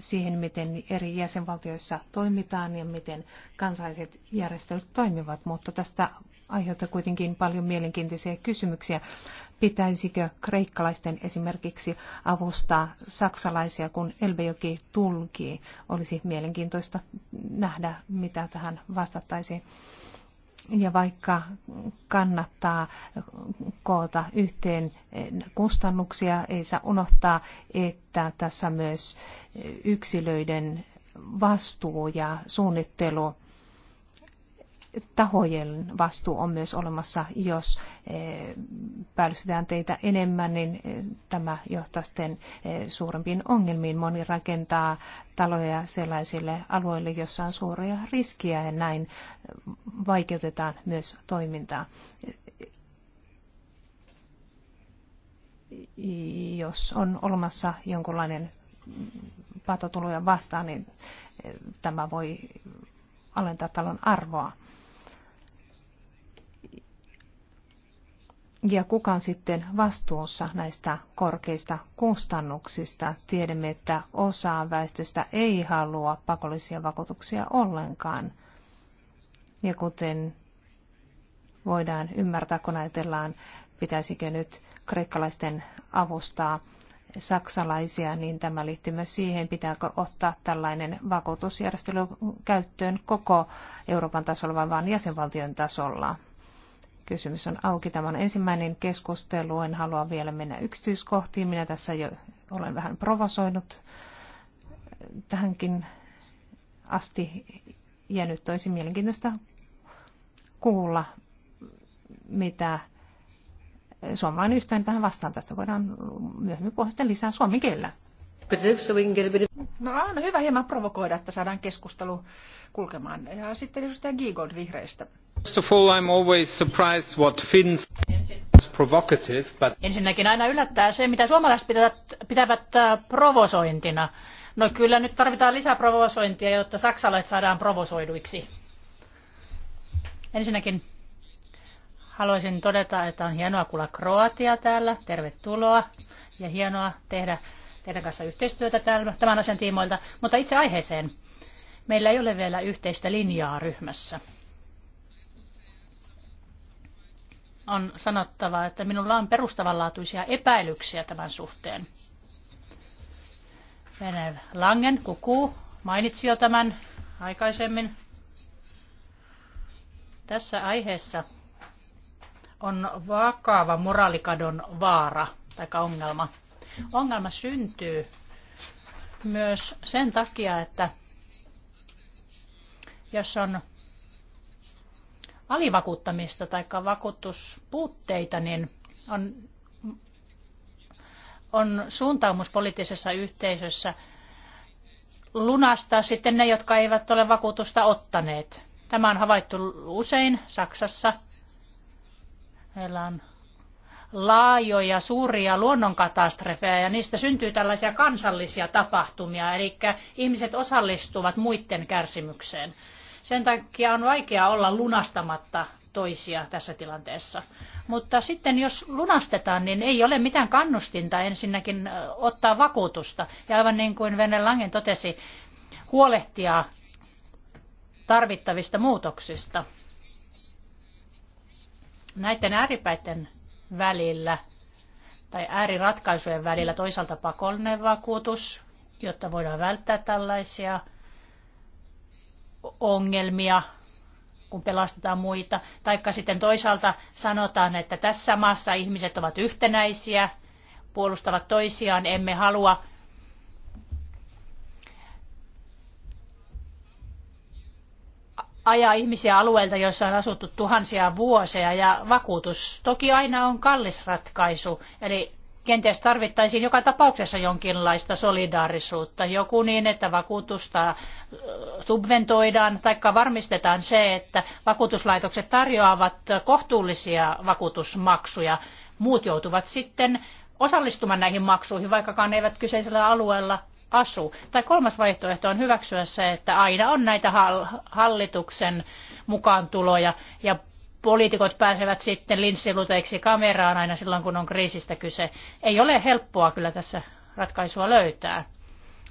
Speaker 3: siihen, miten eri jäsenvaltioissa toimitaan ja miten kansalliset järjestelyt toimivat, mutta tästä aiheuttaa kuitenkin paljon mielenkiintoisia kysymyksiä. Pitäisikö kreikkalaisten esimerkiksi avustaa saksalaisia, kun Elbejoki tulkii? Olisi mielenkiintoista nähdä, mitä tähän vastattaisiin. Ja vaikka kannattaa koota yhteen kustannuksia, ei saa unohtaa, että tässä myös yksilöiden vastuu ja suunnittelu tahojen vastuu on myös olemassa, jos eh, päällystetään teitä enemmän, niin eh, tämä johtaa sitten eh, suurempiin ongelmiin. Moni rakentaa taloja sellaisille alueille, joissa on suuria riskiä ja näin vaikeutetaan myös toimintaa. Jos on olemassa jonkunlainen patotuloja vastaan, niin tämä voi alentaa talon arvoa. ja kuka on sitten vastuussa näistä korkeista kustannuksista? Tiedämme, että osa väestöstä ei halua pakollisia vakuutuksia ollenkaan. Ja kuten voidaan ymmärtää, kun ajatellaan, pitäisikö nyt kreikkalaisten avustaa saksalaisia, niin tämä liittyy myös siihen, pitääkö ottaa tällainen vakuutusjärjestely käyttöön koko Euroopan tasolla vai vain jäsenvaltion tasolla kysymys on auki. Tämä on ensimmäinen keskustelu, en halua vielä mennä yksityiskohtiin. Minä tässä jo olen vähän provosoinut tähänkin asti ja nyt olisi mielenkiintoista kuulla, mitä suomalainen ystäväni tähän vastaan. Tästä voidaan myöhemmin puhua lisää suomen kielellä. No aina hyvä hieman provokoida, että saadaan
Speaker 2: keskustelu kulkemaan. Ja sitten edustaja Giegold vihreistä.
Speaker 5: First of all, I'm always surprised what Finns provocative, but...
Speaker 2: Ensinnäkin aina yllättää se, mitä suomalaiset pitävät, pitävät äh, provosointina. No kyllä nyt tarvitaan lisää provosointia, jotta saksalaiset saadaan provosoiduiksi. Ensinnäkin haluaisin todeta, että on hienoa kuulla Kroatia täällä. Tervetuloa. Ja hienoa tehdä teidän kanssa yhteistyötä tämän asian tiimoilta, mutta itse aiheeseen. Meillä ei ole vielä yhteistä linjaa ryhmässä. On sanottava, että minulla on perustavanlaatuisia epäilyksiä tämän suhteen. Venev Langen, Kuku, mainitsi jo tämän aikaisemmin. Tässä aiheessa on vakava moraalikadon vaara tai ongelma. Ongelma syntyy myös sen takia, että jos on alivakuuttamista tai vakuutuspuutteita, niin on, on suuntaumus poliittisessa yhteisössä lunastaa sitten ne, jotka eivät ole vakuutusta ottaneet. Tämä on havaittu usein Saksassa. Meillä on laajoja, suuria luonnonkatastrofeja ja niistä syntyy tällaisia kansallisia tapahtumia, eli ihmiset osallistuvat muiden kärsimykseen. Sen takia on vaikea olla lunastamatta toisia tässä tilanteessa. Mutta sitten jos lunastetaan, niin ei ole mitään kannustinta ensinnäkin ottaa vakuutusta. Ja aivan niin kuin Vene Langen totesi, huolehtia tarvittavista muutoksista. Näiden ääripäiden välillä tai ääriratkaisujen välillä. Toisaalta pakollinen vakuutus, jotta voidaan välttää tällaisia ongelmia, kun pelastetaan muita. Taikka sitten toisaalta sanotaan, että tässä maassa ihmiset ovat yhtenäisiä, puolustavat toisiaan, emme halua ajaa ihmisiä alueelta, joissa on asuttu tuhansia vuosia ja vakuutus toki aina on kallis ratkaisu. Eli kenties tarvittaisiin joka tapauksessa jonkinlaista solidaarisuutta, joku niin, että vakuutusta subventoidaan tai varmistetaan se, että vakuutuslaitokset tarjoavat kohtuullisia vakuutusmaksuja. Muut joutuvat sitten osallistumaan näihin maksuihin, vaikkakaan ne eivät kyseisellä alueella asu. Tai kolmas vaihtoehto on hyväksyä se, että aina on näitä hallituksen mukaantuloja ja poliitikot pääsevät sitten linssiluteiksi kameraan aina silloin, kun on kriisistä kyse. Ei ole helppoa kyllä tässä ratkaisua löytää.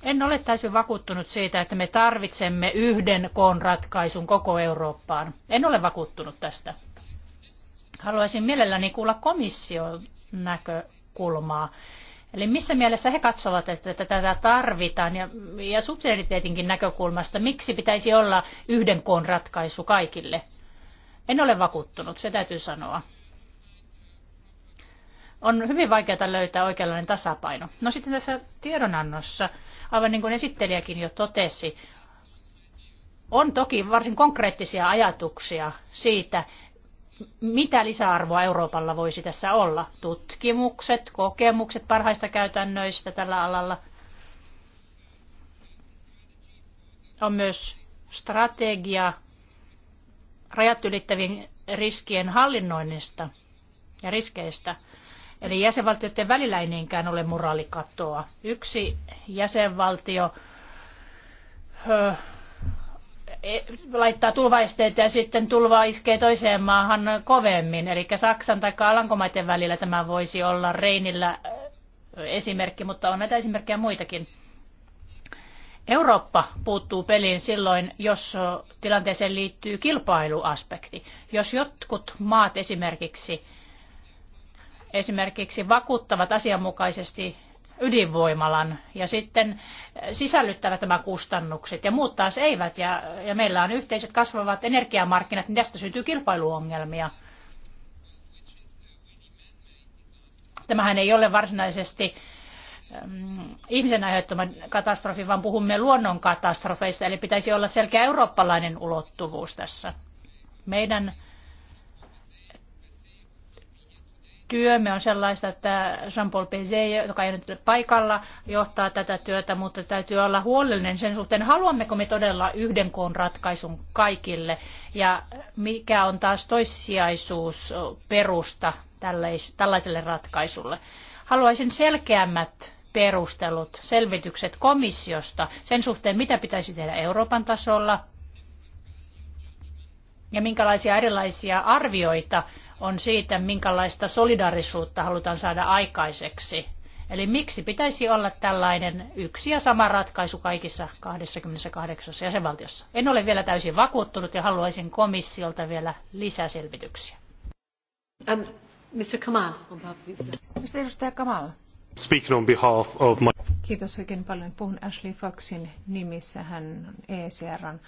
Speaker 2: En ole täysin vakuuttunut siitä, että me tarvitsemme yhden koon ratkaisun koko Eurooppaan. En ole vakuuttunut tästä. Haluaisin mielelläni kuulla komission näkökulmaa. Eli missä mielessä he katsovat, että tätä tarvitaan ja, ja subsidiariteetinkin näkökulmasta, miksi pitäisi olla yhden koon ratkaisu kaikille? En ole vakuuttunut, se täytyy sanoa. On hyvin vaikeaa löytää oikeanlainen tasapaino. No sitten tässä tiedonannossa, aivan niin kuin esittelijäkin jo totesi, on toki varsin konkreettisia ajatuksia siitä, mitä lisäarvoa Euroopalla voisi tässä olla? Tutkimukset, kokemukset parhaista käytännöistä tällä alalla. On myös strategia rajat ylittävien riskien hallinnoinnista ja riskeistä. Eli jäsenvaltioiden välillä ei niinkään ole moraalikatoa. Yksi jäsenvaltio E, laittaa tulvaesteet ja sitten tulva iskee toiseen maahan kovemmin. Eli Saksan tai Alankomaiden välillä tämä voisi olla Reinillä esimerkki, mutta on näitä esimerkkejä muitakin. Eurooppa puuttuu peliin silloin, jos tilanteeseen liittyy kilpailuaspekti. Jos jotkut maat esimerkiksi, esimerkiksi vakuuttavat asianmukaisesti ydinvoimalan ja sitten sisällyttävät tämä kustannukset ja muut taas eivät. Ja, ja meillä on yhteiset kasvavat energiamarkkinat, niin tästä syntyy kilpailuongelmia. Tämähän ei ole varsinaisesti mm, ihmisen aiheuttama katastrofi, vaan puhumme luonnon katastrofeista, eli pitäisi olla selkeä eurooppalainen ulottuvuus tässä. Meidän työmme on sellaista, että Jean-Paul Pézé, joka ei nyt ole paikalla, johtaa tätä työtä, mutta täytyy olla huolellinen sen suhteen, haluammeko me todella yhden koon ratkaisun kaikille ja mikä on taas toissijaisuusperusta tällaiselle ratkaisulle. Haluaisin selkeämmät perustelut, selvitykset komissiosta sen suhteen, mitä pitäisi tehdä Euroopan tasolla ja minkälaisia erilaisia arvioita on siitä, minkälaista solidarisuutta halutaan saada aikaiseksi. Eli miksi pitäisi olla tällainen yksi ja sama ratkaisu kaikissa 28 jäsenvaltiossa? En ole vielä täysin vakuuttunut ja haluaisin komissiolta vielä lisäselvityksiä. Um, Mr. Kamal, on behalf
Speaker 3: Edustaja Kamal.
Speaker 5: Speaking on behalf of my...
Speaker 3: Kiitos oikein paljon. Puhun Ashley Foxin nimissä. Hän on ECRn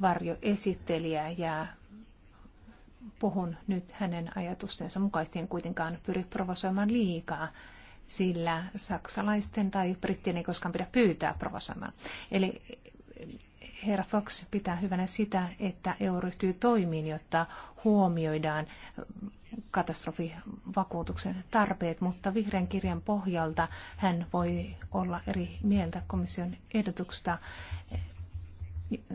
Speaker 3: varjoesittelijä ja puhun nyt hänen ajatustensa mukaisesti, en kuitenkaan pyri provosoimaan liikaa, sillä saksalaisten tai brittien ei koskaan pidä pyytää provosoimaan. Eli herra Fox pitää hyvänä sitä, että EU ryhtyy toimiin, jotta huomioidaan katastrofivakuutuksen tarpeet, mutta vihreän kirjan pohjalta hän voi olla eri mieltä komission ehdotuksesta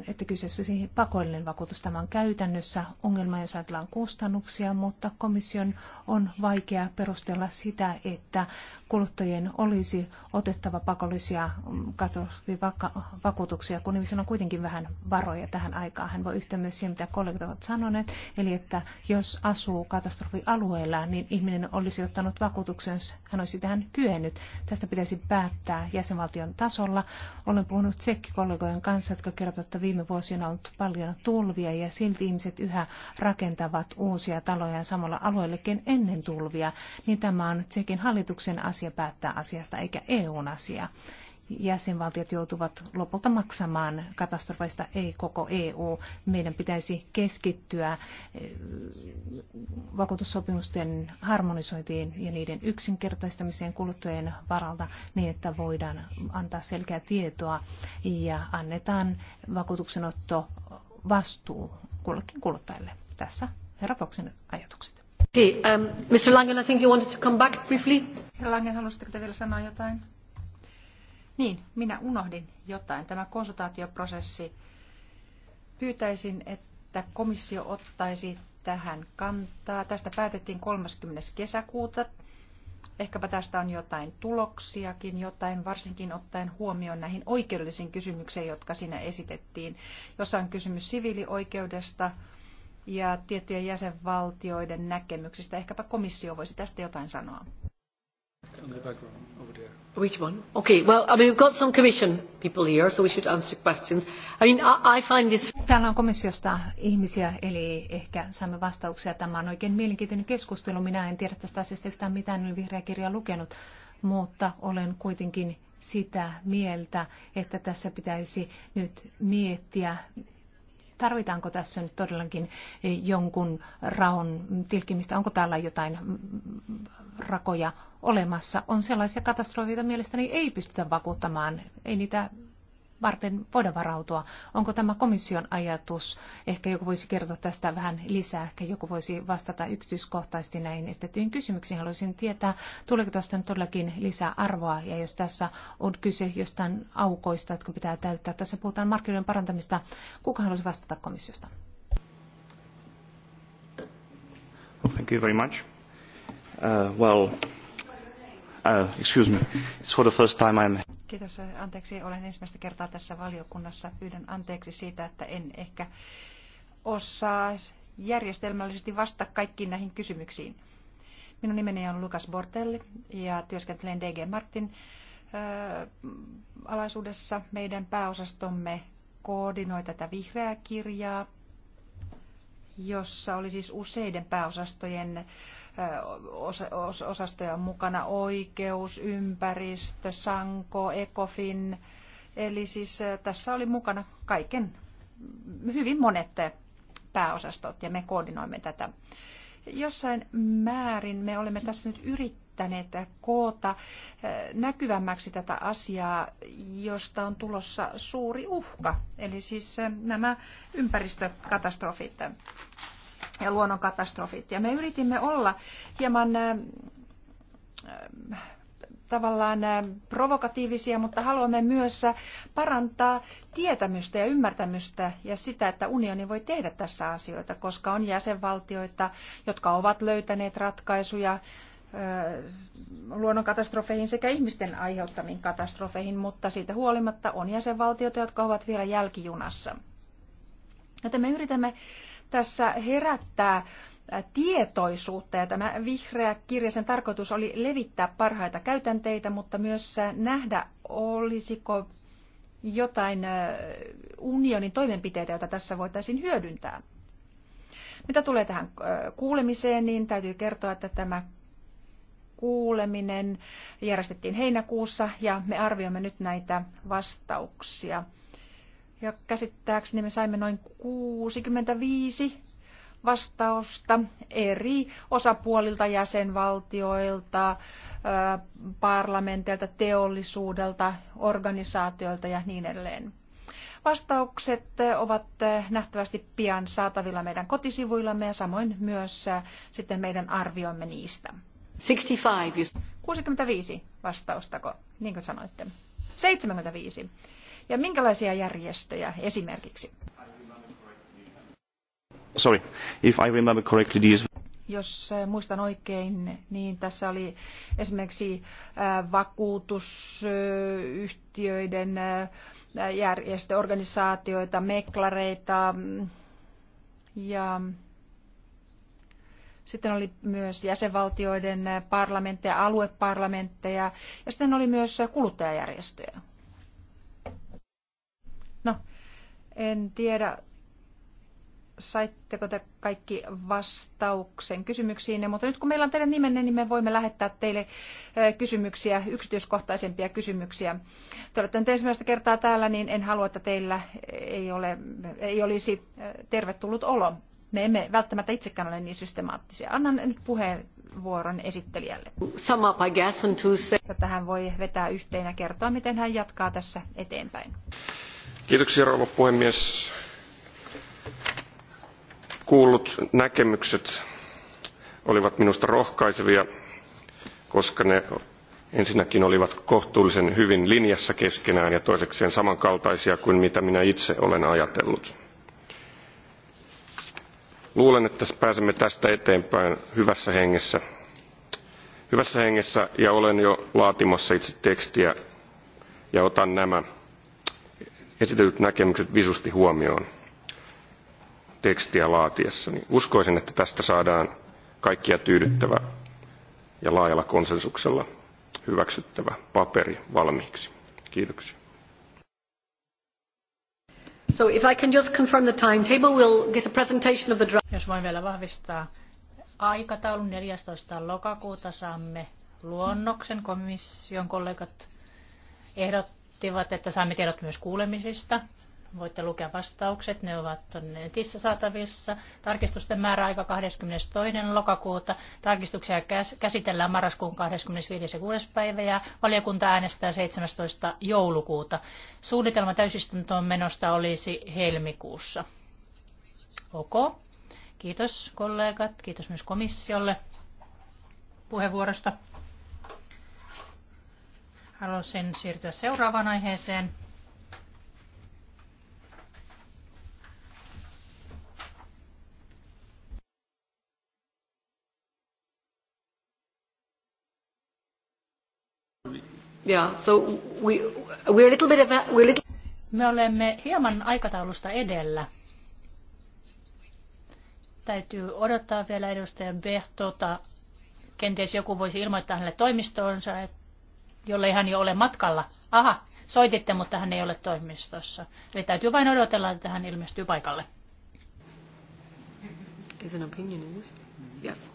Speaker 3: että kyseessä siihen pakollinen vakuutus. Tämä on käytännössä ongelma, jos ajatellaan kustannuksia, mutta komission on vaikea perustella sitä, että kuluttajien olisi otettava pakollisia mm, vakuutuksia, kun ihmisillä on kuitenkin vähän varoja tähän aikaan. Hän voi yhtä myös siihen, mitä kollegat ovat sanoneet, eli että jos asuu katastrofialueella, niin ihminen olisi ottanut vakuutuksen, jos hän olisi tähän kyennyt. Tästä pitäisi päättää jäsenvaltion tasolla. Olen puhunut tsekkikollegojen kanssa, jotka kertovat, että viime vuosina on ollut paljon tulvia ja silti ihmiset yhä rakentavat uusia taloja samalla alueellekin ennen tulvia, niin tämä on sekin hallituksen asia päättää asiasta eikä EUn asia jäsenvaltiot joutuvat lopulta maksamaan katastrofeista, ei koko EU. Meidän pitäisi keskittyä eh, vakuutussopimusten harmonisointiin ja niiden yksinkertaistamiseen kuluttajien varalta niin, että voidaan antaa selkeää tietoa ja annetaan vakuutuksenotto vastuu kullekin kuluttajille Tässä herra Foxin ajatukset. Okay, um, Mr. Langen, I think you wanted to come back briefly.
Speaker 1: Herra Langen, haluaisitteko te vielä sanoa jotain? Niin, minä unohdin jotain. Tämä konsultaatioprosessi. Pyytäisin, että komissio ottaisi tähän kantaa. Tästä päätettiin 30. kesäkuuta. Ehkäpä tästä on jotain tuloksiakin, jotain varsinkin ottaen huomioon näihin oikeudellisiin kysymyksiin, jotka siinä esitettiin, jossa on kysymys siviilioikeudesta ja tiettyjen jäsenvaltioiden näkemyksistä. Ehkäpä komissio voisi tästä jotain sanoa
Speaker 4: in the background over there. Which one? Okay, well, I mean, we've got some commission people here, so we should answer questions.
Speaker 3: I mean, I, I find this... Täällä on komissiosta ihmisiä, eli ehkä saamme vastauksia. Tämä on oikein mielenkiintoinen keskustelu. Minä en tiedä tästä asiasta yhtään mitään, en vihreä kirja lukenut, mutta olen kuitenkin sitä mieltä, että tässä pitäisi nyt miettiä, tarvitaanko tässä nyt todellakin jonkun raon tilkimistä, onko täällä jotain rakoja olemassa. On sellaisia katastrofeita mielestäni ei pystytä vakuuttamaan, ei niitä varten voida varautua. Onko tämä komission ajatus? Ehkä joku voisi kertoa tästä vähän lisää. Ehkä joku voisi vastata yksityiskohtaisesti näihin estettyihin kysymyksiin. Haluaisin tietää, tuleeko tästä nyt todellakin lisää arvoa ja jos tässä on kyse jostain aukoista, jotka pitää täyttää. Tässä puhutaan markkinoiden parantamista. Kuka haluaisi vastata komissiosta?
Speaker 1: Thank you very much. Uh, well, uh, excuse me. It's for the first time I'm... Kiitos. Anteeksi, olen ensimmäistä kertaa tässä valiokunnassa. Pyydän anteeksi siitä, että en ehkä osaa järjestelmällisesti vastata kaikkiin näihin kysymyksiin. Minun nimeni on Lukas Bortelli ja työskentelen DG Martin äh, alaisuudessa. Meidän pääosastomme koordinoi tätä vihreää kirjaa, jossa oli siis useiden pääosastojen osastoja mukana, oikeus, ympäristö, sanko, ekofin. Eli siis tässä oli mukana kaiken, hyvin monet pääosastot ja me koordinoimme tätä. Jossain määrin me olemme tässä nyt yrittäneet koota näkyvämmäksi tätä asiaa, josta on tulossa suuri uhka, eli siis nämä ympäristökatastrofit ja luonnonkatastrofit. Ja me yritimme olla hieman tavallaan provokatiivisia, mutta haluamme myös parantaa tietämystä ja ymmärtämystä ja sitä, että unioni voi tehdä tässä asioita, koska on jäsenvaltioita, jotka ovat löytäneet ratkaisuja luonnonkatastrofeihin sekä ihmisten aiheuttamiin katastrofeihin, mutta siitä huolimatta on jäsenvaltioita, jotka ovat vielä jälkijunassa. Joten me yritämme tässä herättää tietoisuutta ja tämä vihreä kirja, sen tarkoitus oli levittää parhaita käytänteitä, mutta myös nähdä, olisiko jotain unionin toimenpiteitä, joita tässä voitaisiin hyödyntää. Mitä tulee tähän kuulemiseen, niin täytyy kertoa, että tämä kuuleminen järjestettiin heinäkuussa ja me arvioimme nyt näitä vastauksia. Ja käsittääkseni me saimme noin 65 vastausta eri osapuolilta, jäsenvaltioilta, parlamenteilta, teollisuudelta, organisaatioilta ja niin edelleen. Vastaukset ovat nähtävästi pian saatavilla meidän kotisivuillamme ja samoin myös sitten meidän arvioimme niistä. 65. 65 vastaustako, niin kuin sanoitte. 75 ja minkälaisia järjestöjä esimerkiksi?
Speaker 5: Sorry, if I remember correctly, these...
Speaker 1: Jos äh, muistan oikein, niin tässä oli esimerkiksi äh, vakuutusyhtiöiden äh, järjestöorganisaatioita, meklareita mm, ja sitten oli myös jäsenvaltioiden parlamentteja, alueparlamentteja ja sitten oli myös kuluttajajärjestöjä. En tiedä, saitteko te kaikki vastauksen kysymyksiin, mutta nyt kun meillä on teidän nimenne, niin me voimme lähettää teille kysymyksiä, yksityiskohtaisempia kysymyksiä. Te olette nyt ensimmäistä kertaa täällä, niin en halua, että teillä ei, ole, ei olisi tervetullut olo. Me emme välttämättä itsekään ole niin systemaattisia. Annan nyt puheenvuoron esittelijälle. Sama Jotta hän voi vetää yhteen ja kertoa, miten hän jatkaa tässä eteenpäin.
Speaker 5: Kiitoksia puhemies. Kuullut näkemykset olivat minusta rohkaisevia, koska ne ensinnäkin olivat kohtuullisen hyvin linjassa keskenään ja toisekseen samankaltaisia kuin mitä minä itse olen ajatellut. Luulen, että pääsemme tästä eteenpäin hyvässä hengessä. Hyvässä hengessä ja olen jo laatimassa itse tekstiä ja otan nämä esitetyt näkemykset visusti huomioon tekstiä laatiessa, niin uskoisin, että tästä saadaan kaikkia tyydyttävä ja laajalla konsensuksella hyväksyttävä paperi valmiiksi. Kiitoksia.
Speaker 4: So if I can just
Speaker 2: confirm the timetable, we'll get a presentation of the draft. Jos voin vielä vahvistaa aikataulun 14. lokakuuta saamme luonnoksen. Komission kollegat ehdottaa vaativat, että saamme tiedot myös kuulemisista. Voitte lukea vastaukset, ne ovat netissä saatavissa. Tarkistusten määräaika 22. lokakuuta. Tarkistuksia käsitellään marraskuun 25. ja 6. päivä ja valiokunta äänestää 17. joulukuuta. Suunnitelma täysistuntoon menosta olisi helmikuussa. Ok. Kiitos kollegat, kiitos myös komissiolle puheenvuorosta. Haluaisin siirtyä seuraavaan aiheeseen. Yeah, so we, we're a little bit of a, we're little... Me olemme hieman aikataulusta edellä. Täytyy odottaa vielä edustaja Behtota. Kenties joku voisi ilmoittaa hänelle toimistoonsa, että jollei hän jo ole matkalla. Aha, soititte, mutta hän ei ole toimistossa. Eli täytyy vain odotella, että hän ilmestyy paikalle. Is an opinion, is it? Yes.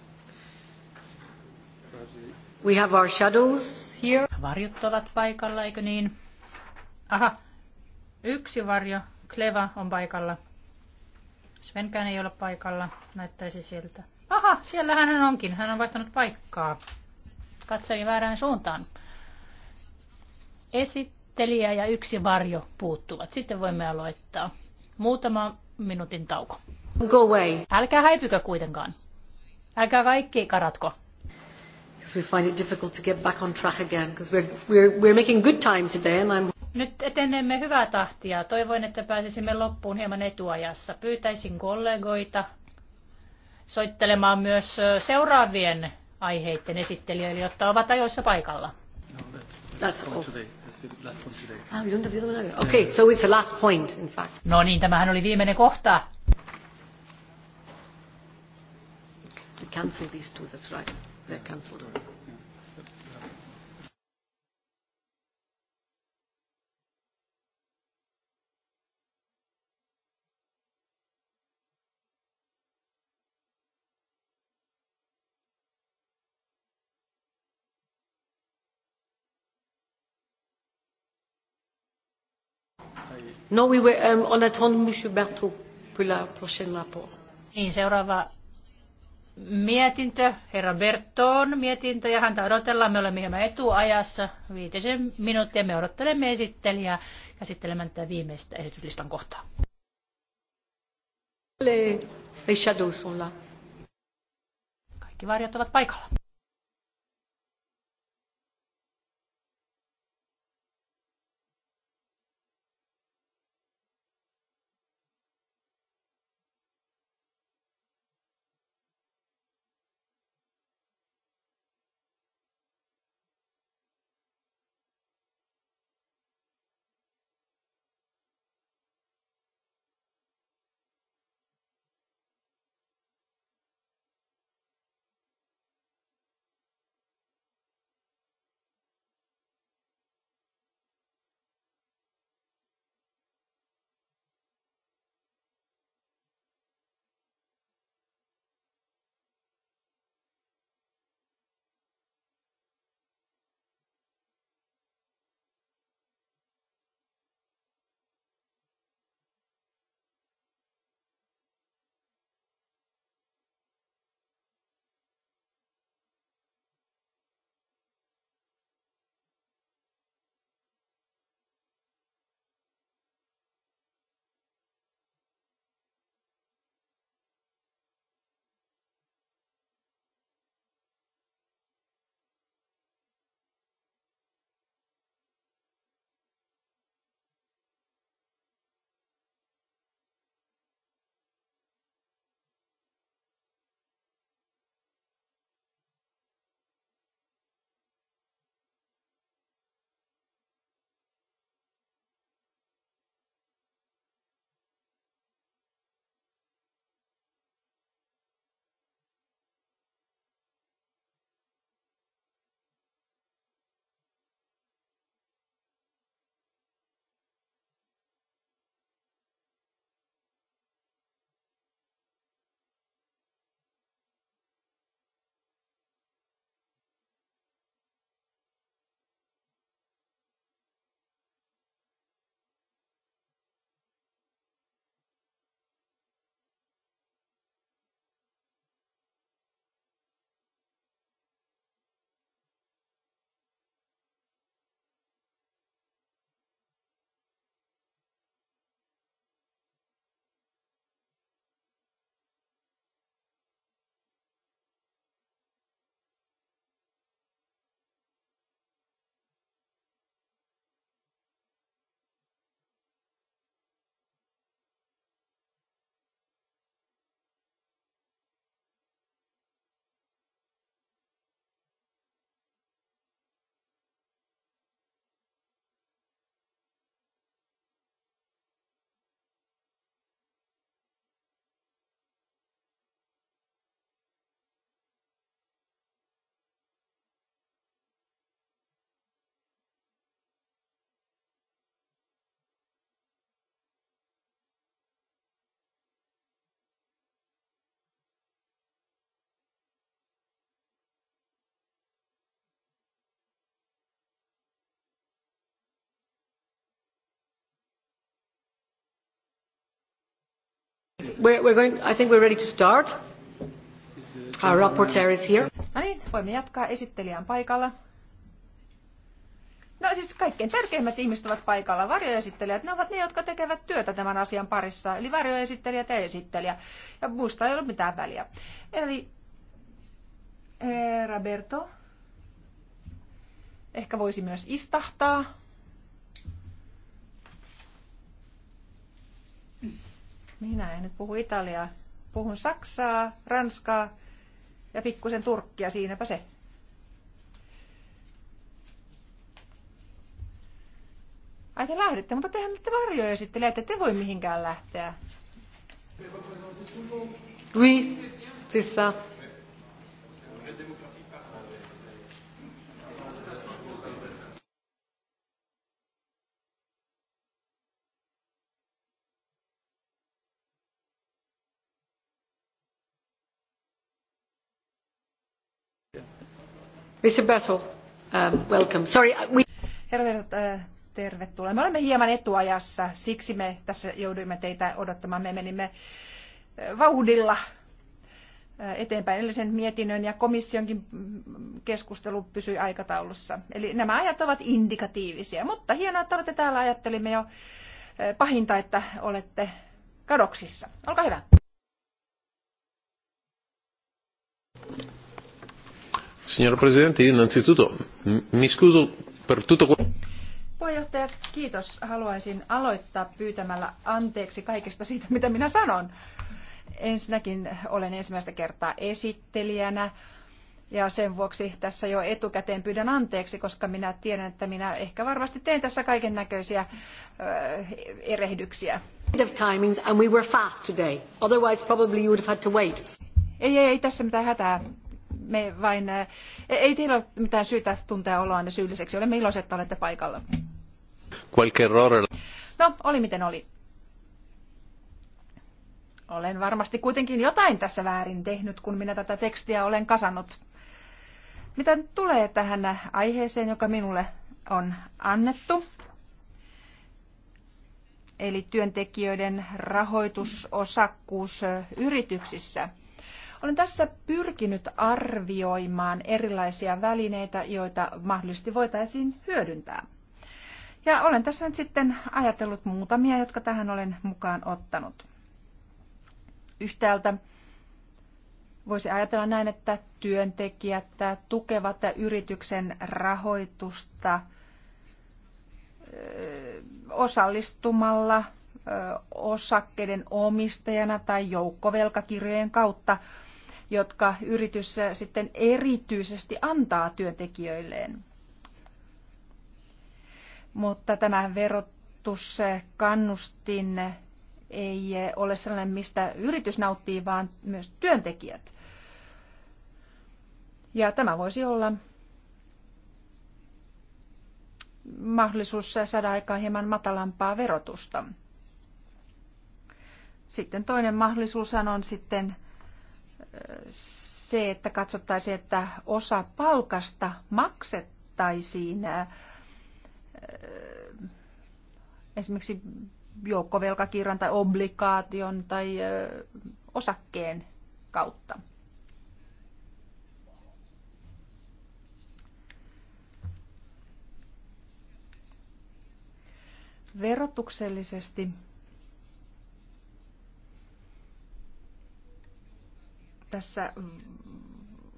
Speaker 2: We have our shadows here. Varjot ovat paikalla, eikö niin? Aha, yksi varjo, Kleva, on paikalla. Svenkään ei ole paikalla, näyttäisi siltä. Aha, siellä hän onkin, hän on vaihtanut paikkaa. Katseli väärään suuntaan. Esittelijä ja yksi varjo puuttuvat. Sitten voimme aloittaa. Muutama minuutin tauko. Go away. Älkää häipykö kuitenkaan. Älkää kaikki karatko. We find it difficult to get back on track again because we're, we're, we're
Speaker 4: making good time today and I'm
Speaker 2: nyt etenemme hyvää tahtia. Toivoin, että pääsisimme loppuun hieman etuajassa. Pyytäisin kollegoita soittelemaan myös seuraavien aiheiden esittelijöille, jotta ovat ajoissa paikalla. No, that's, that's,
Speaker 4: that's Ah, we don't have the other one either. Okay, so
Speaker 2: it's the last point, in fact. No niin, tämähän oli viimeinen kohta. We cancel these
Speaker 4: two, that's right. They're cancelled. No, we were, um, on attend Monsieur Berthaud
Speaker 2: pour la prochaine rapport. Niin, seuraava mietintö, herra Berton mietintö, ja häntä odotellaan, me olemme hieman etuajassa, viitisen minuuttia, me odottelemme esittelijää käsittelemään tätä viimeistä esityslistan kohtaa. Les, les shadows sont là. Kaikki varjot ovat paikalla.
Speaker 4: I think we're ready to start. Our rapporteur is here.
Speaker 1: No niin, voimme jatkaa. Esittelijän paikalla. No siis kaikkein tärkeimmät ihmiset ovat paikalla. Varjoesittelijät, ne ovat ne, jotka tekevät työtä tämän asian parissa. Eli varjoesittelijät ja esittelijä. Ja muista ei ole mitään väliä. Eli eh, Roberto, ehkä voisi myös istahtaa. Minä en nyt puhu italiaa. Puhun saksaa, ranskaa ja pikkusen turkkia, siinäpä se. Ai te lähdette, mutta tehän nyt varjoja sitten, että te voi mihinkään lähteä. Oui, c'est ça.
Speaker 4: Tervetuloa. Um,
Speaker 1: uh, uh, tervetuloa. Me olemme hieman etuajassa, siksi me tässä jouduimme teitä odottamaan. Me menimme uh, vauhdilla eteenpäin. Edellisen mietinnön ja komissionkin keskustelu pysyi aikataulussa. Eli nämä ajat ovat indikatiivisia, mutta hienoa, että olette täällä. Ajattelimme jo pahinta, että olette kadoksissa. Olkaa hyvä.
Speaker 5: Signor Presidente, innanzitutto mi scuso per tutto
Speaker 1: Puheenjohtaja, kiitos. Haluaisin aloittaa pyytämällä anteeksi kaikesta siitä, mitä minä sanon. Ensinnäkin olen ensimmäistä kertaa esittelijänä ja sen vuoksi tässä jo etukäteen pyydän anteeksi, koska minä tiedän, että minä ehkä varmasti teen tässä kaiken näköisiä erehdyksiä. Ei, ei, ei tässä mitään hätää me vain, ei teillä ole mitään syytä tuntea oloanne syylliseksi. Olemme iloiset, että olette paikalla. No, oli miten oli. Olen varmasti kuitenkin jotain tässä väärin tehnyt, kun minä tätä tekstiä olen kasannut. Mitä tulee tähän aiheeseen, joka minulle on annettu, eli työntekijöiden rahoitusosakkuus yrityksissä – olen tässä pyrkinyt arvioimaan erilaisia välineitä, joita mahdollisesti voitaisiin hyödyntää. Ja olen tässä nyt sitten ajatellut muutamia, jotka tähän olen mukaan ottanut. Yhtäältä voisi ajatella näin, että työntekijät tukevat yrityksen rahoitusta osallistumalla osakkeiden omistajana tai joukkovelkakirjojen kautta jotka yritys sitten erityisesti antaa työntekijöilleen. Mutta tämä verotuskannustin ei ole sellainen, mistä yritys nauttii, vaan myös työntekijät. Ja tämä voisi olla mahdollisuus saada aikaan hieman matalampaa verotusta. Sitten toinen mahdollisuus on sitten se, että katsottaisiin, että osa palkasta maksettaisiin esimerkiksi joukkovelkakirjan tai obligaation tai osakkeen kautta. Verotuksellisesti tässä mm,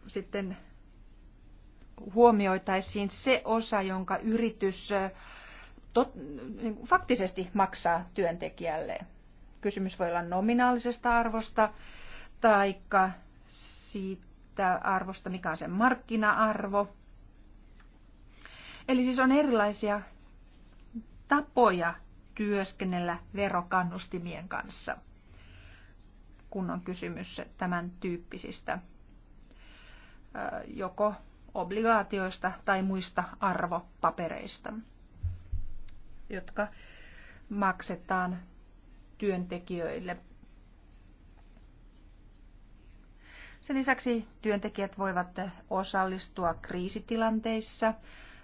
Speaker 1: sitten huomioitaisiin se osa, jonka yritys tot, niin kuin faktisesti maksaa työntekijälle. Kysymys voi olla nominaalisesta arvosta tai siitä arvosta, mikä on sen markkina-arvo. Eli siis on erilaisia tapoja työskennellä verokannustimien kanssa kun on kysymys tämän tyyppisistä joko obligaatioista tai muista arvopapereista, jotka maksetaan työntekijöille. Sen lisäksi työntekijät voivat osallistua kriisitilanteissa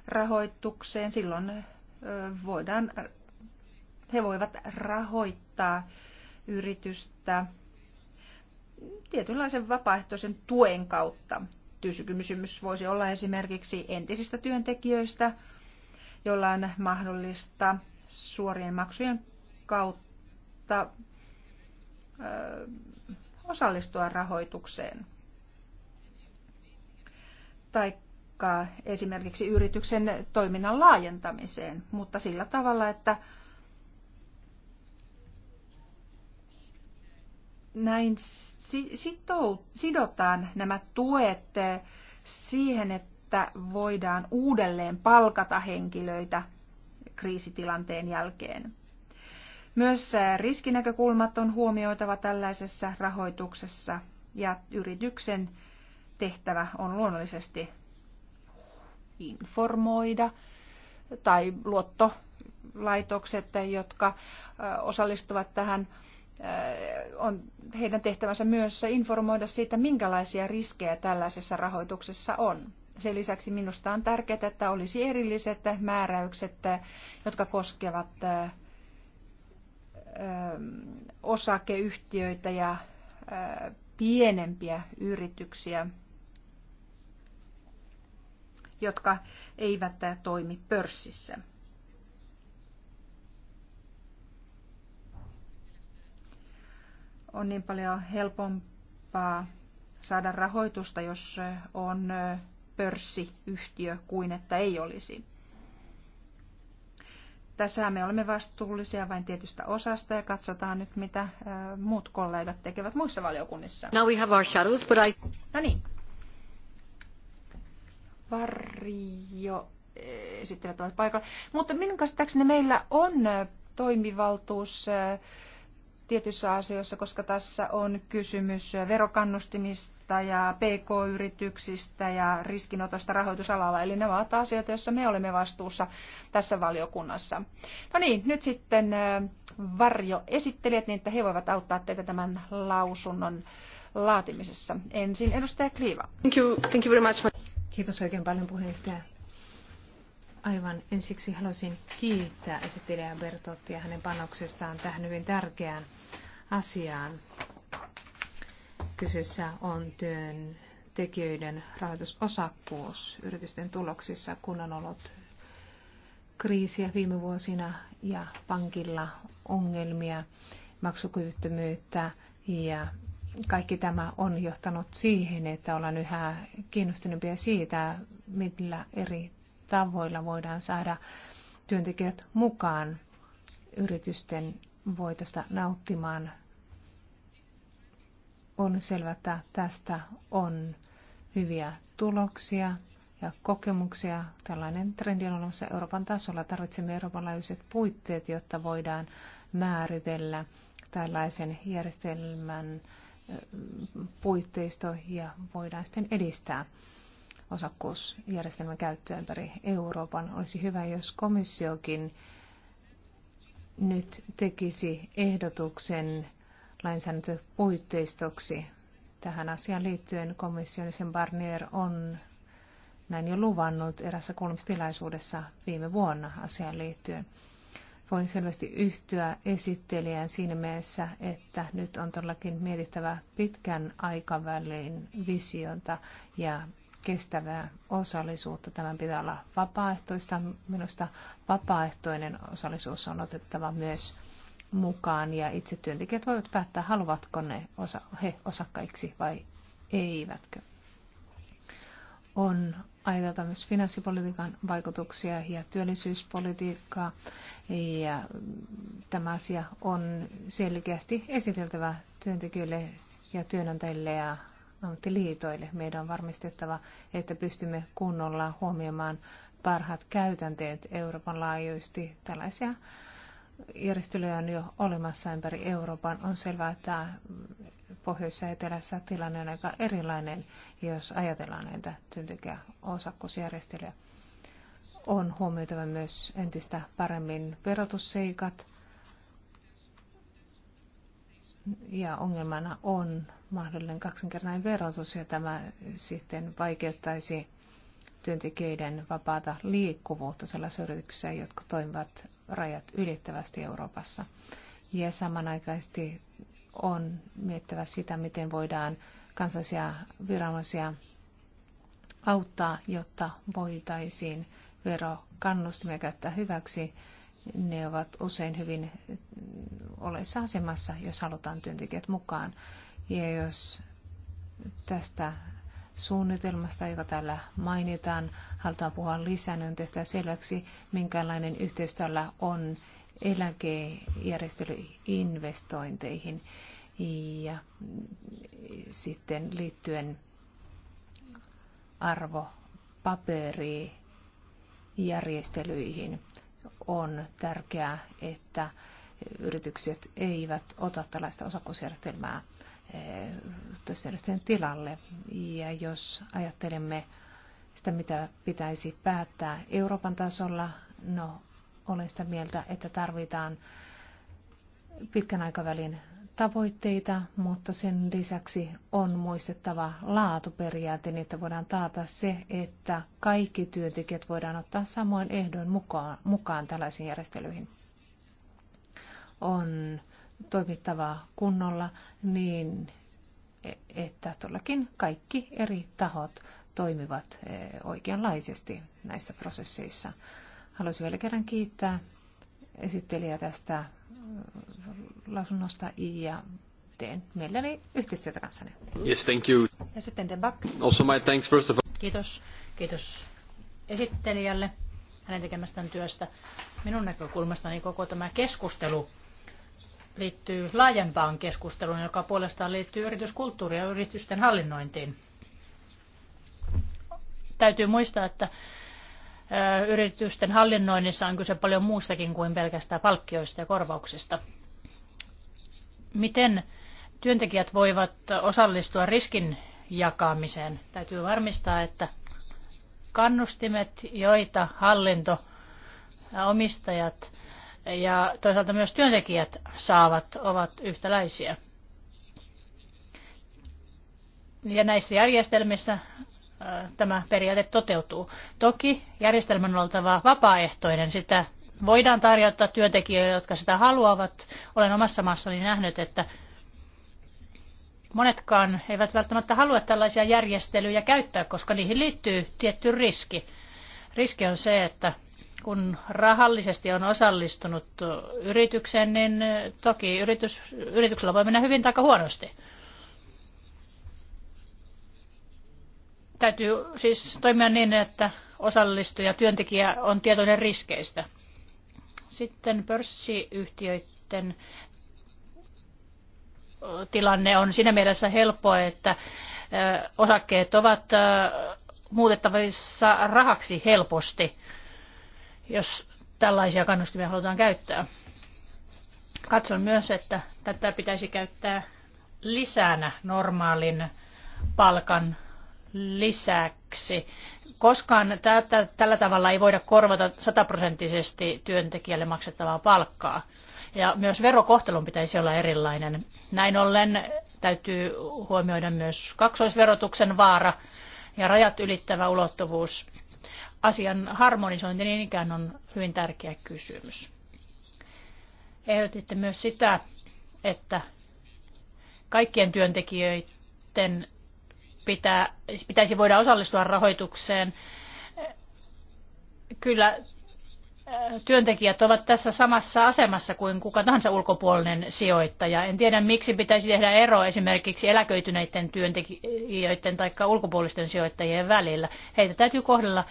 Speaker 1: rahoitukseen. Silloin voidaan, he voivat rahoittaa yritystä tietynlaisen vapaaehtoisen tuen kautta. tyysykymysymys voisi olla esimerkiksi entisistä työntekijöistä, joilla on mahdollista suorien maksujen kautta ö, osallistua rahoitukseen. Tai esimerkiksi yrityksen toiminnan laajentamiseen, mutta sillä tavalla, että näin sidotaan nämä tuet eh, siihen, että voidaan uudelleen palkata henkilöitä kriisitilanteen jälkeen. Myös eh, riskinäkökulmat on huomioitava tällaisessa rahoituksessa ja yrityksen tehtävä on luonnollisesti informoida tai luottolaitokset, jotka eh, osallistuvat tähän Äh, on heidän tehtävänsä myös informoida siitä, minkälaisia riskejä tällaisessa rahoituksessa on. Sen lisäksi minusta on tärkeää, että olisi erilliset määräykset, jotka koskevat äh, äh, osakeyhtiöitä ja pienempiä yrityksiä, jotka eivät toimi pörssissä. on niin paljon helpompaa saada rahoitusta, jos on pörssiyhtiö kuin että ei olisi. Tässä me olemme vastuullisia vain tietystä osasta ja katsotaan nyt, mitä äh, muut kollegat tekevät muissa valiokunnissa. Now we have our shadows, but
Speaker 2: I... No niin.
Speaker 1: Varjo äh, esittelijät ovat paikalla. Mutta minun käsittääkseni meillä on äh, toimivaltuus äh, tietyissä asioissa, koska tässä on kysymys verokannustimista ja PK-yrityksistä ja riskinotosta rahoitusalalla. Eli nämä ovat asioita, joissa me olemme vastuussa tässä valiokunnassa. No niin, nyt sitten varjo esittelijät, niin että he voivat auttaa teitä tämän lausunnon laatimisessa. Ensin edustaja Kliiva.
Speaker 3: Thank you, thank you very much. Kiitos oikein paljon puheenjohtaja. Aivan ensiksi haluaisin kiittää esittelijä Bertottia hänen panoksestaan tähän hyvin tärkeään asiaan. Kyseessä on työn tekijöiden rahoitusosakkuus yritysten tuloksissa, kun on ollut kriisiä viime vuosina ja pankilla ongelmia, maksukyvyttömyyttä ja kaikki tämä on johtanut siihen, että ollaan yhä kiinnostuneempia siitä, millä eri tavoilla voidaan saada työntekijät mukaan yritysten voitosta nauttimaan. On selvää, että tästä on hyviä tuloksia ja kokemuksia. Tällainen trendi on olemassa Euroopan tasolla. Tarvitsemme Euroopan laajuiset puitteet, jotta voidaan määritellä tällaisen järjestelmän puitteisto ja voidaan sitten edistää osakkuusjärjestelmän käyttöä ympäri Euroopan. Olisi hyvä, jos komissiokin nyt tekisi ehdotuksen lainsäädäntöpuitteistoksi tähän asiaan liittyen. Komission sen Barnier on näin jo luvannut erässä kuulemistilaisuudessa viime vuonna asiaan liittyen. Voin selvästi yhtyä esittelijään siinä mielessä, että nyt on todellakin mietittävä pitkän aikavälin visiota ja kestävää osallisuutta. Tämän pitää olla vapaaehtoista. Minusta vapaaehtoinen osallisuus on otettava myös mukaan ja itse työntekijät voivat päättää, haluavatko ne osa, he osakkaiksi vai eivätkö. On ajateltava myös finanssipolitiikan vaikutuksia ja työllisyyspolitiikkaa ja tämä asia on selkeästi esiteltävä työntekijöille ja työnantajille ja ammattiliitoille. Meidän on varmistettava, että pystymme kunnolla huomioimaan parhaat käytänteet Euroopan laajuisesti. Tällaisia järjestelyjä on jo olemassa ympäri Euroopan. On selvää, että pohjois- ja etelässä tilanne on aika erilainen, jos ajatellaan näitä työntekijäosakkuusjärjestelyjä. On huomioitava myös entistä paremmin verotusseikat – ja ongelmana on mahdollinen kaksinkertainen verotus ja tämä sitten vaikeuttaisi työntekijöiden vapaata liikkuvuutta sellaisissa yrityksissä, jotka toimivat rajat ylittävästi Euroopassa. Ja samanaikaisesti on miettävä sitä, miten voidaan kansallisia viranomaisia auttaa, jotta voitaisiin verokannustimia käyttää hyväksi ne ovat usein hyvin olessa asemassa, jos halutaan työntekijät mukaan. Ja jos tästä suunnitelmasta, joka täällä mainitaan, halutaan puhua lisää, niin on tehtävä selväksi, minkälainen yhteys tällä on eläkejärjestelyinvestointeihin ja sitten liittyen arvopaperijärjestelyihin on tärkeää, että yritykset eivät ota tällaista osakkuusjärjestelmää eh, toisten tilalle. Ja jos ajattelemme sitä, mitä pitäisi päättää Euroopan tasolla, no olen sitä mieltä, että tarvitaan pitkän aikavälin tavoitteita, mutta sen lisäksi on muistettava laatuperiaate, niin että voidaan taata se, että kaikki työntekijät voidaan ottaa samoin ehdoin mukaan, mukaan tällaisiin järjestelyihin. On toimittava kunnolla niin, että todellakin kaikki eri tahot toimivat e, oikeanlaisesti näissä prosesseissa. Haluaisin vielä kerran kiittää esittelijä tästä lausunnosta ja
Speaker 2: teen mielelläni yhteistyötä kanssanne.
Speaker 5: Yes, thank you. Ja
Speaker 2: sitten Debak. Also my thanks first of all. Kiitos. Kiitos esittelijälle hänen tekemästään työstä. Minun näkökulmastani koko tämä keskustelu liittyy laajempaan keskusteluun, joka puolestaan liittyy yrityskulttuuriin ja yritysten hallinnointiin. Täytyy muistaa, että yritysten hallinnoinnissa on kyse paljon muustakin kuin pelkästään palkkioista ja korvauksista. Miten työntekijät voivat osallistua riskin jakamiseen? Täytyy varmistaa, että kannustimet, joita hallinto omistajat ja toisaalta myös työntekijät saavat, ovat yhtäläisiä. Ja näissä järjestelmissä tämä periaate toteutuu. Toki järjestelmän on oltava vapaaehtoinen. Sitä voidaan tarjota työntekijöille, jotka sitä haluavat. Olen omassa maassani nähnyt, että monetkaan eivät välttämättä halua tällaisia järjestelyjä käyttää, koska niihin liittyy tietty riski. Riski on se, että kun rahallisesti on osallistunut yritykseen, niin toki yritys, yrityksellä voi mennä hyvin tai huonosti. Täytyy siis toimia niin, että osallistuja työntekijä on tietoinen riskeistä. Sitten pörssiyhtiöiden tilanne on siinä mielessä helppo, että osakkeet ovat muutettavissa rahaksi helposti, jos tällaisia kannustimia halutaan käyttää. Katson myös, että tätä pitäisi käyttää lisänä normaalin palkan lisäksi. Koskaan tätä, tällä tavalla ei voida korvata sataprosenttisesti työntekijälle maksettavaa palkkaa. Ja myös verokohtelun pitäisi olla erilainen. Näin ollen täytyy huomioida myös kaksoisverotuksen vaara ja rajat ylittävä ulottuvuus. Asian harmonisointi niin ikään on hyvin tärkeä kysymys. Ehdotitte myös sitä, että kaikkien työntekijöiden pitää, pitäisi voida osallistua rahoitukseen. Kyllä äh, työntekijät ovat tässä samassa asemassa kuin kuka tahansa ulkopuolinen sijoittaja. En tiedä, miksi pitäisi tehdä ero esimerkiksi eläköityneiden työntekijöiden tai ulkopuolisten sijoittajien välillä. Heitä täytyy kohdella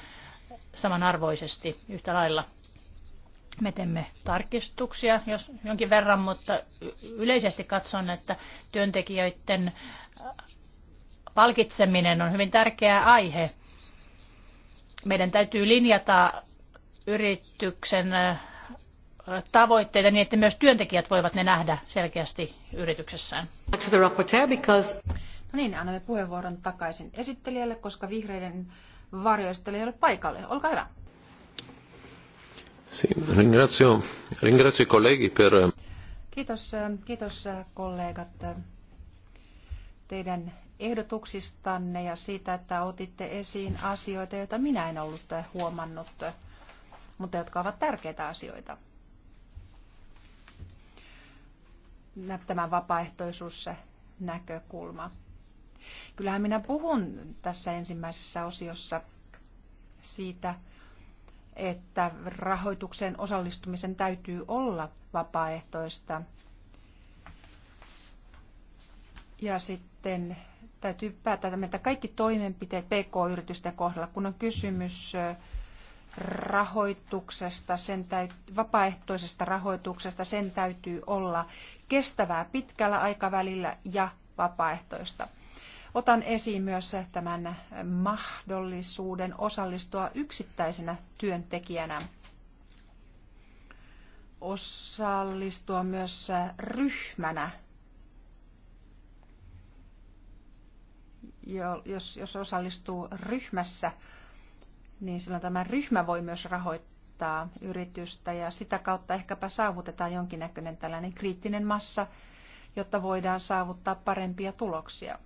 Speaker 2: samanarvoisesti yhtä lailla. Me teemme tarkistuksia jos jonkin verran, mutta yleisesti katson, että työntekijöiden Palkitseminen on hyvin tärkeä aihe. Meidän täytyy linjata yrityksen tavoitteita niin, että myös työntekijät voivat ne nähdä selkeästi yrityksessään. No
Speaker 1: niin, annamme puheenvuoron takaisin esittelijälle, koska vihreiden varjoistelija ei ole paikalle. Olkaa hyvä. Kiitos, kiitos kollegat teidän ehdotuksistanne ja siitä, että otitte esiin asioita, joita minä en ollut huomannut, mutta jotka ovat tärkeitä asioita. Tämä vapaaehtoisuus näkökulma. Kyllähän minä puhun tässä ensimmäisessä osiossa siitä, että rahoitukseen osallistumisen täytyy olla vapaaehtoista. Ja sitten täytyy päättää, että kaikki toimenpiteet PK-yritysten kohdalla, kun on kysymys rahoituksesta, sen täytyy, vapaaehtoisesta rahoituksesta, sen täytyy olla kestävää pitkällä aikavälillä ja vapaaehtoista. Otan esiin myös tämän mahdollisuuden osallistua yksittäisenä työntekijänä. Osallistua myös ryhmänä jos, jos osallistuu ryhmässä, niin silloin tämä ryhmä voi myös rahoittaa yritystä ja sitä kautta ehkäpä saavutetaan jonkinnäköinen tällainen kriittinen massa, jotta voidaan saavuttaa parempia tuloksia.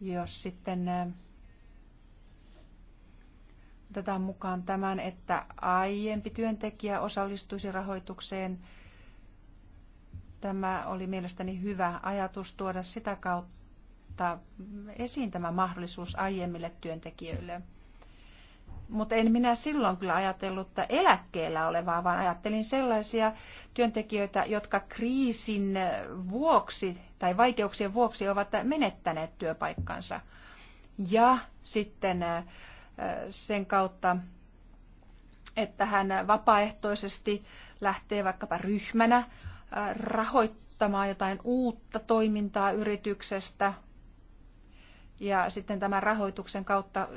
Speaker 1: Jos sitten äh, otetaan mukaan tämän, että aiempi työntekijä osallistuisi rahoitukseen, Tämä oli mielestäni hyvä ajatus tuoda sitä kautta esiin tämä mahdollisuus aiemmille työntekijöille. Mutta en minä silloin kyllä ajatellut että eläkkeellä olevaa, vaan ajattelin sellaisia työntekijöitä, jotka kriisin vuoksi tai vaikeuksien vuoksi ovat menettäneet työpaikkansa. Ja sitten äh, sen kautta, että hän vapaaehtoisesti lähtee vaikkapa ryhmänä rahoittamaan jotain uutta toimintaa yrityksestä ja sitten tämän rahoituksen kautta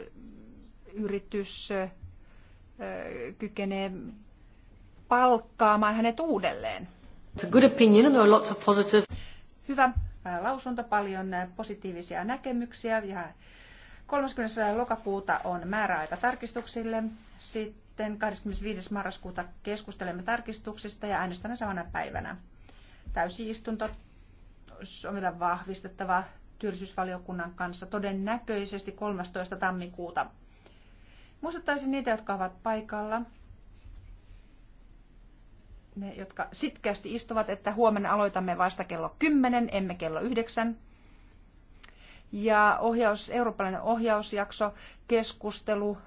Speaker 1: yritys kykenee palkkaamaan hänet uudelleen. It's a good opinion and there are lots of positive... Hyvä lausunto, paljon positiivisia näkemyksiä ja 30. lokakuuta on määräaika tarkistuksille. Sitten sitten 25. marraskuuta keskustelemme tarkistuksista ja äänestämme samana päivänä. Täysiistunto on vielä vahvistettava työllisyysvaliokunnan kanssa todennäköisesti 13. tammikuuta. Muistuttaisin niitä, jotka ovat paikalla, ne, jotka sitkeästi istuvat, että huomenna aloitamme vasta kello 10, emme kello 9 ja ohjaus, eurooppalainen ohjausjakso, keskustelu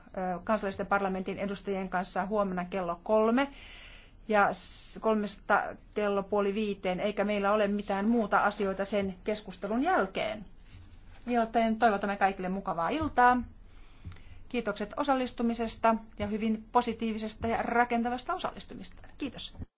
Speaker 1: kansallisten parlamentin edustajien kanssa huomenna kello kolme ja kolmesta kello puoli viiteen, eikä meillä ole mitään muuta asioita sen keskustelun jälkeen. Joten toivotamme kaikille mukavaa iltaa. Kiitokset osallistumisesta ja hyvin positiivisesta ja rakentavasta osallistumista. Kiitos.